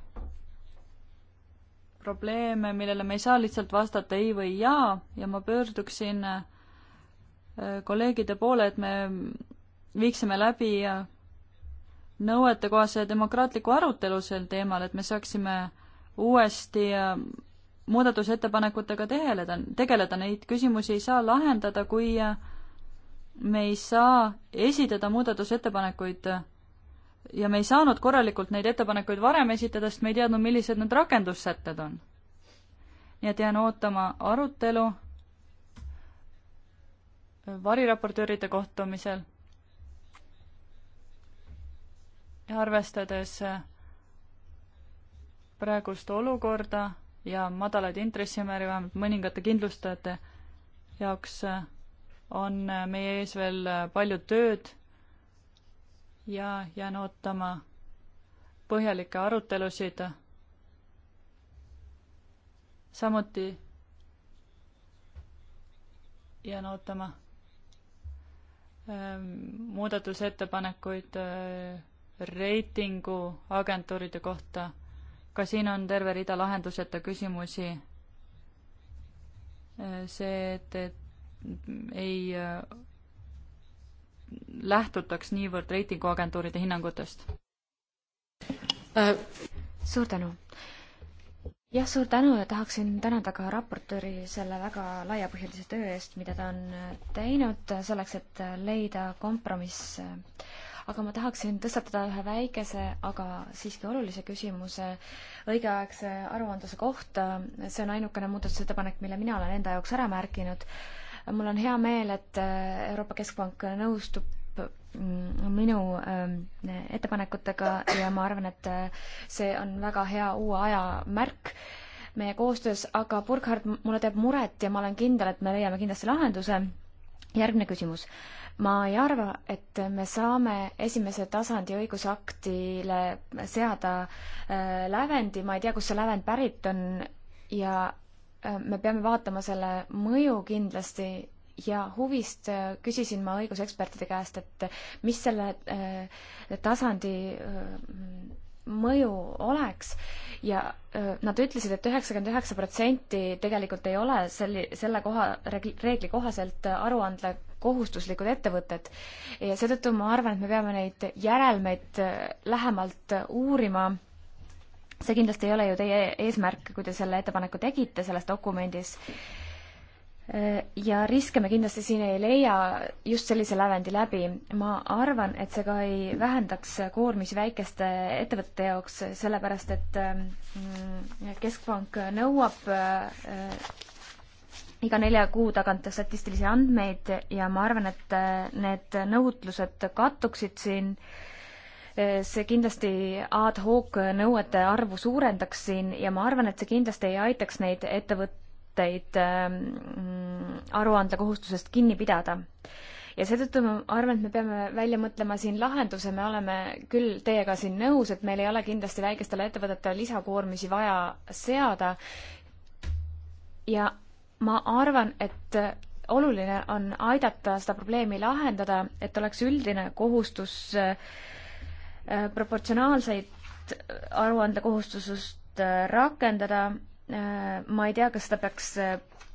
probleeme, millele me ei saa lihtsalt vastata ei või jaa ja ma pöörduksin äh, kolleegide poole, et me viiksime läbi äh, nõuetekohase demokraatliku arutelu sel teemal, et me saaksime uuesti muudatusettepanekutega tegeleda, tegeleda, neid küsimusi ei saa lahendada, kui me ei saa esitada muudatusettepanekuid ja me ei saanud korralikult neid ettepanekuid varem esitada, sest me ei teadnud, millised need rakendussätted on. nii et jään ootama arutelu variraportööride kohtumisel ja arvestades praegust olukorda ja madalaid intressimääri, vähemalt mõningate kindlustajate jaoks äh, on äh, meie ees veel äh, palju tööd ja jään ootama põhjalikke arutelusid. samuti jään ootama ähm, muudatusettepanekuid reitinguagentuuride kohta ka siin on terve rida lahenduseta küsimusi. see, et, et ei äh, lähtutaks niivõrd reitinguagentuuride hinnangutest äh,? suur tänu. jah, suur tänu ja tahaksin tänada ka raportööri selle väga laiapõhjalise töö eest, mida ta on teinud selleks, et leida kompromiss äh, aga ma tahaksin tõstatada ühe väikese, aga siiski olulise küsimuse õigeaegse aruandluse kohta. see on ainukene muudatusettepanek, mille mina olen enda jaoks ära märkinud. mul on hea meel, et äh, Euroopa Keskpank nõustub mm, minu ähm, ettepanekutega ja ma arvan, et äh, see on väga hea uue aja märk meie koostöös, aga Burkhard, mulle teeb muret ja ma olen kindel, et me leiame kindlasti lahenduse. järgmine küsimus ma ei arva, et me saame esimese tasandi õigusaktile seada äh, lävendi, ma ei tea, kust see lävend pärit on ja äh, me peame vaatama selle mõju kindlasti ja huvist äh, küsisin ma õigusekspertide käest, et mis selle tasandi mõju oleks ja nad ütlesid et, et üheksakümmend üheksa protsenti tegelikult ei ole selli-, selle koha, reegli kohaselt aruandle kohustuslikud ettevõtted. ja seetõttu ma arvan, et me peame neid järelmeid äh, lähemalt äh, uurima. see kindlasti ei ole ju teie eesmärk, kui te selle ettepaneku tegite selles dokumendis. Äh, ja riske me kindlasti siin ei leia just sellise lävendi läbi. ma arvan, et see ka ei vähendaks koormisi väikeste ettevõtete jaoks, sellepärast et ähm, mm, Keskpank nõuab iga nelja kuu tagant statistilisi andmeid ja ma arvan, et äh, need nõudlused kattuksid siin. Äh, see kindlasti ad hoc nõuete arvu suurendaks siin ja ma arvan, et see kindlasti ei aitaks neid ettevõtteid ähm, aruandekohustusest kinni pidada ja seetõttu ma arvan, et me peame välja mõtlema siin lahenduse, me oleme küll teiega siin nõus, et meil ei ole kindlasti väikestele ettevõtetele lisakoormisi vaja seada ja ma arvan, et oluline on aidata seda probleemi lahendada, et oleks üldine kohustus äh, proportsionaalseid aruandekohustusest äh, rakendada. Äh, ma ei tea, kas seda peaks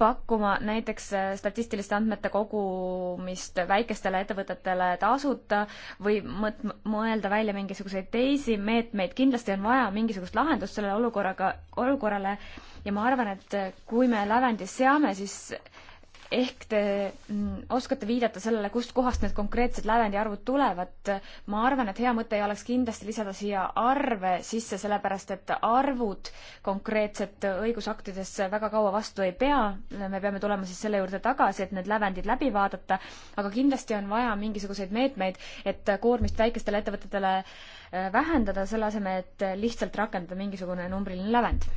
pakkuma näiteks äh, statistiliste andmete kogumist väikestele ettevõtetele tasuta või mõt-, mõelda välja mingisuguseid teisi meetmeid, kindlasti on vaja mingisugust lahendust sellele olukorraga, olukorrale ja ma arvan, et kui me lävendi seame, siis ehk te mm, oskate viidata sellele, kustkohast need konkreetsed lävendiarvud tulevad. ma arvan, et hea mõte ei oleks kindlasti lisada siia arve sisse, sellepärast et arvud konkreetset õigusaktides väga kaua vastu ei pea. me peame tulema siis selle juurde tagasi, et need lävendid läbi vaadata, aga kindlasti on vaja mingisuguseid meetmeid, et koormist väikestele ettevõtetele äh, vähendada, selle asemel, et lihtsalt rakendada mingisugune numbriline lävend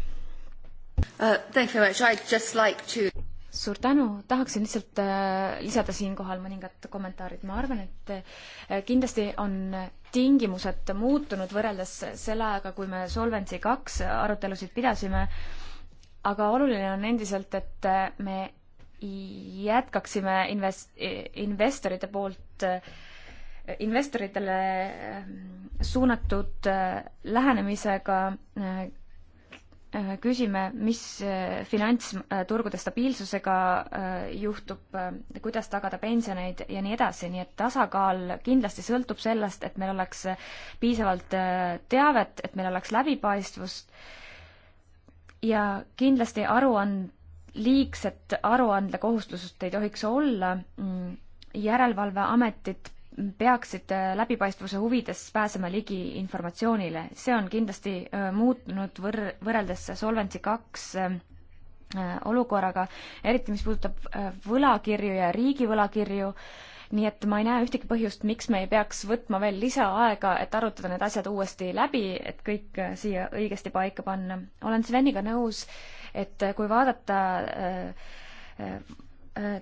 Uh, thank you very much. I'd just like to suur tänu, tahaksin lihtsalt äh, lisada siinkohal mõningad kommentaarid, ma arvan, et äh, kindlasti on tingimused muutunud võrreldes selle ajaga, kui me Solvency kaks arutelusid pidasime, aga oluline on endiselt, et äh, me jätkaksime invest-, investorite poolt, investoritele suunatud lähenemisega Äh, küsime, mis äh, finantsturgude stabiilsusega äh, juhtub, kuidas tagada pensioneid ja nii edasi, nii et tasakaal kindlasti sõltub sellest, et meil oleks piisavalt teavet, et meil oleks läbipaistvust ja kindlasti aruand, liigset aruandekohustust ei tohiks olla, mm, järelevalveametid peaksid äh, läbipaistvuse huvides pääsema ligi informatsioonile. see on kindlasti äh, muutunud võr-, võrreldes Solvency kaks äh, olukorraga, eriti mis puudutab võlakirju ja riigivõlakirju, nii et ma ei näe ühtegi põhjust, miks me ei peaks võtma veel lisaaega, et arutada need asjad uuesti läbi, et kõik siia õigesti paika panna. olen Sveniga nõus, et kui vaadata äh,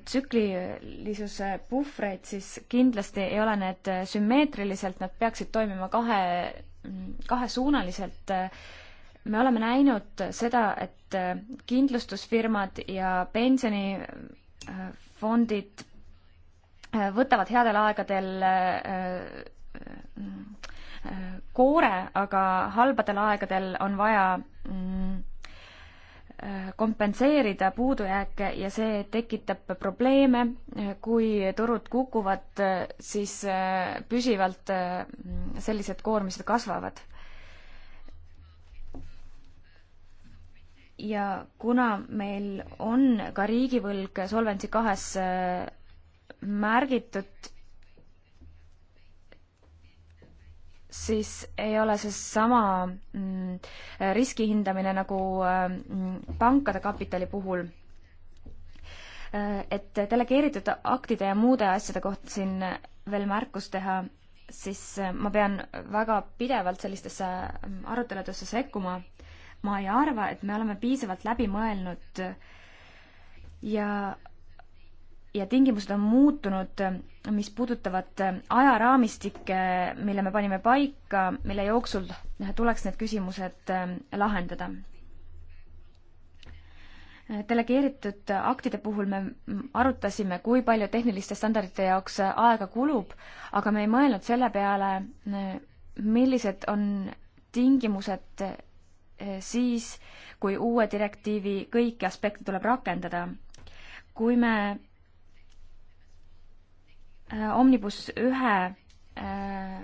tsüklilisuse puhvreid, siis kindlasti ei ole need sümmeetriliselt, nad peaksid toimima kahe, kahesuunaliselt. me oleme näinud seda, et kindlustusfirmad ja pensionifondid võtavad headel aegadel koore, aga halbadel aegadel on vaja mm, Äh, kompenseerida puudujääke ja see tekitab probleeme, äh, kui turud kukuvad, äh, siis püsivalt sellised koormised kasvavad. ja kuna meil on ka riigivõlg Solvency kahes märgitud, siis ei ole see sama mm, riski hindamine nagu mm, pankade kapitali puhul. Äh, et delegeeritud aktide ja muude asjade kohta siin veel märkus teha, siis äh, ma pean väga pidevalt sellistesse mm, aruteludesse sekkuma. ma ei arva, et me oleme piisavalt läbi mõelnud ja ja tingimused on muutunud, mis puudutavad ajaraamistikke, mille me panime paika, mille jooksul tuleks need küsimused äh, lahendada. delegeeritud aktide puhul me arutasime, kui palju tehniliste standardite jaoks aega kulub, aga me ei mõelnud selle peale, äh, millised on tingimused äh, siis, kui uue direktiivi kõiki aspekte tuleb rakendada. kui me Äh, Omnibus ühe äh,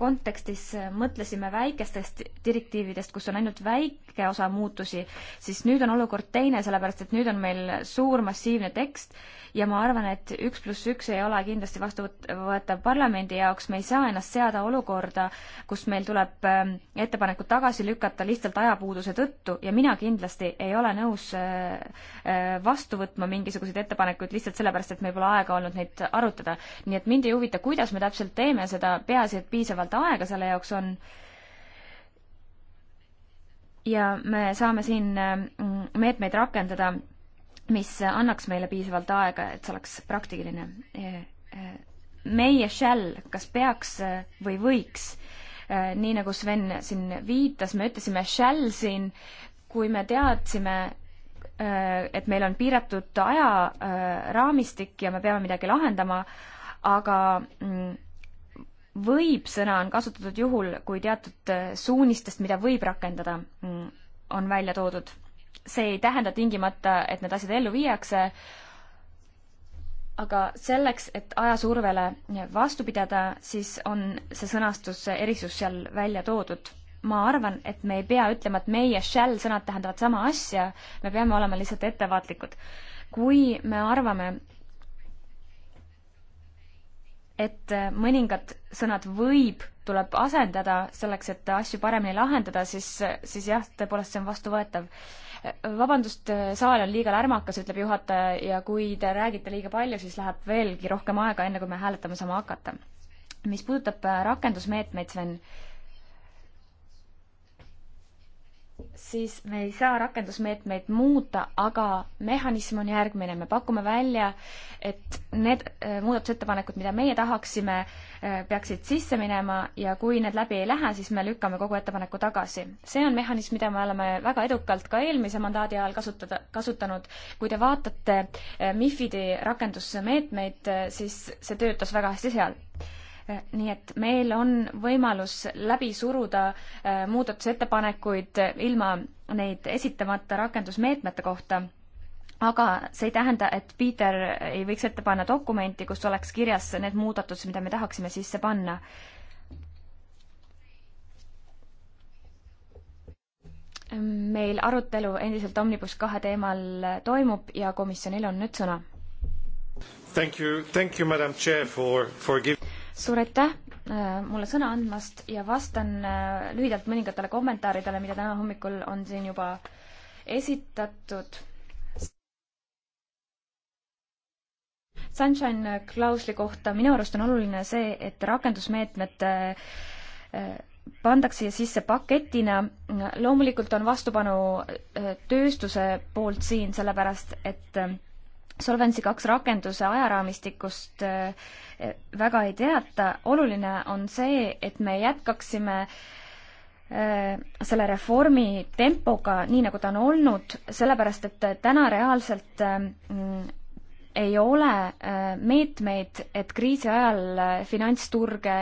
kontekstis äh, mõtlesime väikestest direktiividest, kus on ainult väike osa muutusi, siis nüüd on olukord teine, sellepärast et nüüd on meil suur massiivne tekst ja ma arvan, et üks pluss üks ei ole kindlasti vastuvõetav parlamendi jaoks, me ei saa ennast seada olukorda, kus meil tuleb ähm, ettepanekud tagasi lükata lihtsalt ajapuuduse tõttu ja mina kindlasti ei ole nõus äh, äh, vastu võtma mingisuguseid ettepanekuid lihtsalt sellepärast, et meil pole aega olnud neid arutada. nii et mind ei huvita, kuidas me täpselt teeme seda, peaasi, et piisavalt aega selle jaoks on ja me saame siin äh, meetmeid rakendada mis annaks meile piisavalt aega, et see oleks praktiline. meie shall, kas peaks või võiks, nii nagu Sven siin viitas, me ütlesime shall siin, kui me teadsime, et meil on piiratud ajaraamistik ja me peame midagi lahendama, aga mm, võib sõna on kasutatud juhul, kui teatud suunistest, mida võib rakendada, mm, on välja toodud see ei tähenda tingimata, et need asjad ellu viiakse, aga selleks, et ajasurvele vastu pidada, siis on see sõnastus, see erisus seal välja toodud. ma arvan, et me ei pea ütlema, et meie shall sõnad tähendavad sama asja, me peame olema lihtsalt ettevaatlikud. kui me arvame, et mõningad sõnad võib tuleb asendada selleks, et asju paremini lahendada, siis, siis jah, tõepoolest see on vastuvõetav vabandust, saal on liiga lärmakas, ütleb juhataja ja kui te räägite liiga palju, siis läheb veelgi rohkem aega, enne kui me hääletama saame hakata. mis puudutab rakendusmeetmeid, Sven, siis me ei saa rakendusmeetmeid muuta, aga mehhanism on järgmine, me pakume välja, et need äh, muudatusettepanekud, mida meie tahaksime, äh, peaksid sisse minema ja kui need läbi ei lähe, siis me lükkame kogu ettepaneku tagasi. see on mehhanism, mida me oleme väga edukalt ka eelmise mandaadi ajal kasutada, kasutanud. kui te vaatate äh, MIFID-i rakendusmeetmeid, siis see töötas väga hästi seal nii et meil on võimalus läbi suruda äh, muudatusettepanekuid ilma neid esitamata rakendusmeetmete kohta, aga see ei tähenda, et Peter ei võiks ette panna dokumenti, kus oleks kirjas need muudatused, mida me tahaksime sisse panna. meil arutelu endiselt Omnibus kahe teemal toimub ja komisjonil on nüüd sõna. Thank you, thank you, madam chair for, for giving suur aitäh äh, mulle sõna andmast ja vastan äh, lühidalt mõningatele kommentaaridele, mida täna hommikul on siin juba esitatud. Sunshine klausli kohta minu arust on oluline see, et rakendusmeetmed äh, pandakse siia sisse paketina. loomulikult on vastupanu tööstuse poolt siin, sellepärast et Solvency kaks rakenduse ajaraamistikust eh, väga ei teata, oluline on see, et me jätkaksime eh, selle reformi tempoga, nii nagu ta on olnud, sellepärast et täna reaalselt eh, ei ole meetmeid, et kriisi ajal finantsturge,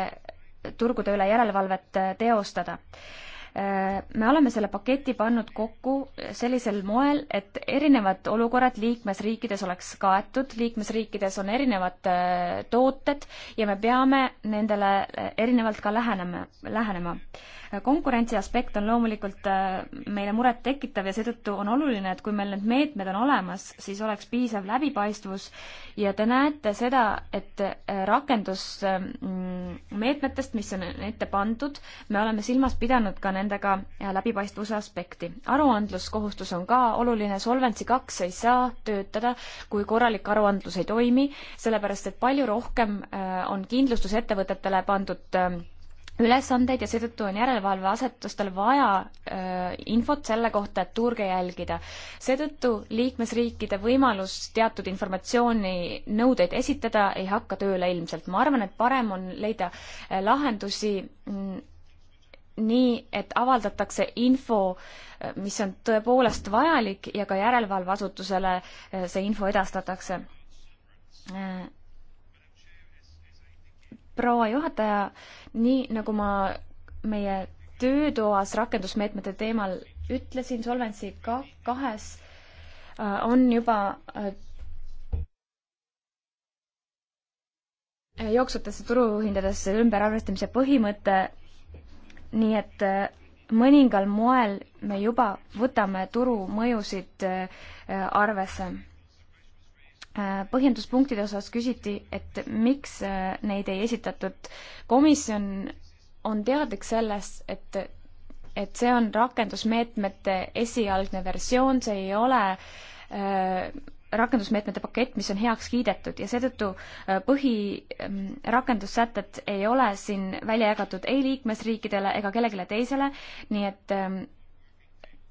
turgude üle järelevalvet teostada me oleme selle paketi pannud kokku sellisel moel, et erinevad olukorrad liikmesriikides oleks kaetud, liikmesriikides on erinevad äh, tooted ja me peame nendele äh, erinevalt ka lähenema, lähenema konkurentsi aspekt on loomulikult äh, meile muret tekitav ja seetõttu on oluline, et kui meil need meetmed on olemas, siis oleks piisav läbipaistvus ja te näete seda, et äh, rakendusmeetmetest, äh, mm, mis on ette pandud, me oleme silmas pidanud ka nendega läbipaistvuse aspekti. aruandluskohustus on ka oluline, Solvency kaks ei saa töötada, kui korralik aruandlus ei toimi, sellepärast et palju rohkem on kindlustusettevõtetele pandud ülesandeid ja seetõttu on järelevalveasetustel vaja äh, infot selle kohta, et turge jälgida. seetõttu liikmesriikide võimalus teatud informatsiooni nõudeid esitada ei hakka tööle ilmselt. ma arvan, et parem on leida äh, lahendusi mm, nii, et avaldatakse info, mis on tõepoolest vajalik ja ka järelevalveasutusele see info edastatakse äh, proua juhataja, nii nagu ma meie töötoas rakendusmeetmete teemal ütlesin, Solvency ka kahes äh, on juba äh, jooksvatesse turuhindadesse ümberarvestamise põhimõte, nii et äh, mõningal moel me juba võtame turu mõjusid arvesse Äh, põhjenduspunktide osas küsiti, et miks äh, neid ei esitatud. komisjon on teadlik selles, et, et see on rakendusmeetmete esialgne versioon, see ei ole äh, rakendusmeetmete pakett, mis on heaks kiidetud ja seetõttu äh, põhirakendussätted ähm, ei ole siin välja jagatud ei liikmesriikidele ega kellelegi teisele, nii et ähm,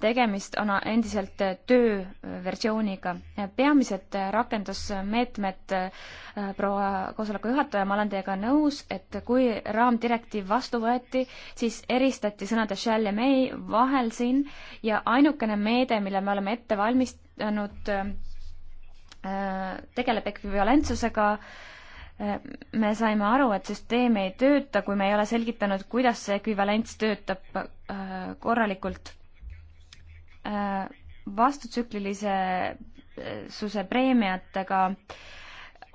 tegemist on endiselt tööversiooniga. peamised rakendusmeetmed, äh, proua koosoleku juhataja, ma olen teiega nõus, et kui raamdirektiiv vastu võeti, siis eristati sõnade shall ja may vahel siin ja ainukene meede, mille me oleme ette valmistanud, äh, tegeleb ekvivalentsusega äh, me saime aru, et süsteem ei tööta, kui me ei ole selgitanud, kuidas see ekvivalents töötab korralikult. Äh, vastutsüklilisuse preemiatega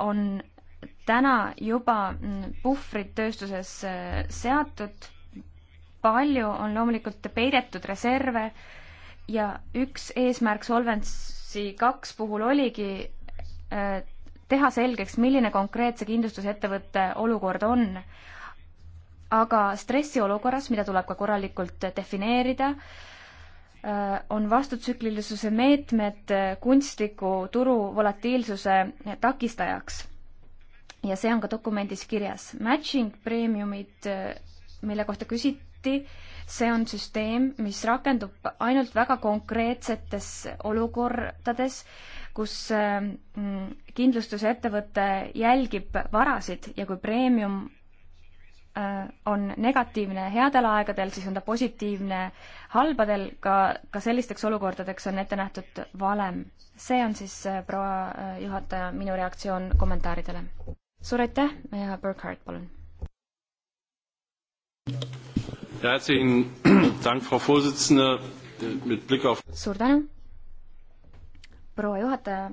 on täna juba mm, puhvrid tööstuses äh, seatud, palju on loomulikult peidetud reserve ja üks eesmärk Solvency kaks puhul oligi äh, teha selgeks, milline konkreetse kindlustusettevõtte olukord on. aga stressiolukorras, mida tuleb ka korralikult defineerida äh,, Äh, on vastutsüklilisuse meetmed äh, kunstliku turu volatiilsuse takistajaks. ja see on ka dokumendis kirjas. Matching preemiumid, äh, mille kohta küsiti, see on süsteem, mis rakendub ainult väga konkreetsetes olukordades, kus kindlustusettevõte jälgib varasid ja kui preemium Äh, on negatiivne headel aegadel, siis on ta positiivne halbadel, ka, ka sellisteks olukordadeks on ette nähtud valem. see on siis, äh, proua äh, juhataja, minu reaktsioon kommentaaridele. suur aitäh ja Burkhardt, palun. suur tänu, proua juhataja,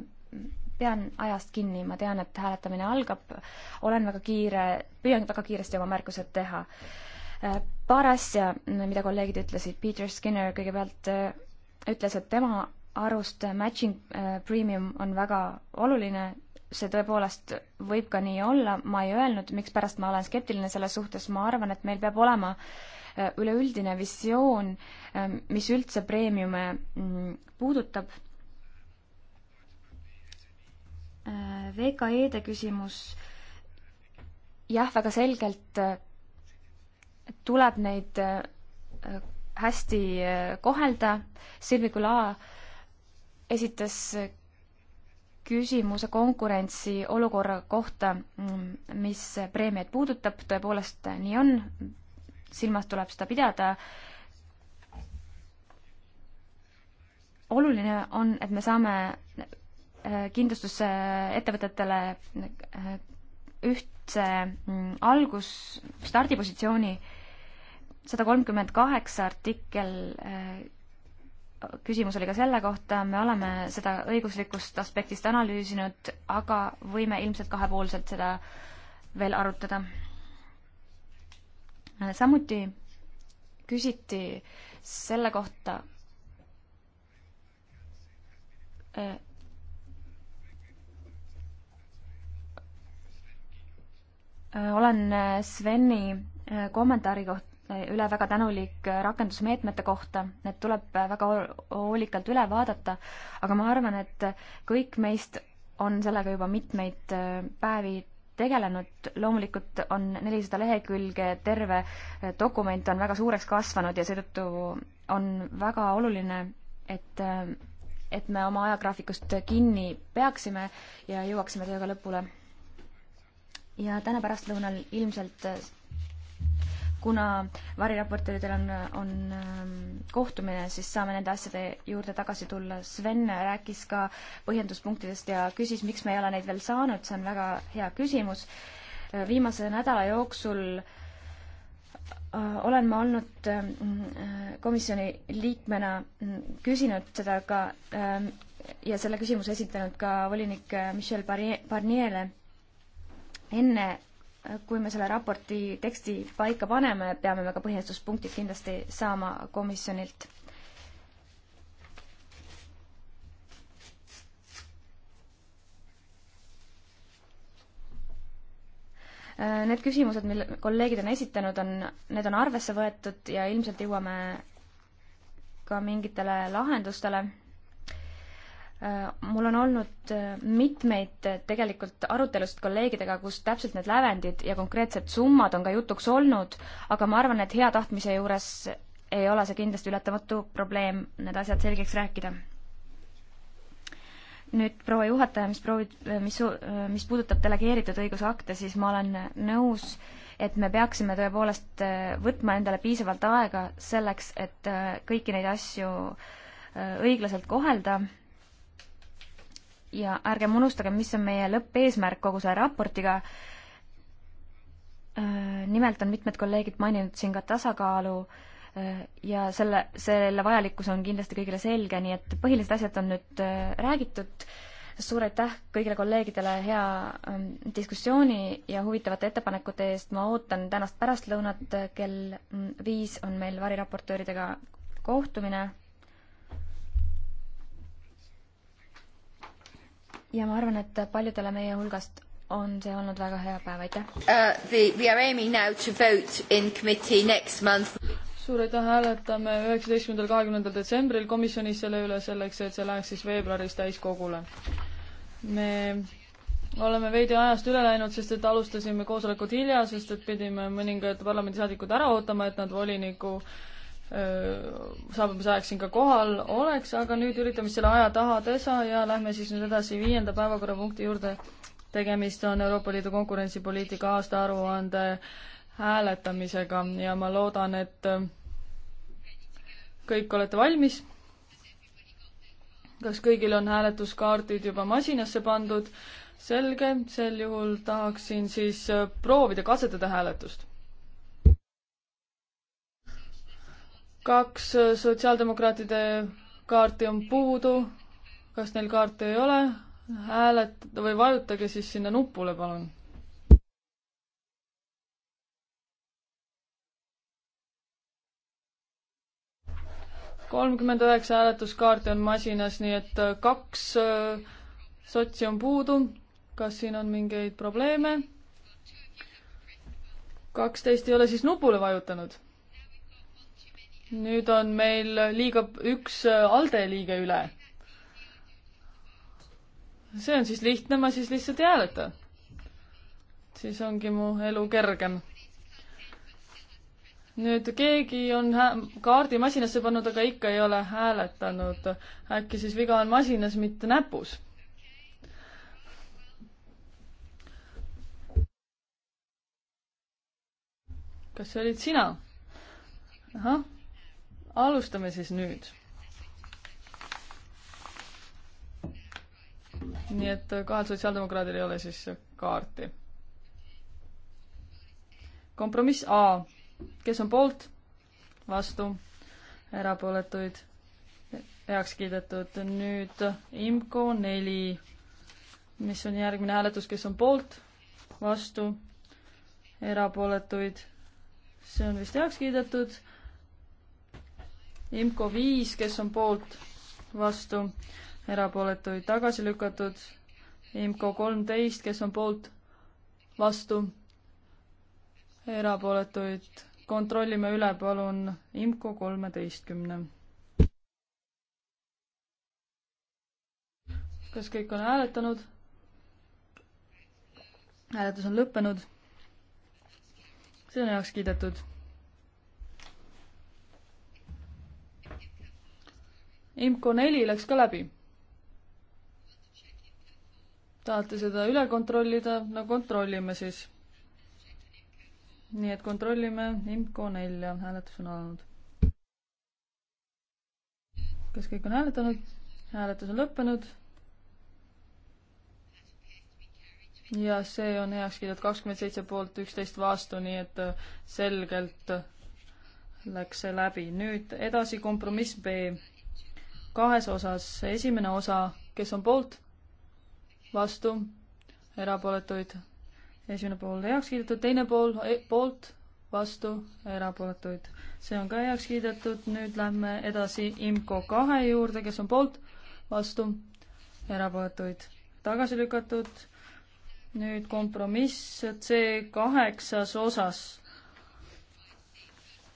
pean ajast kinni, ma tean, et hääletamine algab, olen väga kiire, püüan väga kiiresti oma märkused teha. Äh, paar asja, mida kolleegid ütlesid, Peter Skinner kõigepealt äh, ütles, et tema arust matching äh, premium on väga oluline, see tõepoolest võib ka nii olla, ma ei öelnud, mikspärast ma olen skeptiline selles suhtes, ma arvan, et meil peab olema üleüldine visioon, mis üldse preemiume mm, puudutab VKE-de küsimus, jah, väga selgelt äh, tuleb neid äh, hästi äh, kohelda. Silvi Kula esitas küsimuse konkurentsi olukorra kohta, mm, mis preemiaid puudutab, tõepoolest nii on, silmas tuleb seda pidada. oluline on, et me saame Äh, kindlustusettevõtetele äh, ühtse mm, algus, stardipositsiooni, sada kolmkümmend kaheksa artikkel, äh, küsimus oli ka selle kohta, me oleme seda õiguslikust aspektist analüüsinud, aga võime ilmselt kahepoolselt seda veel arutada. samuti küsiti selle kohta, Äh, olen äh, Sveni äh, kommentaari koht-, üle väga tänulik rakendusmeetmete kohta, need tuleb väga hoolikalt üle vaadata, aga ma arvan, et kõik meist on sellega juba mitmeid päevi tegelenud, loomulikult on nelisada lehekülge terve dokument on väga suureks kasvanud ja seetõttu on väga oluline, et, et me oma ajagraafikust kinni peaksime ja jõuaksime tööga lõpule ja täna pärastlõunal ilmselt kuna variraportööridel on, on ähm, kohtumine, siis saame nende asjade juurde tagasi tulla. Sven rääkis ka põhjenduspunktidest ja küsis, miks me ei ole neid veel saanud, see on väga hea küsimus. Äh, viimase nädala jooksul äh, olen ma olnud äh, komisjoni liikmena mm, küsinud seda ka ähm, ja selle küsimuse esitanud ka volinik Michel Barnier'le enne, kui me selle raporti teksti paika paneme, peame me ka põhjenduspunktid kindlasti saama komisjonilt. Need küsimused, mille kolleegid on esitanud, on, need on arvesse võetud ja ilmselt jõuame ka mingitele lahendustele Äh, mul on olnud äh, mitmeid äh, tegelikult arutelusid kolleegidega, kus täpselt need lävendid ja konkreetsed summad on ka jutuks olnud, aga ma arvan, et hea tahtmise juures ei ole see kindlasti ületamatu probleem, need asjad selgeks rääkida. nüüd proua juhataja, mis proovid, mis, mis puudutab delegeeritud õigusakte, siis ma olen nõus, et me peaksime tõepoolest võtma endale piisavalt aega selleks, et kõiki neid asju õiglaselt kohelda ja ärgem unustagem, mis on meie lõppeesmärk kogu selle raportiga. Äh, nimelt on mitmed kolleegid maininud siin ka tasakaalu äh, ja selle, selle vajalikkus on kindlasti kõigile selge, nii et põhilised asjad on nüüd äh, räägitud. suur aitäh kõigile kolleegidele hea ähm, diskussiooni ja huvitavate ettepanekute eest. ma ootan tänast pärastlõunat, kell mm, viis on meil variraportööridega kohtumine ja ma arvan, et paljudele meie hulgast on see olnud väga hea päev, aitäh uh,! suur aitäh, hääletame üheksateistkümnendal, kahekümnendal detsembril komisjonis selle üle, selleks et see läheks siis veebruaris täiskogule. me oleme veidi ajast üle läinud, sest et alustasime koosolekut hilja, sest et pidime mõningad parlamendisaadikud ära ootama, et nad voliniku äh, saabumise aeg siin ka kohal oleks, aga nüüd üritame selle aja taha tõsa ja lähme siis nüüd edasi viienda päevakorrapunkti juurde. tegemist on Euroopa Liidu konkurentsipoliitika aastaaruande hääletamisega ja ma loodan, et äh, kõik olete valmis. kas kõigil on hääletuskaardid juba masinasse pandud? selge, sel juhul tahaksin siis äh, proovida katsetada hääletust. kaks sotsiaaldemokraatide kaarti on puudu. kas neil kaarte ei ole? hääletada või vajutage siis sinna nupule, palun kolmkümmend üheksa hääletuskaarti on masinas, nii et äh, kaks äh, sotsi on puudu. kas siin on mingeid probleeme? kaksteist ei ole siis nupule vajutanud nüüd on meil liiga üks äh, ALDE liige üle. see on siis lihtne, ma siis lihtsalt ei hääleta. siis ongi mu elu kergem. nüüd keegi on kaardi masinasse pannud, aga ikka ei ole hääletanud. äkki siis viga on masinas, mitte näpus kas see olid sina? ahah alustame siis nüüd. nii et kahel sotsiaaldemokraadil ei ole siis kaarti. kompromiss A, kes on poolt, vastu, erapooletuid, heaks kiidetud. nüüd IMCO neli, mis on järgmine hääletus, kes on poolt, vastu, erapooletuid, see on vist heaks kiidetud IMCO viis, kes on poolt, vastu, erapooletuid tagasi lükatud. IMCO kolmteist, kes on poolt, vastu, erapooletuid kontrollime üle, palun, IMCO kolmeteistkümne. kas kõik on hääletanud? hääletus on lõppenud. see on heaks kiidetud IMCO neli läks ka läbi. tahate seda üle kontrollida? no kontrollime siis. nii et kontrollime IMCO nelja, hääletus on alanud. kas kõik on hääletanud? hääletus on lõppenud ja see on heaks kiidetud kakskümmend seitse poolt, üksteist vastu, nii et äh, selgelt äh, läks see läbi. nüüd edasi kompromiss B kahes osas. esimene osa, kes on poolt, vastu, erapooletuid, esimene pool heaks kiidetud, teine pool e poolt, vastu, erapooletuid. see on ka heaks kiidetud, nüüd lähme edasi IMCO kahe juurde, kes on poolt, vastu, erapooletuid, tagasi lükatud. nüüd kompromiss C kaheksas osas.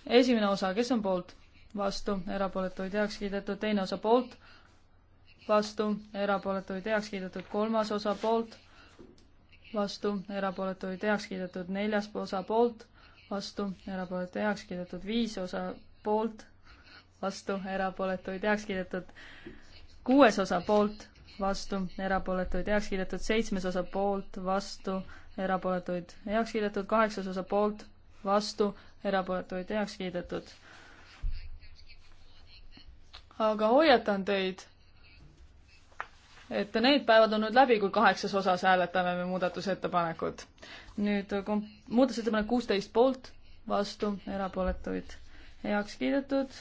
esimene osa, kes on poolt vastu, erapooletuid heaks kiidetud, teine osa poolt, vastu, erapooletuid heaks kiidetud, kolmas osa poolt, vastu, erapooletuid heaks kiidetud, neljas osa poolt, vastu, erapooletuid heaks kiidetud, viis osa poolt, vastu, erapooletuid heaks kiidetud, kuues osa poolt, vastu, erapooletuid heaks kiidetud, seitsmes osa poolt, vastu, erapooletuid heaks kiidetud, kaheksas osa poolt, vastu, erapooletuid heaks kiidetud aga hoiatan teid, et need päevad on nüüd läbi, kui kaheksas osas hääletame me muudatusettepanekut. nüüd kom-, muudatusettepanek kuusteist poolt, vastu, erapooletuid heaks kiidetud.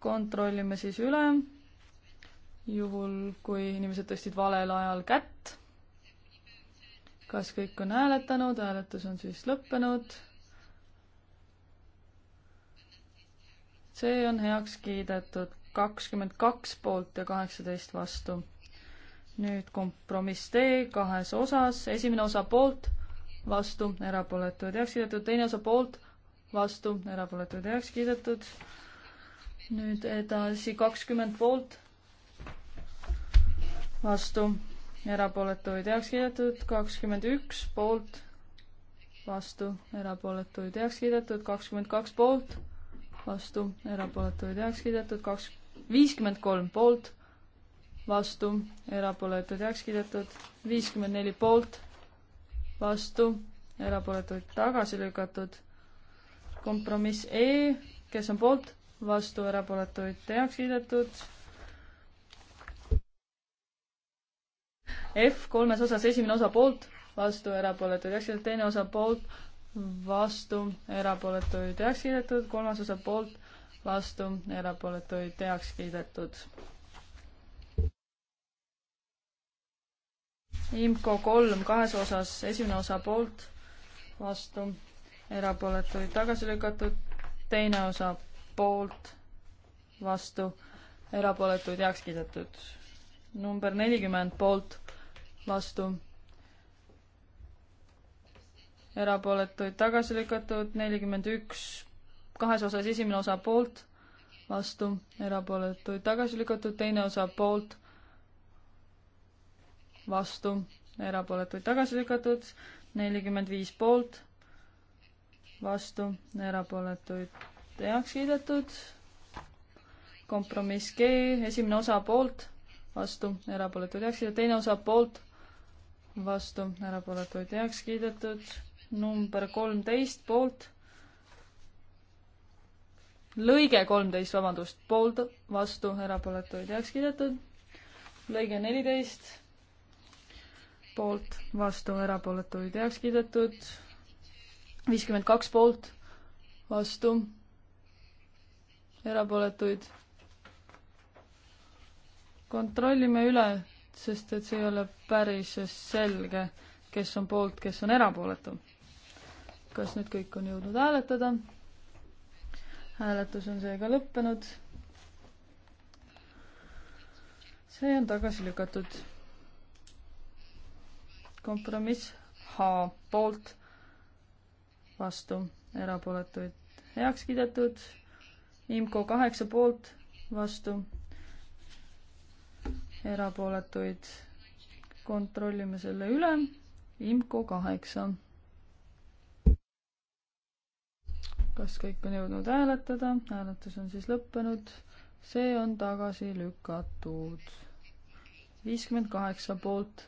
kontrollime siis üle, juhul kui inimesed tõstsid valel ajal kätt. kas kõik on hääletanud, hääletus on siis lõppenud see on heaks kiidetud kakskümmend kaks poolt ja kaheksateist vastu. nüüd kompromiss D kahes osas, esimene osa poolt, vastu, erapooletuid heaks kiidetud, teine osa poolt, vastu, erapooletuid heaks kiidetud. nüüd edasi kakskümmend poolt, vastu, erapooletuid heaks kiidetud, kakskümmend üks poolt, vastu, erapooletuid heaks kiidetud, kakskümmend kaks poolt vastu, erapooletuid heaks kiidetud, kaks, viiskümmend kolm poolt, vastu, erapooletuid heaks kiidetud, viiskümmend neli poolt, vastu, erapooletuid tagasi lükatud, kompromiss E, kes on poolt, vastu, erapooletuid heaks kiidetud, F kolmes osas esimene osa poolt, vastu, erapooletuid heaks kiidetud, teine osa poolt, vastu, erapooletuid heaks kiidetud, kolmas osa poolt, vastu, erapooletuid heaks kiidetud. IMCO kolm kahes osas, esimene osa poolt, vastu, erapooletuid tagasi lükatud, teine osa poolt, vastu, erapooletuid heaks kiidetud. number nelikümmend poolt, vastu erapooletuid tagasi lükatud, nelikümmend üks kahes osas esimene osa poolt, vastu, erapooletuid tagasi lükatud, teine osa poolt, vastu, erapooletuid tagasi lükatud, nelikümmend viis poolt, vastu, erapooletuid heaks kiidetud, kompromiss G, esimene osa poolt, vastu, erapooletuid heaks kiidetud, teine osa poolt, vastu, erapooletuid heaks kiidetud number kolmteist poolt, lõige kolmteist, vabandust, poolt, vastu, erapooletuid heaks kiidetud. lõige neliteist, poolt, vastu, erapooletuid heaks kiidetud. viiskümmend kaks poolt, vastu, erapooletuid. kontrollime üle, sest et see ei ole päris selge, kes on poolt, kes on erapooletu kas nüüd kõik on jõudnud hääletada? hääletus on seega lõppenud. see on tagasi lükatud. kompromiss H poolt, vastu, erapooletuid heaks kiidetud. IMCO kaheksa poolt, vastu, erapooletuid kontrollime selle üle. IMCO kaheksa kas kõik on jõudnud hääletada, hääletus on siis lõppenud, see on tagasi lükatud. viiskümmend kaheksa poolt,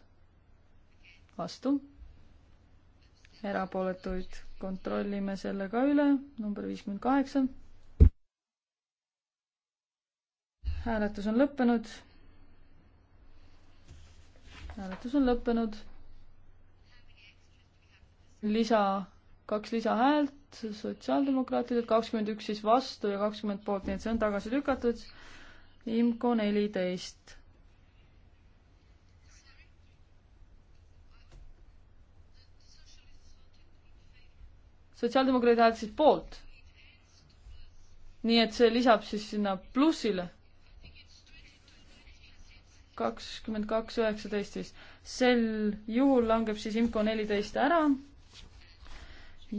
vastu, erapooletuid kontrollime selle ka üle, number viiskümmend kaheksa. hääletus on lõppenud. hääletus on lõppenud. lisa, kaks lisahäält sotsiaaldemokraatidelt, kakskümmend üks siis vastu ja kakskümmend poolt, nii et see on tagasi lükatud. IMCO neliteist. sotsiaaldemokraadid hääletasid poolt. nii et see lisab siis sinna plussile. kakskümmend kaks, üheksateist siis. sel juhul langeb siis IMCO neliteist ära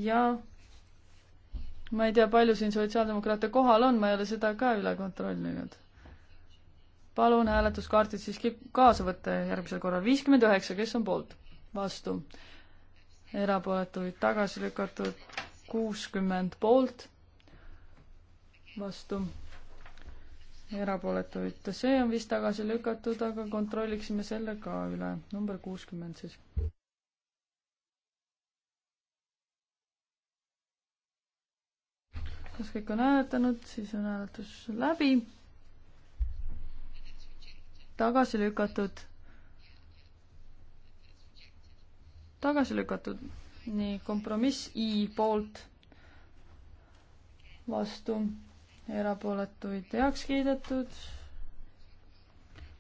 ja ma ei tea, palju siin sotsiaaldemokraate kohal on, ma ei ole seda ka üle kontrollinud. palun hääletuskaardid siiski kaasa võtta järgmisel korral. viiskümmend üheksa, kes on poolt? vastu. erapooletuid tagasi lükatud kuuskümmend poolt. vastu. erapooletuid, see on vist tagasi lükatud, aga kontrolliksime selle ka üle. number kuuskümmend siis. kas kõik on hääletanud, siis on hääletus läbi. tagasi lükatud. tagasi lükatud. nii, kompromiss I poolt, vastu, erapooletuid heaks kiidetud.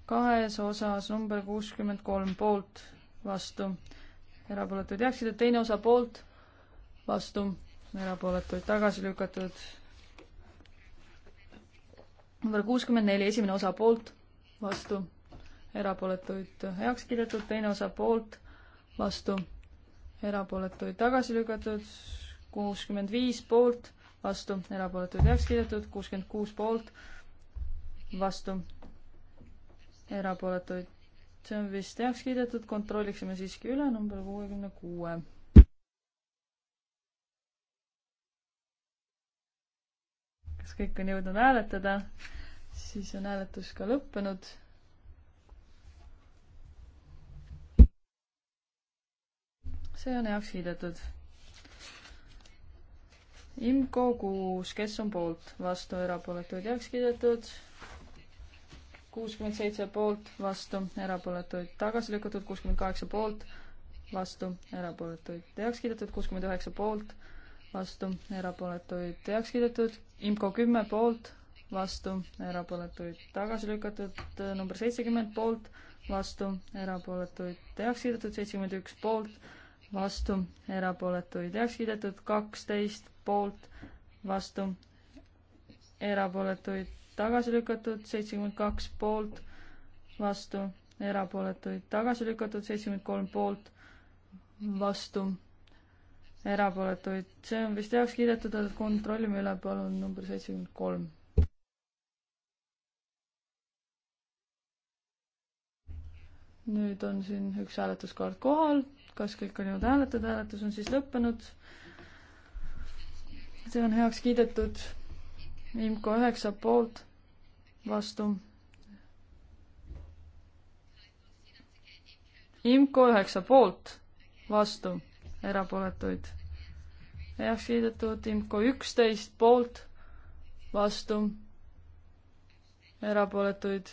kahes osas number kuuskümmend kolm poolt, vastu, erapooletuid heaks kiidetud, teine osa poolt, vastu erapooletuid tagasi lükatud. number kuuskümmend neli, esimene osa poolt, vastu, erapooletuid heaks kiidetud, teine osa poolt, vastu, erapooletuid tagasi lükatud, kuuskümmend viis poolt, vastu, erapooletuid heaks kiidetud, kuuskümmend kuus poolt, vastu, erapooletuid. see on vist heaks kiidetud, kontrolliksime siiski üle, number kuuekümne kuue kas kõik on jõudnud hääletada, siis on hääletus ka lõppenud. see on heaks kiidetud. IMCO kuus, kes on poolt, vastu, erapooletuid heaks kiidetud. kuuskümmend seitse poolt, vastu, erapooletuid tagasi lükatud, kuuskümmend kaheksa poolt, vastu, erapooletuid heaks kiidetud, kuuskümmend üheksa poolt vastu, erapooletuid heaks kiidetud, IMCO kümme poolt, vastu, erapooletuid tagasi lükatud, number seitsekümmend poolt, vastu, erapooletuid heaks kiidetud, seitsekümmend üks poolt, vastu, erapooletuid heaks kiidetud, kaksteist poolt, vastu, erapooletuid tagasi lükatud, seitsekümmend kaks poolt, vastu, erapooletuid tagasi lükatud, seitsekümmend kolm poolt, vastu erapooletuid, see on vist heaks kiidetud, aga kontrollime üle, palun, number seitsekümmend kolm. nüüd on siin üks hääletuskaart kohal, kas kõik on jõudnud hääletada, hääletus on siis lõppenud. see on heaks kiidetud. IMCO üheksa poolt, vastu. IMCO üheksa poolt, vastu, erapooletuid heaks kiidetud, IMCO üksteist poolt, vastu, erapooletuid.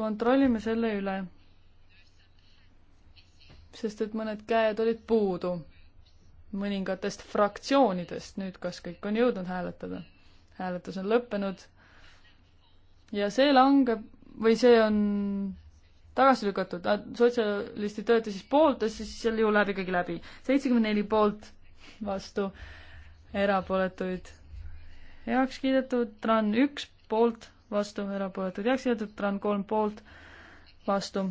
kontrollime selle üle. sest et mõned käed olid puudu mõningatest fraktsioonidest, nüüd kas kõik on jõudnud hääletada? hääletus on lõppenud ja see langeb või see on tagasi lükatud, sotsialistid töötasid poolt ja siis sel juhul läheb ikkagi läbi. seitsekümmend neli poolt vastu, erapooletuid heaks kiidetud, TRAN üks poolt, vastu, erapooletuid heaks kiidetud, TRAN kolm poolt, vastu,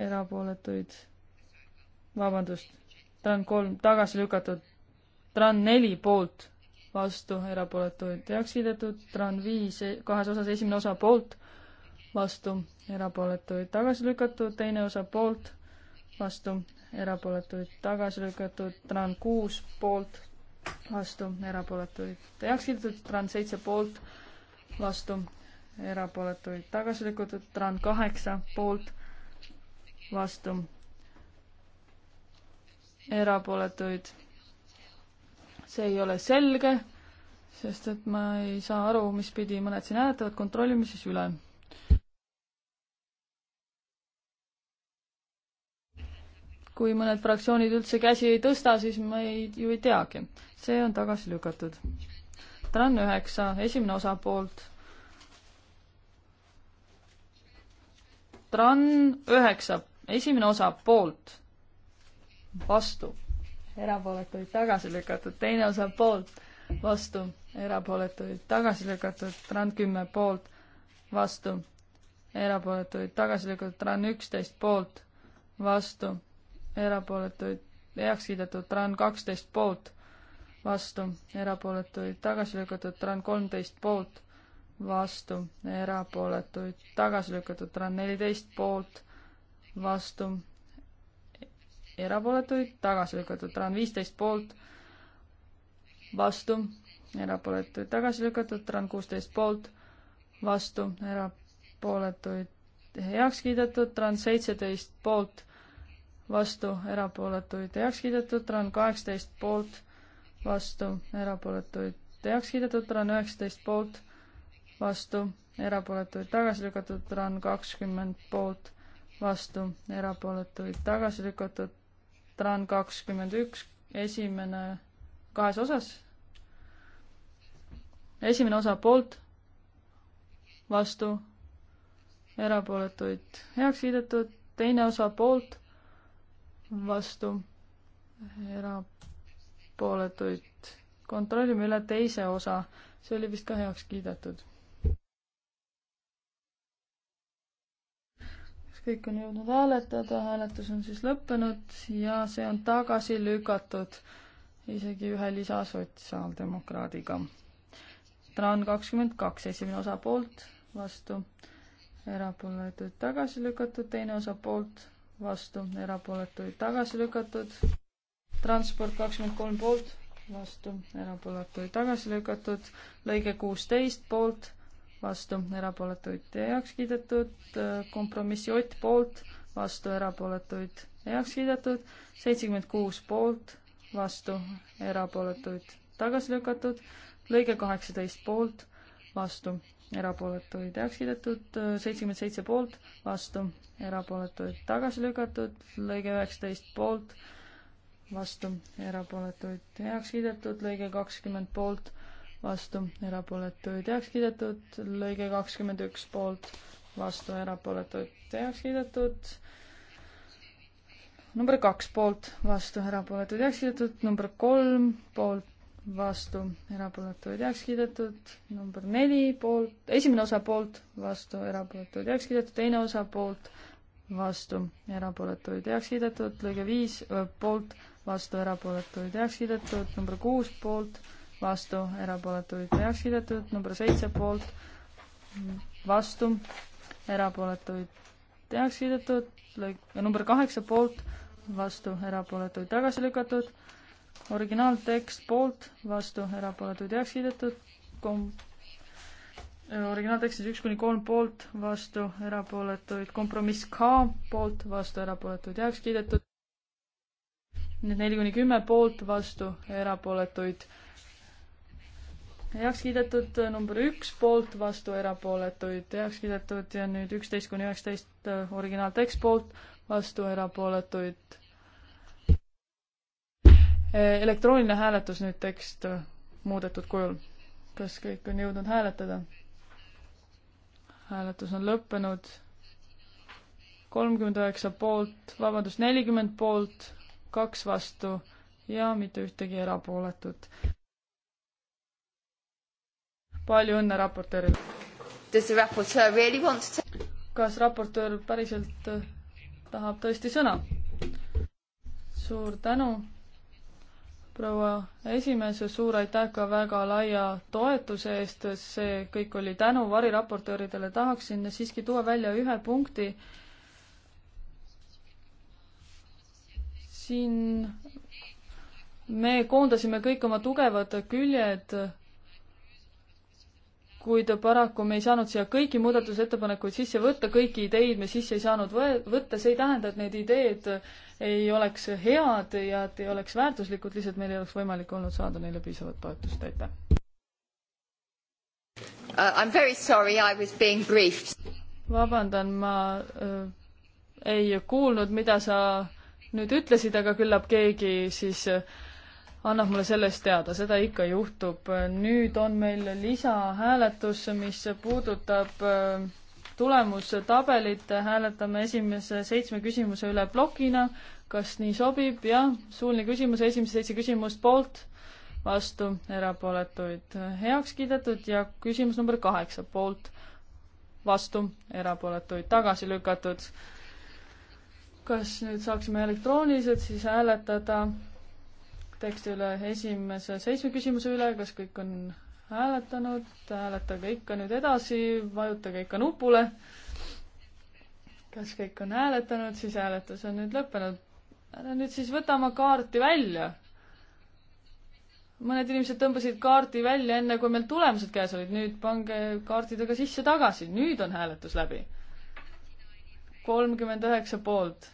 erapooletuid, vabandust, TRAN kolm tagasi lükatud, TRAN neli poolt, vastu, erapooletuid heaks kiidetud, TRAN viis e-, kahes osas esimene osa poolt, vastu, erapooletuid tagasi lükatud, teine osa poolt, vastu, erapooletuid tagasi lükatud, tran kuus poolt, vastu, erapooletuid heaks kiidetud, tran seitse poolt, vastu, erapooletuid tagasi lükatud, tran kaheksa poolt, vastu, erapooletuid. see ei ole selge, sest et ma ei saa aru, mis pidi mõned siin hääletavad, kontrollime siis üle kui mõned fraktsioonid üldse käsi ei tõsta, siis me ei, ju ei teagi. see on tagasi lükatud. TRAN üheksa, esimene osa poolt. TRAN üheksa, esimene osa poolt, vastu, erapooletuid tagasi lükatud, teine osa poolt, vastu, erapooletuid tagasi lükatud, TRAN kümme poolt, vastu, erapooletuid tagasi lükatud, TRAN üksteist poolt, vastu erapooletuid heaks kiidetud, Tran kaksteist poolt, vastu, erapooletuid tagasi lükatud, Tran kolmteist poolt, vastu, erapooletuid tagasi lükatud, Tran neliteist poolt, vastu, erapooletuid tagasi lükatud, Tran viisteist poolt, vastu, erapooletuid tagasi lükatud, Tran kuusteist poolt, vastu, erapooletuid heaks kiidetud, Tran seitseteist poolt vastu, erapooletuid heaks kiidetud, tran kaheksateist poolt, vastu, erapooletuid heaks kiidetud, tran üheksateist poolt, vastu, erapooletuid tagasi lükatud, tran kakskümmend poolt, vastu, erapooletuid tagasi lükatud, tran kakskümmend üks, esimene kahes osas. esimene osa poolt, vastu, erapooletuid heaks kiidetud, teine osa poolt vastu, erapooletuid. kontrollime üle teise osa, see oli vist ka heaks kiidetud. kas kõik on jõudnud hääletada, hääletus on siis lõppenud ja see on tagasi lükatud isegi ühe lisa sotsiaaldemokraadiga. Tran kakskümmend kaks, esimene osa poolt, vastu, erapooletuid tagasi lükatud, teine osa poolt vastu, erapooletuid tagasi lükatud. transport kakskümmend kolm poolt, vastu, erapooletuid tagasi lükatud. lõige kuusteist poolt, vastu, erapooletuid heaks kiidetud. kompromissi Ott poolt, vastu, erapooletuid heaks kiidetud. seitsekümmend kuus poolt, vastu, erapooletuid tagasi lükatud. lõige kaheksateist poolt, vastu, erapooletuid heaks kiidetud, seitsekümmend seitse poolt, vastu, erapooletuid tagasi lükatud, lõige üheksateist poolt, vastu, erapooletuid heaks kiidetud, lõige kakskümmend poolt, vastu, erapooletuid heaks kiidetud, lõige kakskümmend üks poolt, vastu, erapooletuid heaks kiidetud, number kaks poolt, vastu, erapooletuid heaks kiidetud, number kolm poolt, vastu, erapooletuid heaks kiidetud, number neli poolt, esimene osa poolt, vastu, erapooletuid heaks kiidetud, teine osa poolt, vastu, erapooletuid heaks kiidetud, lõige viis poolt, vastu, erapooletuid heaks kiidetud, number kuus poolt, vastu, erapooletuid heaks kiidetud, number seitse poolt, vastu, erapooletuid heaks kiidetud, lõik-, number kaheksa poolt, vastu, erapooletuid tagasi lükatud originaaltekst poolt, vastu, erapooletuid heaks kiidetud, kom-, äh, originaaltekstis üks kuni kolm poolt, vastu, erapooletuid, kompromiss K poolt, vastu, erapooletuid heaks kiidetud. nüüd neli kuni kümme poolt, vastu, erapooletuid heaks kiidetud, number üks poolt, vastu, erapooletuid heaks kiidetud ja nüüd üksteist kuni üheksateist äh, originaaltekst poolt, vastu, erapooletuid Eh, elektrooniline hääletus nüüd tekst eh, muudetud kujul. kas kõik on jõudnud hääletada? hääletus on lõppenud. kolmkümmend üheksa poolt, vabandust, nelikümmend poolt, kaks vastu ja mitte ühtegi erapooletut. palju õnne raportöörile! Really to... kas raportöör päriselt eh, tahab tõesti sõna? suur tänu proua esimees, suur aitäh ka väga laia toetuse eest, see kõik oli tänu variraportööridele, tahaksin siiski tuua välja ühe punkti. siin me koondasime kõik oma tugevad küljed, kuid paraku me ei saanud siia kõiki muudatusettepanekuid sisse võtta, kõiki ideid me sisse ei saanud võtta, see ei tähenda, et need ideed äh, ei oleks head ja et ei oleks väärtuslikud, lihtsalt meil ei oleks võimalik olnud saada neile piisavat toetust, aitäh. Uh, I am very sorry, I was being briefed. vabandan, ma äh, ei kuulnud, mida sa nüüd ütlesid, aga küllap keegi siis äh, annab mulle sellest teada, seda ikka juhtub. nüüd on meil lisahääletus, mis puudutab äh, tulemustabelit, hääletame esimese seitsme küsimuse üle plokina, kas nii sobib, jah, suuline küsimus, esimese seitse küsimust poolt, vastu, erapooletuid heaks kiidetud ja küsimus number kaheksa poolt, vastu, erapooletuid tagasi lükatud. kas nüüd saaksime elektrooniliselt siis hääletada teksti üle esimese seitsme küsimuse üle, kas kõik on hääletanud, hääletage ikka nüüd edasi, vajutage ikka nupule. kas kõik on hääletanud, siis hääletus on nüüd lõppenud. ära nüüd siis võta oma kaarti välja. mõned inimesed tõmbasid kaardi välja enne, kui meil tulemused käes olid, nüüd pange kaardidega sisse tagasi, nüüd on hääletus läbi. kolmkümmend üheksa poolt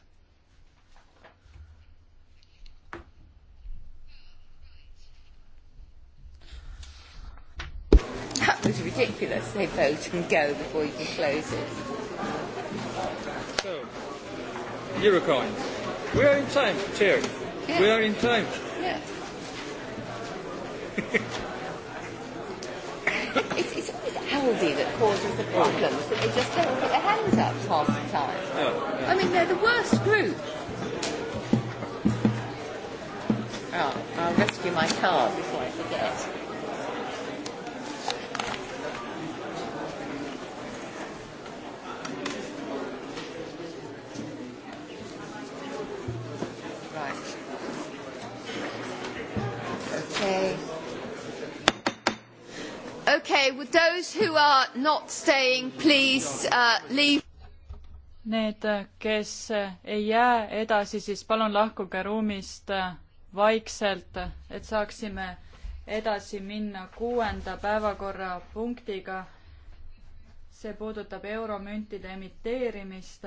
That was ridiculous. They vote and go before you can close it. So, Eurocoins. We are in time, Chair. Yeah. We are in time. Yeah. it's, it's always Aldi that causes the problems, that they just don't put their hands up half the time. Oh, yeah. I mean, they're the worst group. Oh, I'll rescue my car before I forget. those who are not staying, please uh, leave. Need, uh, kes uh, ei jää edasi, siis palun lahkuge ruumist uh, vaikselt, et saaksime edasi minna kuuenda päevakorrapunktiga. see puudutab euromüntide emiteerimist,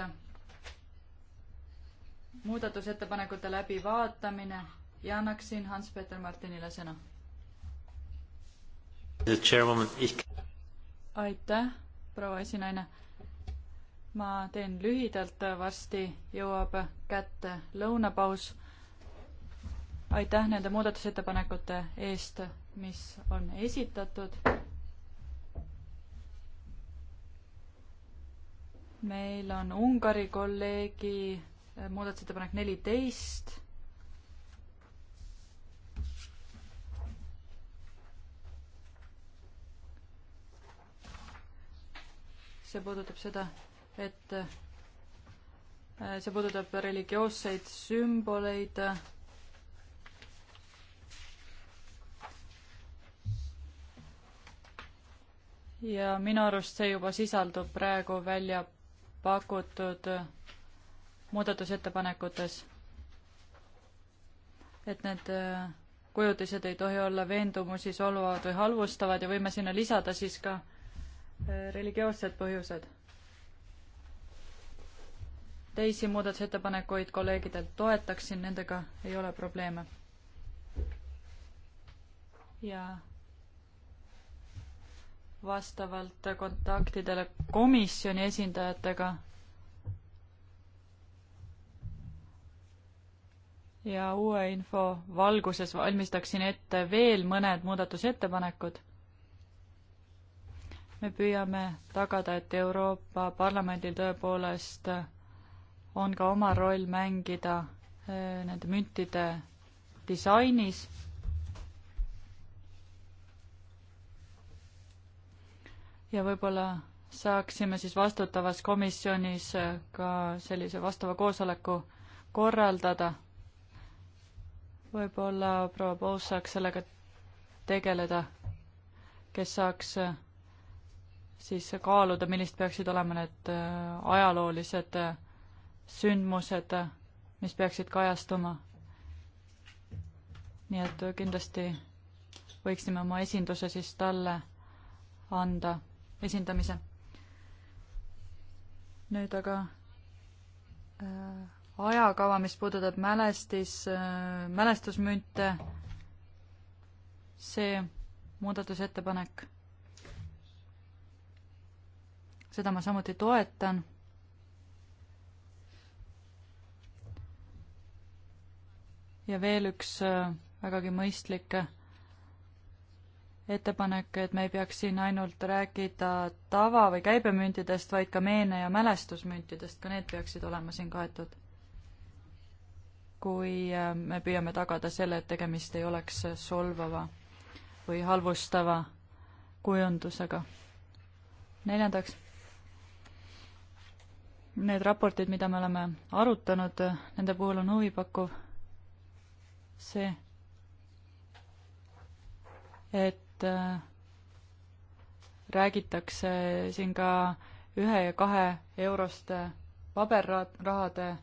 muudatusettepanekute läbivaatamine ja annaksin Hans-Peter Martinile sõna aitäh, proua esinaine. ma teen lühidalt, varsti jõuab kätte lõunapaus. aitäh nende muudatusettepanekute eest, mis on esitatud. meil on Ungari kolleegi muudatusettepanek neliteist see puudutab seda, et äh, see puudutab religioosseid sümboleid. ja minu arust see juba sisaldub praegu välja pakutud muudatusettepanekutes. et need äh, kujutised ei tohi olla veendumusi solvavad või halvustavad ja võime sinna lisada siis ka äh, religioossed põhjused. teisi muudatusettepanekuid kolleegidelt toetaksin, nendega ei ole probleeme. ja vastavalt kontaktidele komisjoni esindajatega ja uue info valguses valmistaksin ette veel mõned muudatusettepanekud me püüame tagada, et Euroopa Parlamendil tõepoolest on ka oma roll mängida eh, nende müntide disainis. ja võib-olla saaksime siis vastutavas komisjonis eh, ka sellise vastava koosoleku korraldada. võib-olla proua Poos saaks sellega tegeleda, kes saaks eh, siis kaaluda, millised peaksid olema need äh, ajaloolised äh, sündmused, äh, mis peaksid kajastuma. nii et kindlasti võiksime oma esinduse siis talle anda, esindamise. nüüd aga äh, ajakava, mis puudutab mälestis äh,, mälestusmünte, see muudatusettepanek seda ma samuti toetan. ja veel üks äh, vägagi mõistlik ettepanek, et me ei peaks siin ainult rääkida tava- või käibemüntidest, vaid ka meene- ja mälestusmüntidest, ka need peaksid olema siin kaetud. kui äh, me püüame tagada selle, et tegemist ei oleks solvava või halvustava kujundusega. neljandaks need raportid, mida me oleme arutanud, nende puhul on huvipakkuv see, et äh, räägitakse siin ka ühe ja kahe euroste paberrahade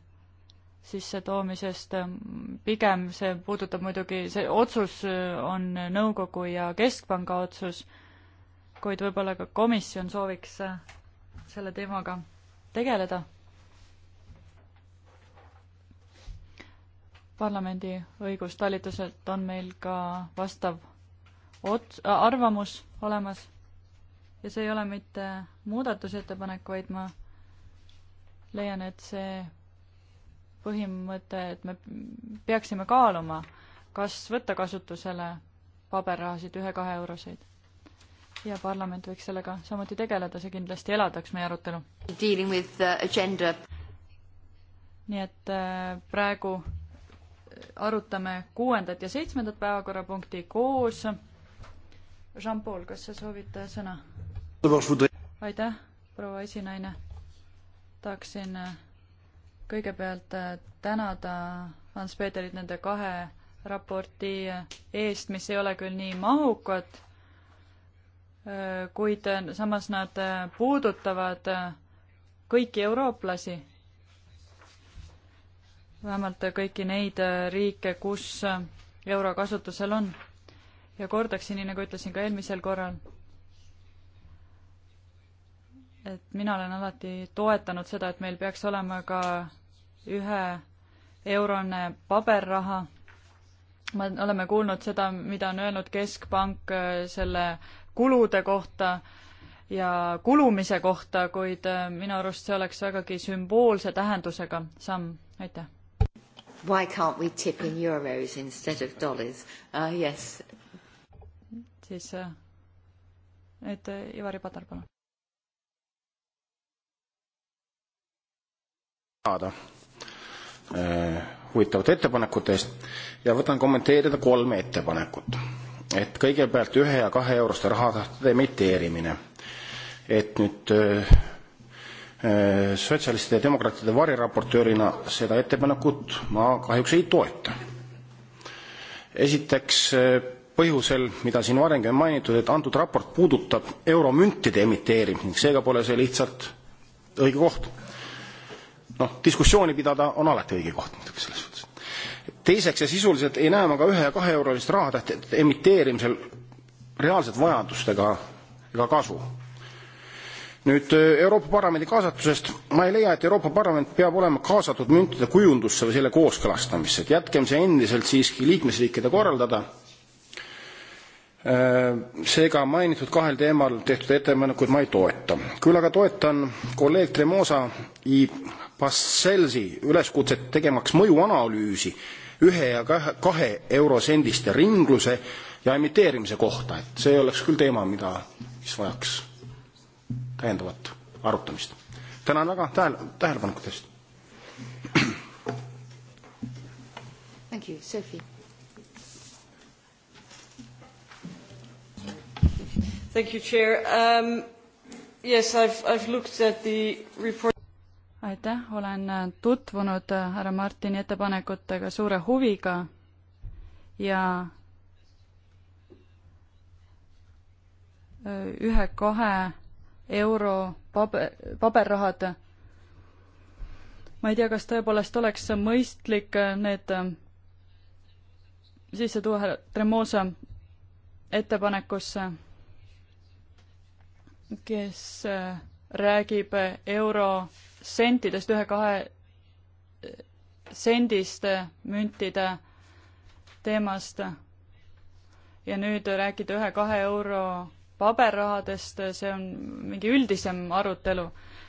sissetoomisest, pigem see puudutab muidugi, see otsus on nõukogu ja keskpanga otsus, kuid võib-olla ka komisjon sooviks selle teemaga tegeleda. parlamendi õigustalituselt on meil ka vastav ots-, äh, arvamus olemas ja see ei ole mitte muudatusettepanek, vaid ma leian, et see põhimõte, et me peaksime kaaluma, kas võtta kasutusele paberrahasid ühe-kahe euroseid ja parlament võiks sellega samuti tegeleda, see kindlasti elavdaks meie arutelu. Uh, nii et äh, praegu äh, arutame kuuendat ja seitsmendat päevakorrapunkti koos. Jean-Paul, kas sa soovid äh, sõna? aitäh, proua esinaine. tahaksin kõigepealt tänada Hans Peeterit nende kahe raporti eest, mis ei ole küll nii mahukad kuid äh, samas nad äh, puudutavad äh, kõiki eurooplasi, vähemalt kõiki neid riike, kus euro kasutusel on. ja kordaksin, nii nagu ütlesin ka eelmisel korral, et mina olen alati toetanud seda, et meil peaks olema ka üheeurone paberraha. me oleme kuulnud seda, mida on öelnud Keskpank selle kulude kohta ja kulumise kohta, kuid äh, minu arust see oleks vägagi sümboolse tähendusega samm, aitäh. Why can't we tip in euros instead of dollars uh,? Yes. siis, äh, et äh, Ivari Padar, palun. saada huvitavate ettepanekute eest ja võtan kommenteerida kolme ettepanekut et kõigepealt ühe ja kahe euroste rahade emiteerimine, et nüüd äh, äh, sotsialistide ja demokraatide variraportöörina seda ettepanekut ma kahjuks ei toeta. esiteks äh, põhjusel, mida siin varemgi on mainitud, et antud raport puudutab euromüntide emiteerimist ning seega pole see lihtsalt õige koht. noh, diskussiooni pidada on alati õige koht muidugi selles teiseks ja sisuliselt ei näe ma ka ühe ja kahe eurolist rahatähtede emiteerimisel reaalset vajadust ega ega kasu nüüd euroopa parlamendi kaasatusest ma ei leia et euroopa parlament peab olema kaasatud müntide kujundusse või selle kooskõlastamisse et jätkem see endiselt siiski liikmesriikide korraldada seega mainitud kahel teemal tehtud ettepanekuid ma ei toeta küll aga toetan kolleeg tremosa i pastelsi üleskutset tegemaks mõjuanalüüsi ühe ja kahe eurosendiste ringluse ja emiteerimise kohta, et see oleks küll teema, mida, mis vajaks täiendavat arutamist. tänan väga tähele, tähelepanekute eest. Thank you, Sophie. Thank you, Chair. Um, yes, I've, I've looked at the report aitäh, olen äh, tutvunud äh, härra Martini ettepanekutega suure huviga ja äh, ühe-kahe euro paber, paberrahad. ma ei tea, kas tõepoolest oleks mõistlik need sisse tuua härra Tremosa ettepanekusse, kes räägib euro sentidest, ühe-kahe sendiste müntide teemast ja nüüd rääkida ühe-kahe euro paberrahadest, see on mingi üldisem arutelu.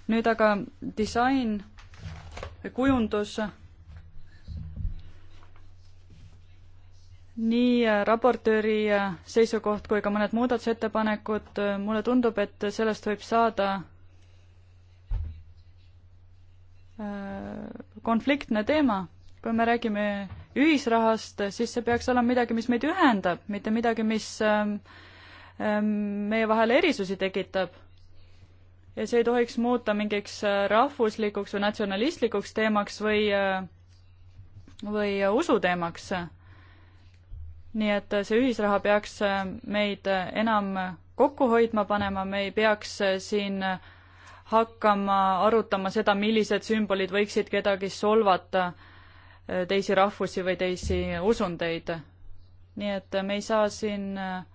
nüüd aga disain või kujundus. nii raportööri seisukoht kui ka mõned muudatusettepanekud, mulle tundub, et sellest võib saada Äh, konfliktne teema. kui me räägime ühisrahast, siis see peaks olema midagi, mis meid ühendab, mitte midagi, mis ähm, ähm, meie vahel erisusi tekitab. ja see ei tohiks muuta mingiks äh, rahvuslikuks või natsionalistlikuks teemaks või, äh, või usuteemaks. nii et see ühisraha peaks meid enam kokku hoidma panema, me ei peaks siin äh, hakkama arutama seda, millised sümbolid võiksid kedagi solvata, äh, teisi rahvusi või teisi usundeid. nii et äh, me ei saa siin äh,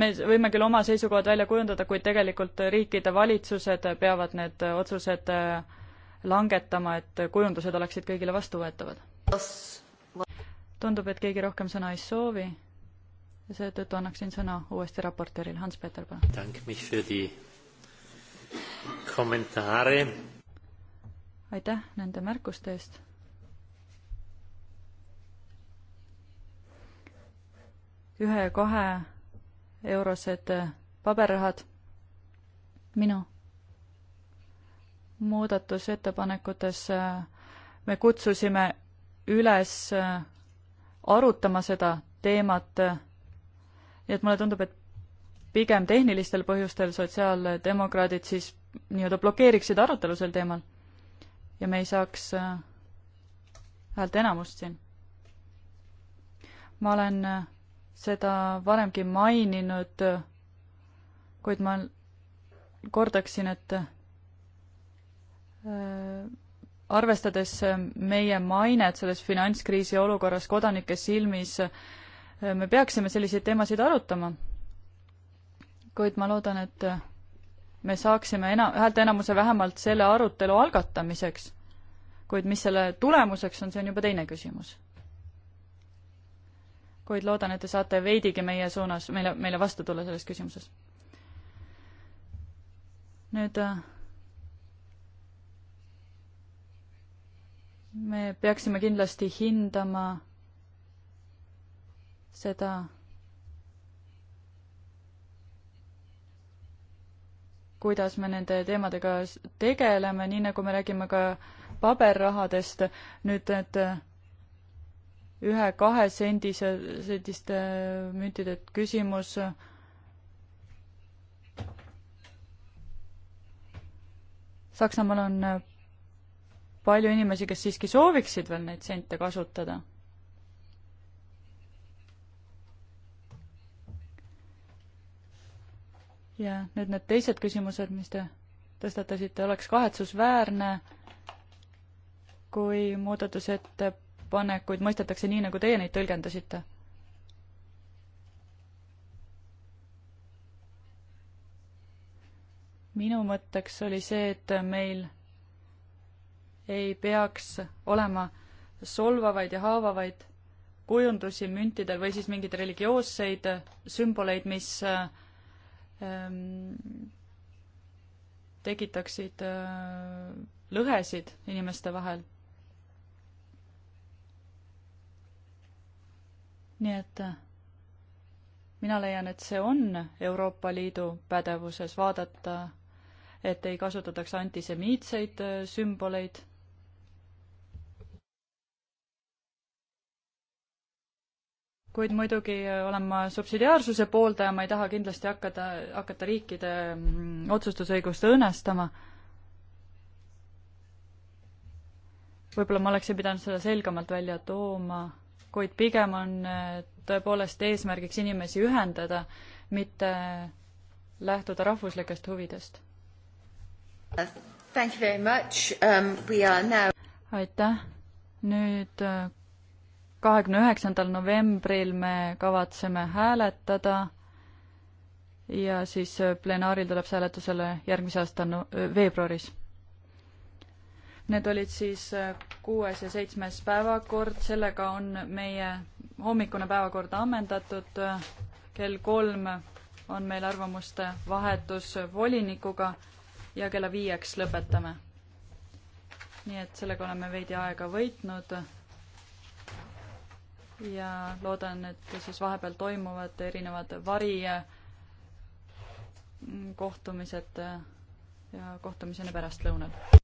me võime küll oma seisukohad välja kujundada, kuid tegelikult riikide valitsused peavad need otsused langetama, et kujundused oleksid kõigile vastuvõetavad. tundub, et keegi rohkem sõna ei soovi ja seetõttu annaksin sõna uuesti raportööril, Hans-Peter, palun. Kommentare. aitäh nende märkuste eest. ühe ja kahe eurosed paberrahad. minu muudatusettepanekutes me kutsusime üles arutama seda teemat. nii et mulle tundub, et pigem tehnilistel põhjustel sotsiaaldemokraadid siis nii-öelda blokeeriksid arutelu sel teemal. ja me ei saaks äh, häälteenamust siin. ma olen äh, seda varemgi maininud, äh, kuid ma kordaksin, et arvestades meie mainet selles finantskriisi olukorras kodanike silmis, me peaksime selliseid teemasid arutama. kuid ma loodan, et me saaksime ena-, häälteenamuse vähemalt selle arutelu algatamiseks. kuid mis selle tulemuseks on, see on juba teine küsimus. kuid loodan, et te saate veidigi meie suunas, meile, meile vastu tulla selles küsimuses. nüüd äh, me peaksime kindlasti hindama seda kuidas me nende teemadega tegeleme, nii nagu me räägime ka paberrahadest, nüüd need äh, ühe-kahe sendise, selliste äh, müntide küsimus. Saksamaal on äh, palju inimesi, kes siiski sooviksid veel neid sente kasutada ja nüüd need teised küsimused, mis te tõstatasite, oleks kahetsusväärne, kui muudatusettepanekuid mõistetakse nii, nagu teie neid tõlgendasite. minu mõtteks oli see, et meil ei peaks olema solvavaid ja haavavaid kujundusi müntidel või siis mingeid religioosseid sümboleid, mis äh, Ähm, tekitaksid äh, lõhesid inimeste vahel. nii et äh, mina leian, et see on Euroopa Liidu pädevuses vaadata, et ei kasutataks antisemiitseid äh, sümboleid kuid muidugi äh, olen ma subsidiaarsuse pooldaja, ma ei taha kindlasti hakata, hakata riikide mm, otsustusõigust õõnestama. võib-olla ma oleksin pidanud seda selgemalt välja tooma, kuid pigem on äh, tõepoolest eesmärgiks inimesi ühendada, mitte lähtuda rahvuslikest huvidest. Thank you very much um,, we are now aitäh, nüüd äh, kahekümne üheksandal novembril me kavatseme hääletada ja siis äh, plenaaril tuleb see hääletusele järgmise aasta no äh, veebruaris. Need olid siis äh, kuues ja seitsmes päevakord, sellega on meie hommikune päevakord ammendatud. kell kolm on meil arvamuste vahetus volinikuga ja kella viieks lõpetame. nii et sellega oleme veidi aega võitnud ja loodan, et siis vahepeal toimuvad erinevad vari kohtumised ja kohtumiseni pärastlõunal.